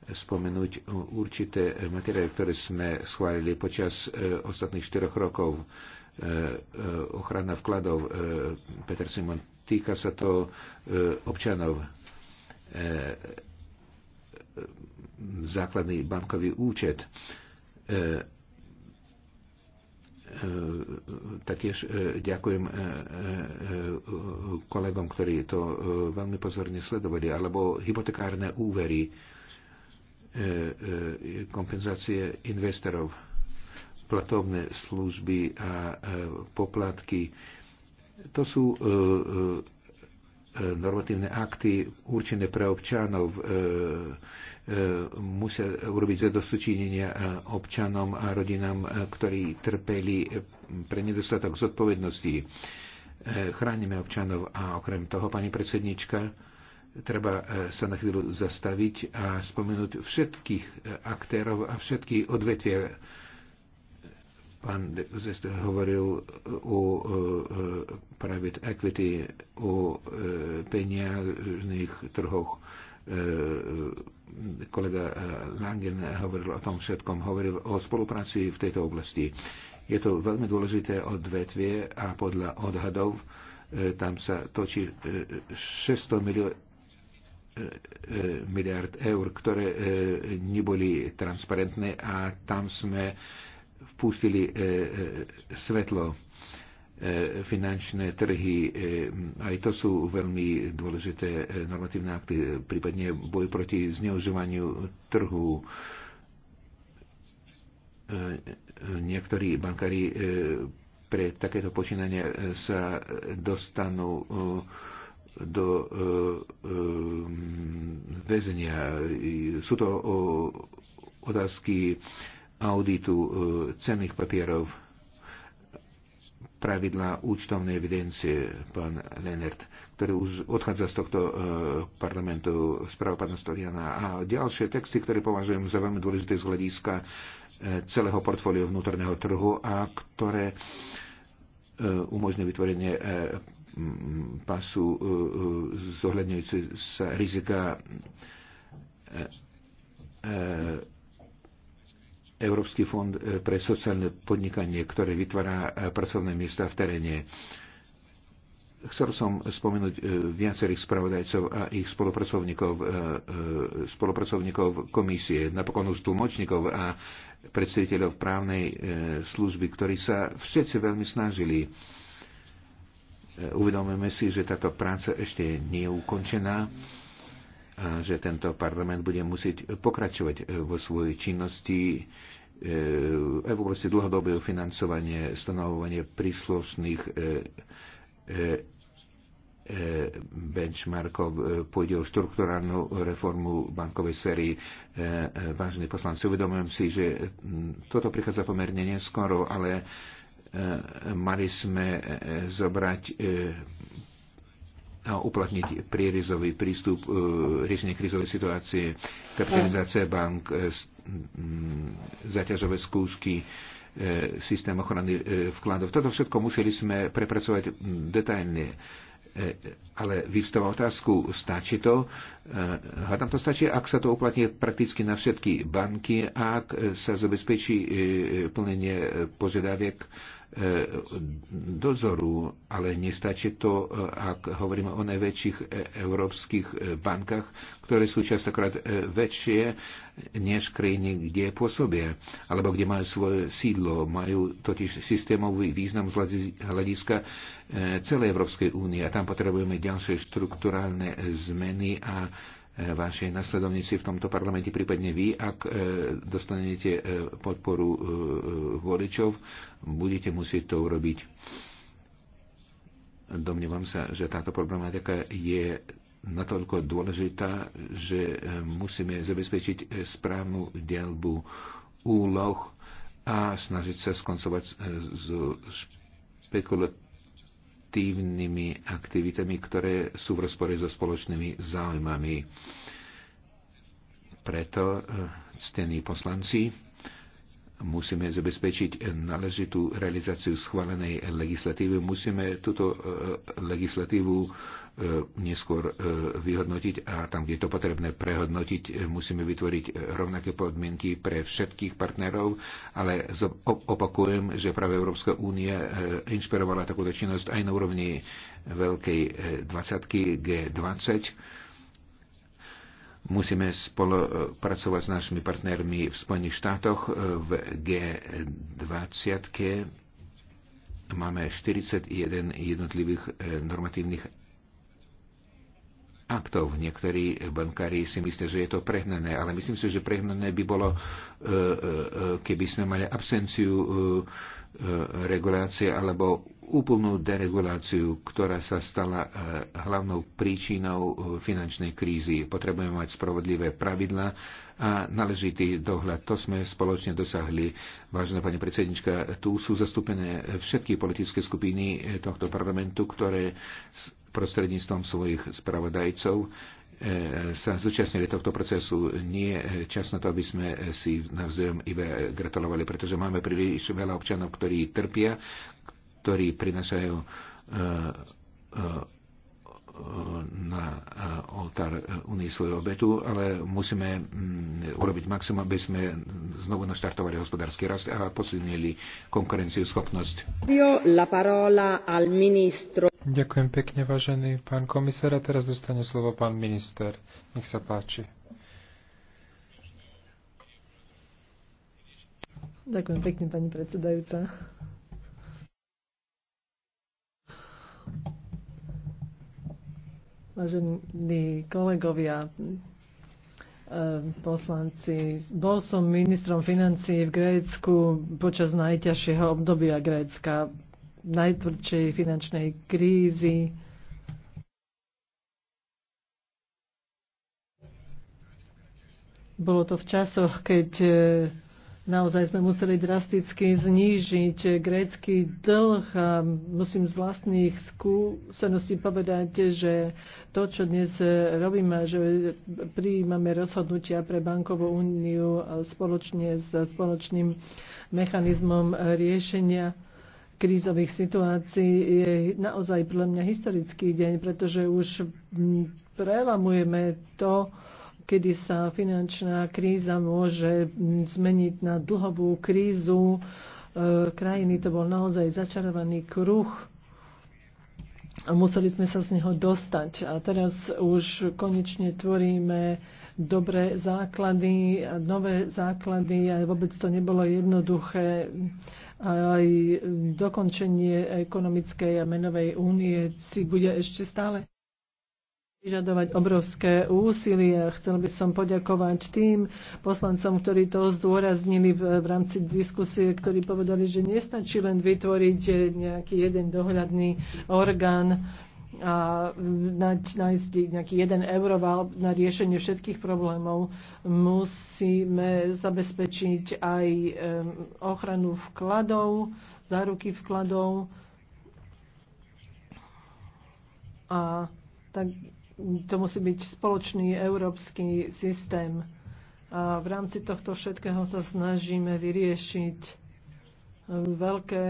spomenúť určité materiály, ktoré sme schválili počas ostatných 4 rokov. Ochrana vkladov, Peter Simon, týka sa to občanov základný bankový účet. e, e Taktiež e, ďakujem e, kolegom, ktorí to veľmi pozorne sledovali, alebo hypotekárne úvery, kompenzácie investorov, platovné služby a poplatky. To sú normatívne akty určené pre občanov, E, musia urobiť zadostučinenia občanom a rodinám, ktorí trpeli pre nedostatok zodpovednosti. Chránime občanov a okrem toho, pani predsednička, treba eh, sa na chvíľu zastaviť a spomenúť všetkých eh, aktérov a všetky odvetvia. Pán Zeste hovoril eh, o private equity, o peniažných trhoch E, e, kolega e, Langen hovoril o tom všetkom, hovoril o spolupráci v tejto oblasti. Je to veľmi dôležité odvetvie a podľa odhadov tam sa točí 600 miliónov miliard eur, ktoré neboli transparentné a tam sme vpustili svetlo. E, finančné trhy, e, aj to sú veľmi dôležité e, normatívne akty, prípadne boj proti zneužívaniu trhu. Niektorí bankári pre takéto počínanie sa dostanú do väzenia. Sú to otázky auditu cenných papierov pravidla účtovnej evidencie, pán Lenert, ktorý už odchádza z tohto e, parlamentu, správa pána Storiana a ďalšie texty, ktoré považujem za veľmi dôležité z hľadiska e, celého portfólia vnútorného trhu a ktoré e, umožňujú vytvorenie e, pasu e, e, zohľadňujúce sa rizika e, e, Európsky fond e, pre sociálne podnikanie, ktoré vytvára e, pracovné miesta v teréne. Chcel som spomenúť e, viacerých spravodajcov a ich spolupracovníkov, spolupracovníkov komisie, napokon už tlmočníkov a predstaviteľov právnej služby, ktorí sa všetci veľmi snažili. Uvedomujeme si, že táto práca ešte nie je ukončená a že tento parlament bude musieť pokračovať e, vo svojej činnosti aj e, e, v oblasti dlhodobého financovanie, stanovovanie príslušných benchmarkov, pôjde o štruktúrálnu reformu bankovej sféry. Vážení poslanci, uvedomujem si, že toto prichádza pomerne neskoro, ale mali sme zobrať uplatniť prierizový prístup e, riešenie krizovej situácie, kapitalizácia bank, e, zaťažové skúšky, e, systém ochrany vkladov. Toto všetko museli sme prepracovať detailne. Ale vyvstáva otázku, stačí to? Hádam to stačí, ak sa to uplatní prakticky na všetky banky, ak sa zabezpečí plnenie požiadaviek E, dozoru, ale nestačí to, e, ak hovoríme o najväčších e, európskych bankách, ktoré sú častokrát väčšie než krajiny, kde pôsobia, alebo kde majú svoje sídlo. Majú totiž systémový význam z hľadiska celej Európskej únie a tam potrebujeme ďalšie štruktúrálne zmeny a vaši nasledovníci v tomto parlamente, prípadne vy, ak e, dostanete e, podporu e, voličov, budete musieť to urobiť. Domnievam sa, že táto problematika je natoľko dôležitá, že musíme zabezpečiť správnu dielbu úloh a snažiť sa skoncovať s špekulatívnym charitatívnymi aktivitami, ktoré sú v rozpore so spoločnými záujmami. Preto, eh, ctení poslanci, musíme zabezpečiť náležitú realizáciu schválenej legislatívy. Musíme túto e, legislatívu e, neskôr e, vyhodnotiť a tam, kde je to potrebné prehodnotiť, musíme vytvoriť rovnaké podmienky pre všetkých partnerov, ale opakujem, že práve Európska únia inšpirovala takúto činnosť aj na úrovni veľkej 20 G20 Musíme spolupracovať s našimi partnermi v Spojených štátoch e, v G20. -ke. Máme 41 jednotlivých e, normatívnych aktov. Niektorí bankári si myslia, že je to prehnané, ale myslím si, že prehnané by bolo, e, e, e, keby sme mali absenciu regulácie alebo úplnú dereguláciu, ktorá sa stala hlavnou príčinou finančnej krízy. Potrebujeme mať spravodlivé pravidlá a náležitý dohľad. To sme spoločne dosahli. Vážená pani predsednička, tu sú zastúpené všetky politické skupiny tohto parlamentu, ktoré prostredníctvom svojich spravodajcov e, sa zúčastnili tohto procesu. Nie e, čas na to, aby sme si navzájom iba gratulovali, pretože máme príliš veľa občanov, ktorí trpia, ktorí prinašajú e, na eh, oltár eh, Unii svoju obetu, ale musíme mm, urobiť maximum, aby sme znovu naštartovali hospodársky rast a posilnili konkurenciu schopnosť. Ďakujem pekne, vážený pán komisár. A teraz dostane slovo pán minister. Nech sa páči. Ďakujem pekne, pani predsedajúca. Vážení kolegovia, eh, poslanci, bol som ministrom financí v Grécku počas najťažšieho obdobia Grécka, najtvrdšej finančnej krízy. Bolo to v časoch, keď eh, Naozaj sme museli drasticky znížiť grécky dlh a musím z vlastných skúseností povedať, že to, čo dnes robíme, že prijímame rozhodnutia pre bankovú úniu spoločne s spoločným mechanizmom riešenia krízových situácií je naozaj pre mňa historický deň, pretože už prelamujeme to, kedy sa finančná kríza môže mm, zmeniť na dlhovú krízu e, krajiny. To bol naozaj začarovaný kruh a museli sme sa z neho dostať. A teraz už konečne tvoríme dobré základy, nové základy a vôbec to nebolo jednoduché. Aj dokončenie ekonomickej a menovej únie si bude ešte stále vyžadovať obrovské úsilie. Chcel by som poďakovať tým poslancom, ktorí to zdôraznili v, v rámci diskusie, ktorí povedali, že nestačí len vytvoriť nejaký jeden dohľadný orgán a nájsť nejaký jeden euroval na riešenie všetkých problémov. Musíme zabezpečiť aj ochranu vkladov, záruky vkladov a tak to musí byť spoločný európsky systém. A v rámci tohto všetkého sa snažíme vyriešiť e, veľké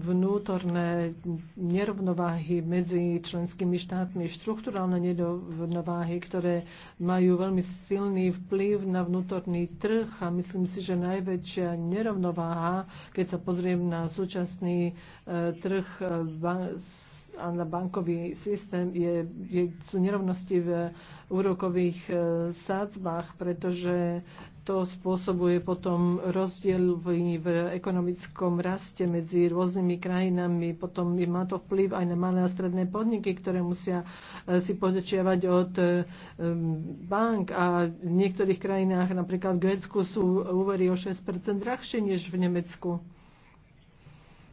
vnútorné nerovnováhy medzi členskými štátmi, štruktúralne nerovnováhy, ktoré majú veľmi silný vplyv na vnútorný trh a myslím si, že najväčšia nerovnováha, keď sa pozriem na súčasný e, trh s e, a na bankový systém je, je, sú nerovnosti v úrokových e, sádzbách, pretože to spôsobuje potom rozdiel v, v ekonomickom raste medzi rôznymi krajinami. Potom má to vplyv aj na malé a stredné podniky, ktoré musia e, si podečiavať od e, bank. A v niektorých krajinách, napríklad v Grécku, sú úvery o 6 drahšie než v Nemecku.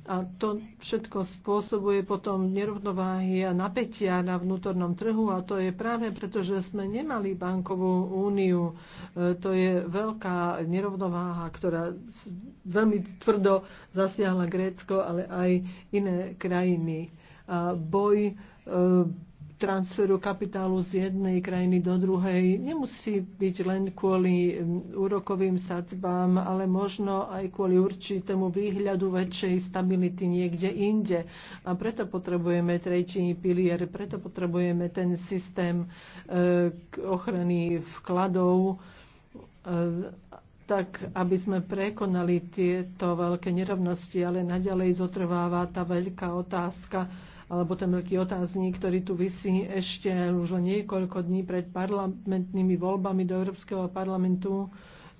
A to všetko spôsobuje potom nerovnováhy a napätia na vnútornom trhu a to je práve preto, že sme nemali bankovú úniu. E, to je veľká nerovnováha, ktorá veľmi tvrdo zasiahla Grécko, ale aj iné krajiny. A boj e, transferu kapitálu z jednej krajiny do druhej nemusí byť len kvôli úrokovým sadzbám, ale možno aj kvôli určitému výhľadu väčšej stability niekde inde. A preto potrebujeme tretí pilier, preto potrebujeme ten systém e, ochrany vkladov e, tak aby sme prekonali tieto veľké nerovnosti, ale naďalej zotrváva tá veľká otázka, alebo ten veľký otáznik, ktorý tu vysí ešte už len niekoľko dní pred parlamentnými voľbami do Európskeho parlamentu.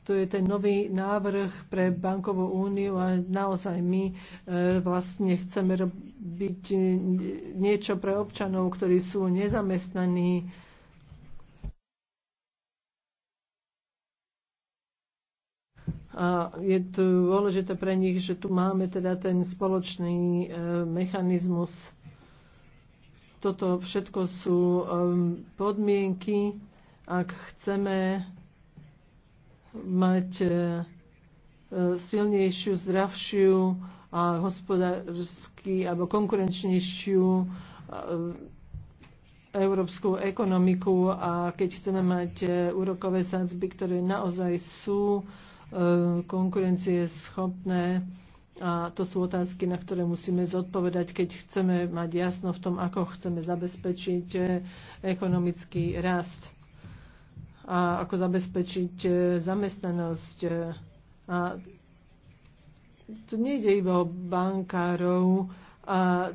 To je ten nový návrh pre bankovú úniu a naozaj my e, vlastne chceme robiť niečo pre občanov, ktorí sú nezamestnaní, A je tu dôležité pre nich, že tu máme teda ten spoločný e, mechanizmus toto všetko sú um, podmienky, ak chceme mať e, e, silnejšiu, zdravšiu a hospodársky alebo konkurenčnejšiu e, európsku ekonomiku a keď chceme mať úrokové sadzby, ktoré naozaj sú konkurencie schopné, a to sú otázky, na ktoré musíme zodpovedať, keď chceme mať jasno v tom, ako chceme zabezpečiť eh, ekonomický rast a ako zabezpečiť eh, zamestnanosť. Eh, a to nejde iba o bankárov a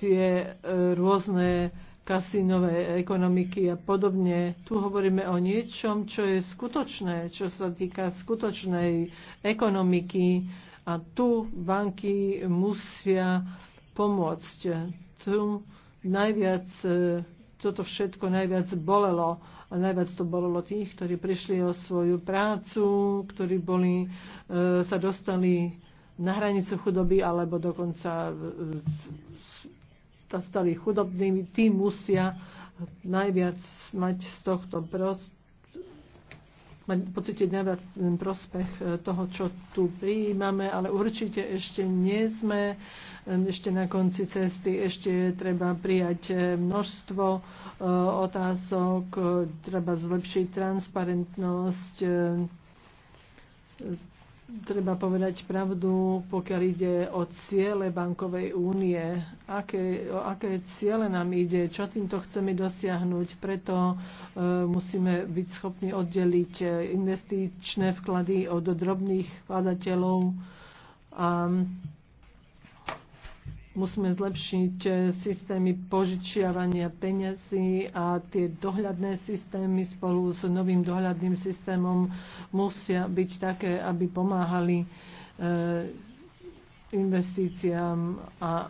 tie rôzne kasinové ekonomiky a podobne. Tu hovoríme o niečom, čo je skutočné, čo sa týka skutočnej ekonomiky, a tu banky musia pomôcť. Tu najviac e, toto všetko najviac bolelo. A najviac to bolelo tých, ktorí prišli o svoju prácu, ktorí boli, e, sa dostali na hranicu chudoby alebo dokonca e, stali chudobnými. Tí musia najviac mať z tohto prost mať pocítiť najviac ten prospech e, toho, čo tu prijímame, ale určite ešte nie sme e, ešte na konci cesty, ešte treba prijať e, množstvo otázok, treba zlepšiť transparentnosť, treba povedať pravdu, pokiaľ ide o ciele bankovej únie. Aké, o aké ciele nám ide, čo týmto chceme dosiahnuť, preto e, musíme byť schopní oddeliť e, investičné vklady od drobných vkladateľov a musíme zlepšiť eh, systémy požičiavania peniazy a tie dohľadné systémy spolu s novým dohľadným systémom musia byť také, aby pomáhali eh, investíciám a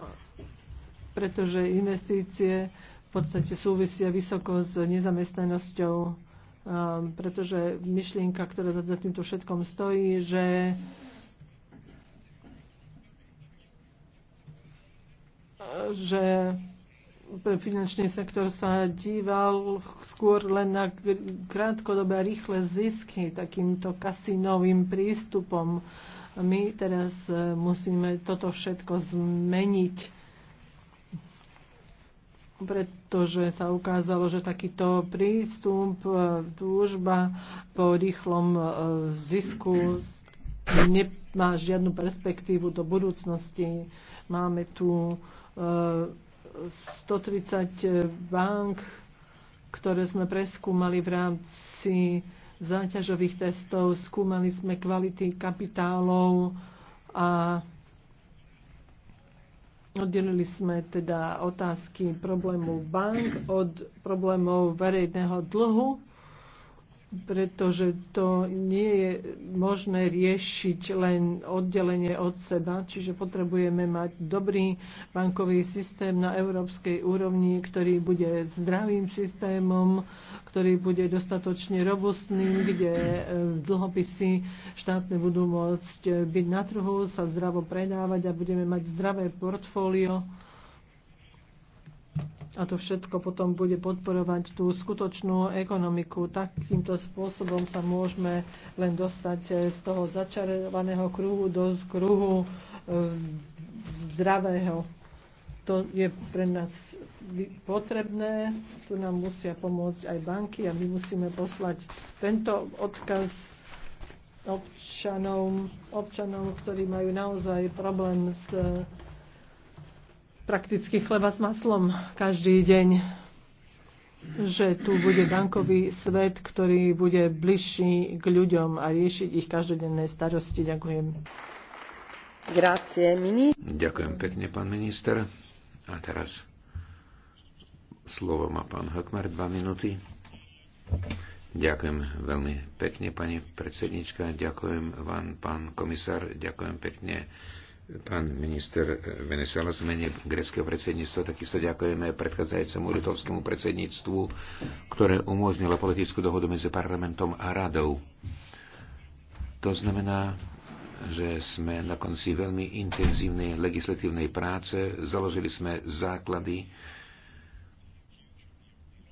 pretože investície v podstate súvisia vysoko s nezamestnanosťou, eh, pretože myšlienka, ktorá za týmto všetkom stojí, že že finančný sektor sa díval skôr len na krátkodobé rýchle zisky takýmto kasinovým prístupom. My teraz e, musíme toto všetko zmeniť pretože sa ukázalo, že takýto prístup, e, túžba po rýchlom e, zisku nemá žiadnu perspektívu do budúcnosti. Máme tu 130 bank, ktoré sme preskúmali v rámci záťažových testov, skúmali sme kvality kapitálov a oddelili sme teda otázky problémov bank od problémov verejného dlhu pretože to nie je možné riešiť len oddelenie od seba, čiže potrebujeme mať dobrý bankový systém na európskej úrovni, ktorý bude zdravým systémom, ktorý bude dostatočne robustný, kde e, dlhopisy štátne budú môcť e, byť na trhu, sa zdravo predávať a budeme mať zdravé portfólio a to všetko potom bude podporovať tú skutočnú ekonomiku. Takýmto spôsobom sa môžeme len dostať eh, z toho začarovaného kruhu do kruhu eh, zdravého. To je pre nás potrebné, tu nám musia pomôcť aj banky a my musíme poslať tento odkaz občanom, občanom ktorí majú naozaj problém s eh, prakticky chleba s maslom každý deň že tu bude bankový svet, ktorý bude bližší k ľuďom a riešiť ich každodenné starosti. Ďakujem. Grazie, minister. Ďakujem pekne, pán minister. A teraz slovo má pán Hakmar, dva minúty. Ďakujem veľmi pekne, pani predsednička. Ďakujem vám, pán komisár. Ďakujem pekne Pán minister Venezuela z mene greckého predsedníctva takisto ďakujeme predchádzajúcemu litovskému predsedníctvu, ktoré umožnilo politickú dohodu medzi parlamentom a radou. To znamená, že sme na konci veľmi intenzívnej legislatívnej práce, založili sme základy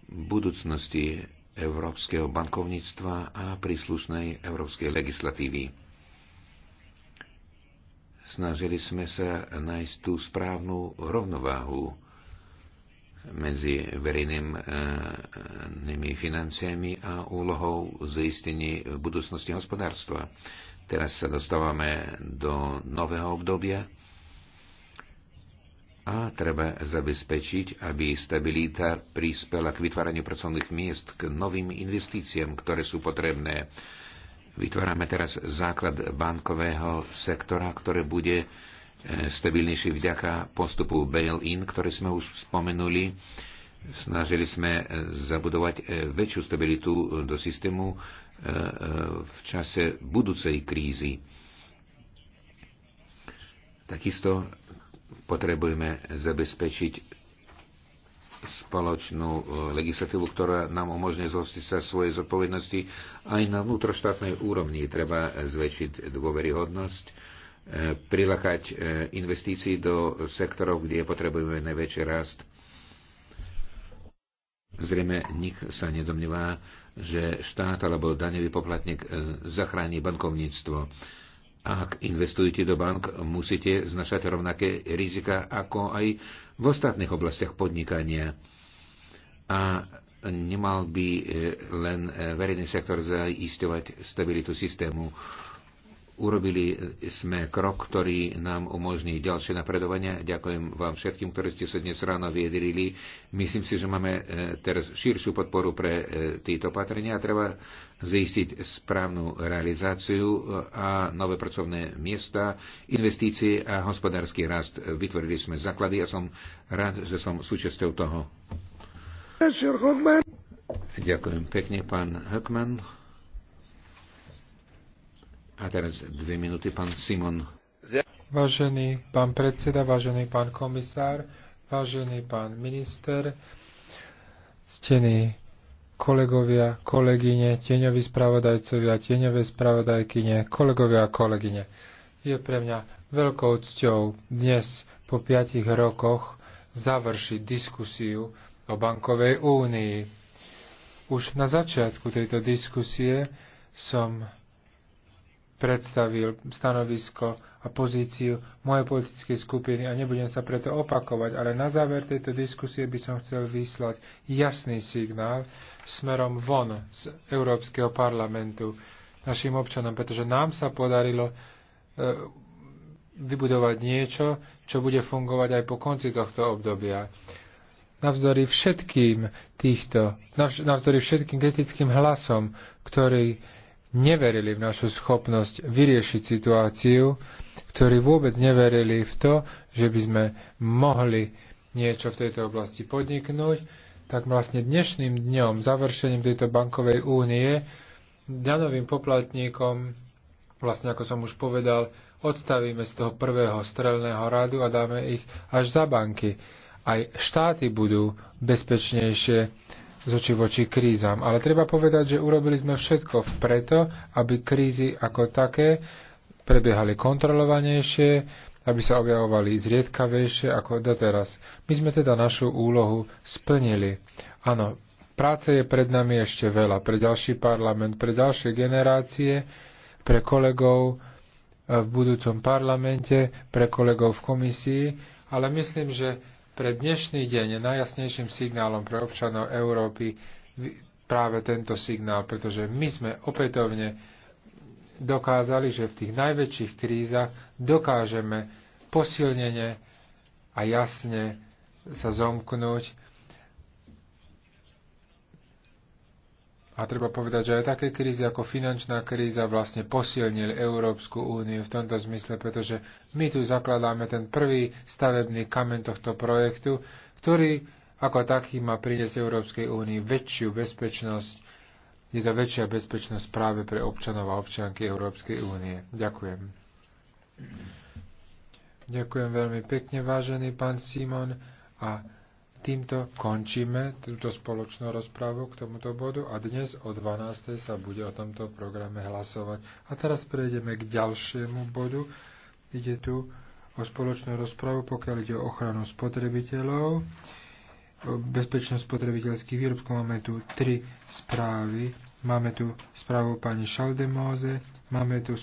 budúcnosti európskeho bankovníctva a príslušnej európskej legislatívy Snažili sme sa nájsť tú správnu rovnováhu medzi verejnými e, financiami a úlohou zaistení budúcnosti hospodárstva. Teraz sa dostávame do nového obdobia a treba zabezpečiť, aby stabilita prispela k vytváraniu pracovných miest, k novým investíciám, ktoré sú potrebné Vytvárame teraz základ bankového sektora, ktoré bude e, stabilnejší vďaka postupu bail-in, ktoré sme už spomenuli. Snažili sme e, zabudovať e, väčšiu stabilitu do systému v čase budúcej krízy. Takisto potrebujeme zabezpečiť spoločnú e, legislatívu, ktorá nám umožňuje zhostiť sa svoje zodpovednosti aj na vnútroštátnej úrovni. Treba zväčšiť dôveryhodnosť, e, prilakať e, investícií do sektorov, kde potrebujeme najväčší rast. Zrejme nik sa nedomnevá, že štát alebo daňový poplatník zachráni bankovníctvo ak investujete do bank, musíte znašať rovnaké rizika ako aj v ostatných oblastiach podnikania. A nemal by eh, len eh, verejný sektor zaisťovať stabilitu systému Urobili sme krok, ktorý nám umožní ďalšie napredovania. Ďakujem vám všetkým, ktorí ste sa dnes ráno viedrili. Myslím si, že máme e, teraz širšiu podporu pre e, tieto opatrenia a treba zistiť správnu realizáciu e, a nové pracovné miesta, investície a hospodársky rast. Vytvorili sme základy a som rád, že som súčasťou toho. Ďakujem pekne, pán Hökman. A teraz dve minúty, pán Simon. Vážený pán predseda, vážený pán komisár, vážený pán minister, ctení kolegovia, kolegyne, tieňoví spravodajcovia, tieňové spravodajkyne, kolegovia a kolegyne. Je pre mňa veľkou cťou dnes po piatich rokoch završiť diskusiu o bankovej únii. Už na začiatku tejto diskusie som predstavil stanovisko a pozíciu mojej politickej skupiny a nebudem sa preto opakovať, ale na záver tejto diskusie by som chcel vyslať jasný signál smerom von z Európskeho parlamentu našim občanom, pretože nám sa podarilo e, vybudovať niečo, čo bude fungovať aj po konci tohto obdobia navzdory všetkým týchto, navzdory všetkým kritickým hlasom, ktorý neverili v našu schopnosť vyriešiť situáciu, ktorí vôbec neverili v to, že by sme mohli niečo v tejto oblasti podniknúť, tak vlastne dnešným dňom, završením tejto bankovej únie, danovým poplatníkom, vlastne ako som už povedal, odstavíme z toho prvého strelného radu a dáme ich až za banky. Aj štáty budú bezpečnejšie, z oči voči krízam. Ale treba povedať, že urobili sme všetko preto, aby krízy ako také prebiehali kontrolovanejšie, aby sa objavovali zriedkavejšie ako doteraz. My sme teda našu úlohu splnili. Áno, práce je pred nami ešte veľa, pre ďalší parlament, pre ďalšie generácie, pre kolegov eh, v budúcom parlamente, pre kolegov v komisii, ale myslím, že pre dnešný deň je najjasnejším signálom pre občanov Európy práve tento signál, pretože my sme opätovne dokázali, že v tých najväčších krízach dokážeme posilnene a jasne sa zomknúť A treba povedať, že aj také krízy ako finančná kríza vlastne posilnili Európsku úniu v tomto zmysle, pretože my tu zakladáme ten prvý stavebný kamen tohto projektu, ktorý ako taký má priniesť Európskej únii väčšiu bezpečnosť. Je to väčšia bezpečnosť práve pre občanov a občianky Európskej únie. Ďakujem. Ďakujem veľmi pekne, vážený pán Simon. A Týmto končíme túto spoločnú rozprávu k tomuto bodu a dnes o 12. sa bude o tomto programe hlasovať. A teraz prejdeme k ďalšiemu bodu. Ide tu o spoločnú rozpravu, pokiaľ ide o ochranu spotrebiteľov, bezpečnosť spotrebiteľských výrobkov. Máme tu tri správy. Máme tu správu pani Šaldemóze, máme tu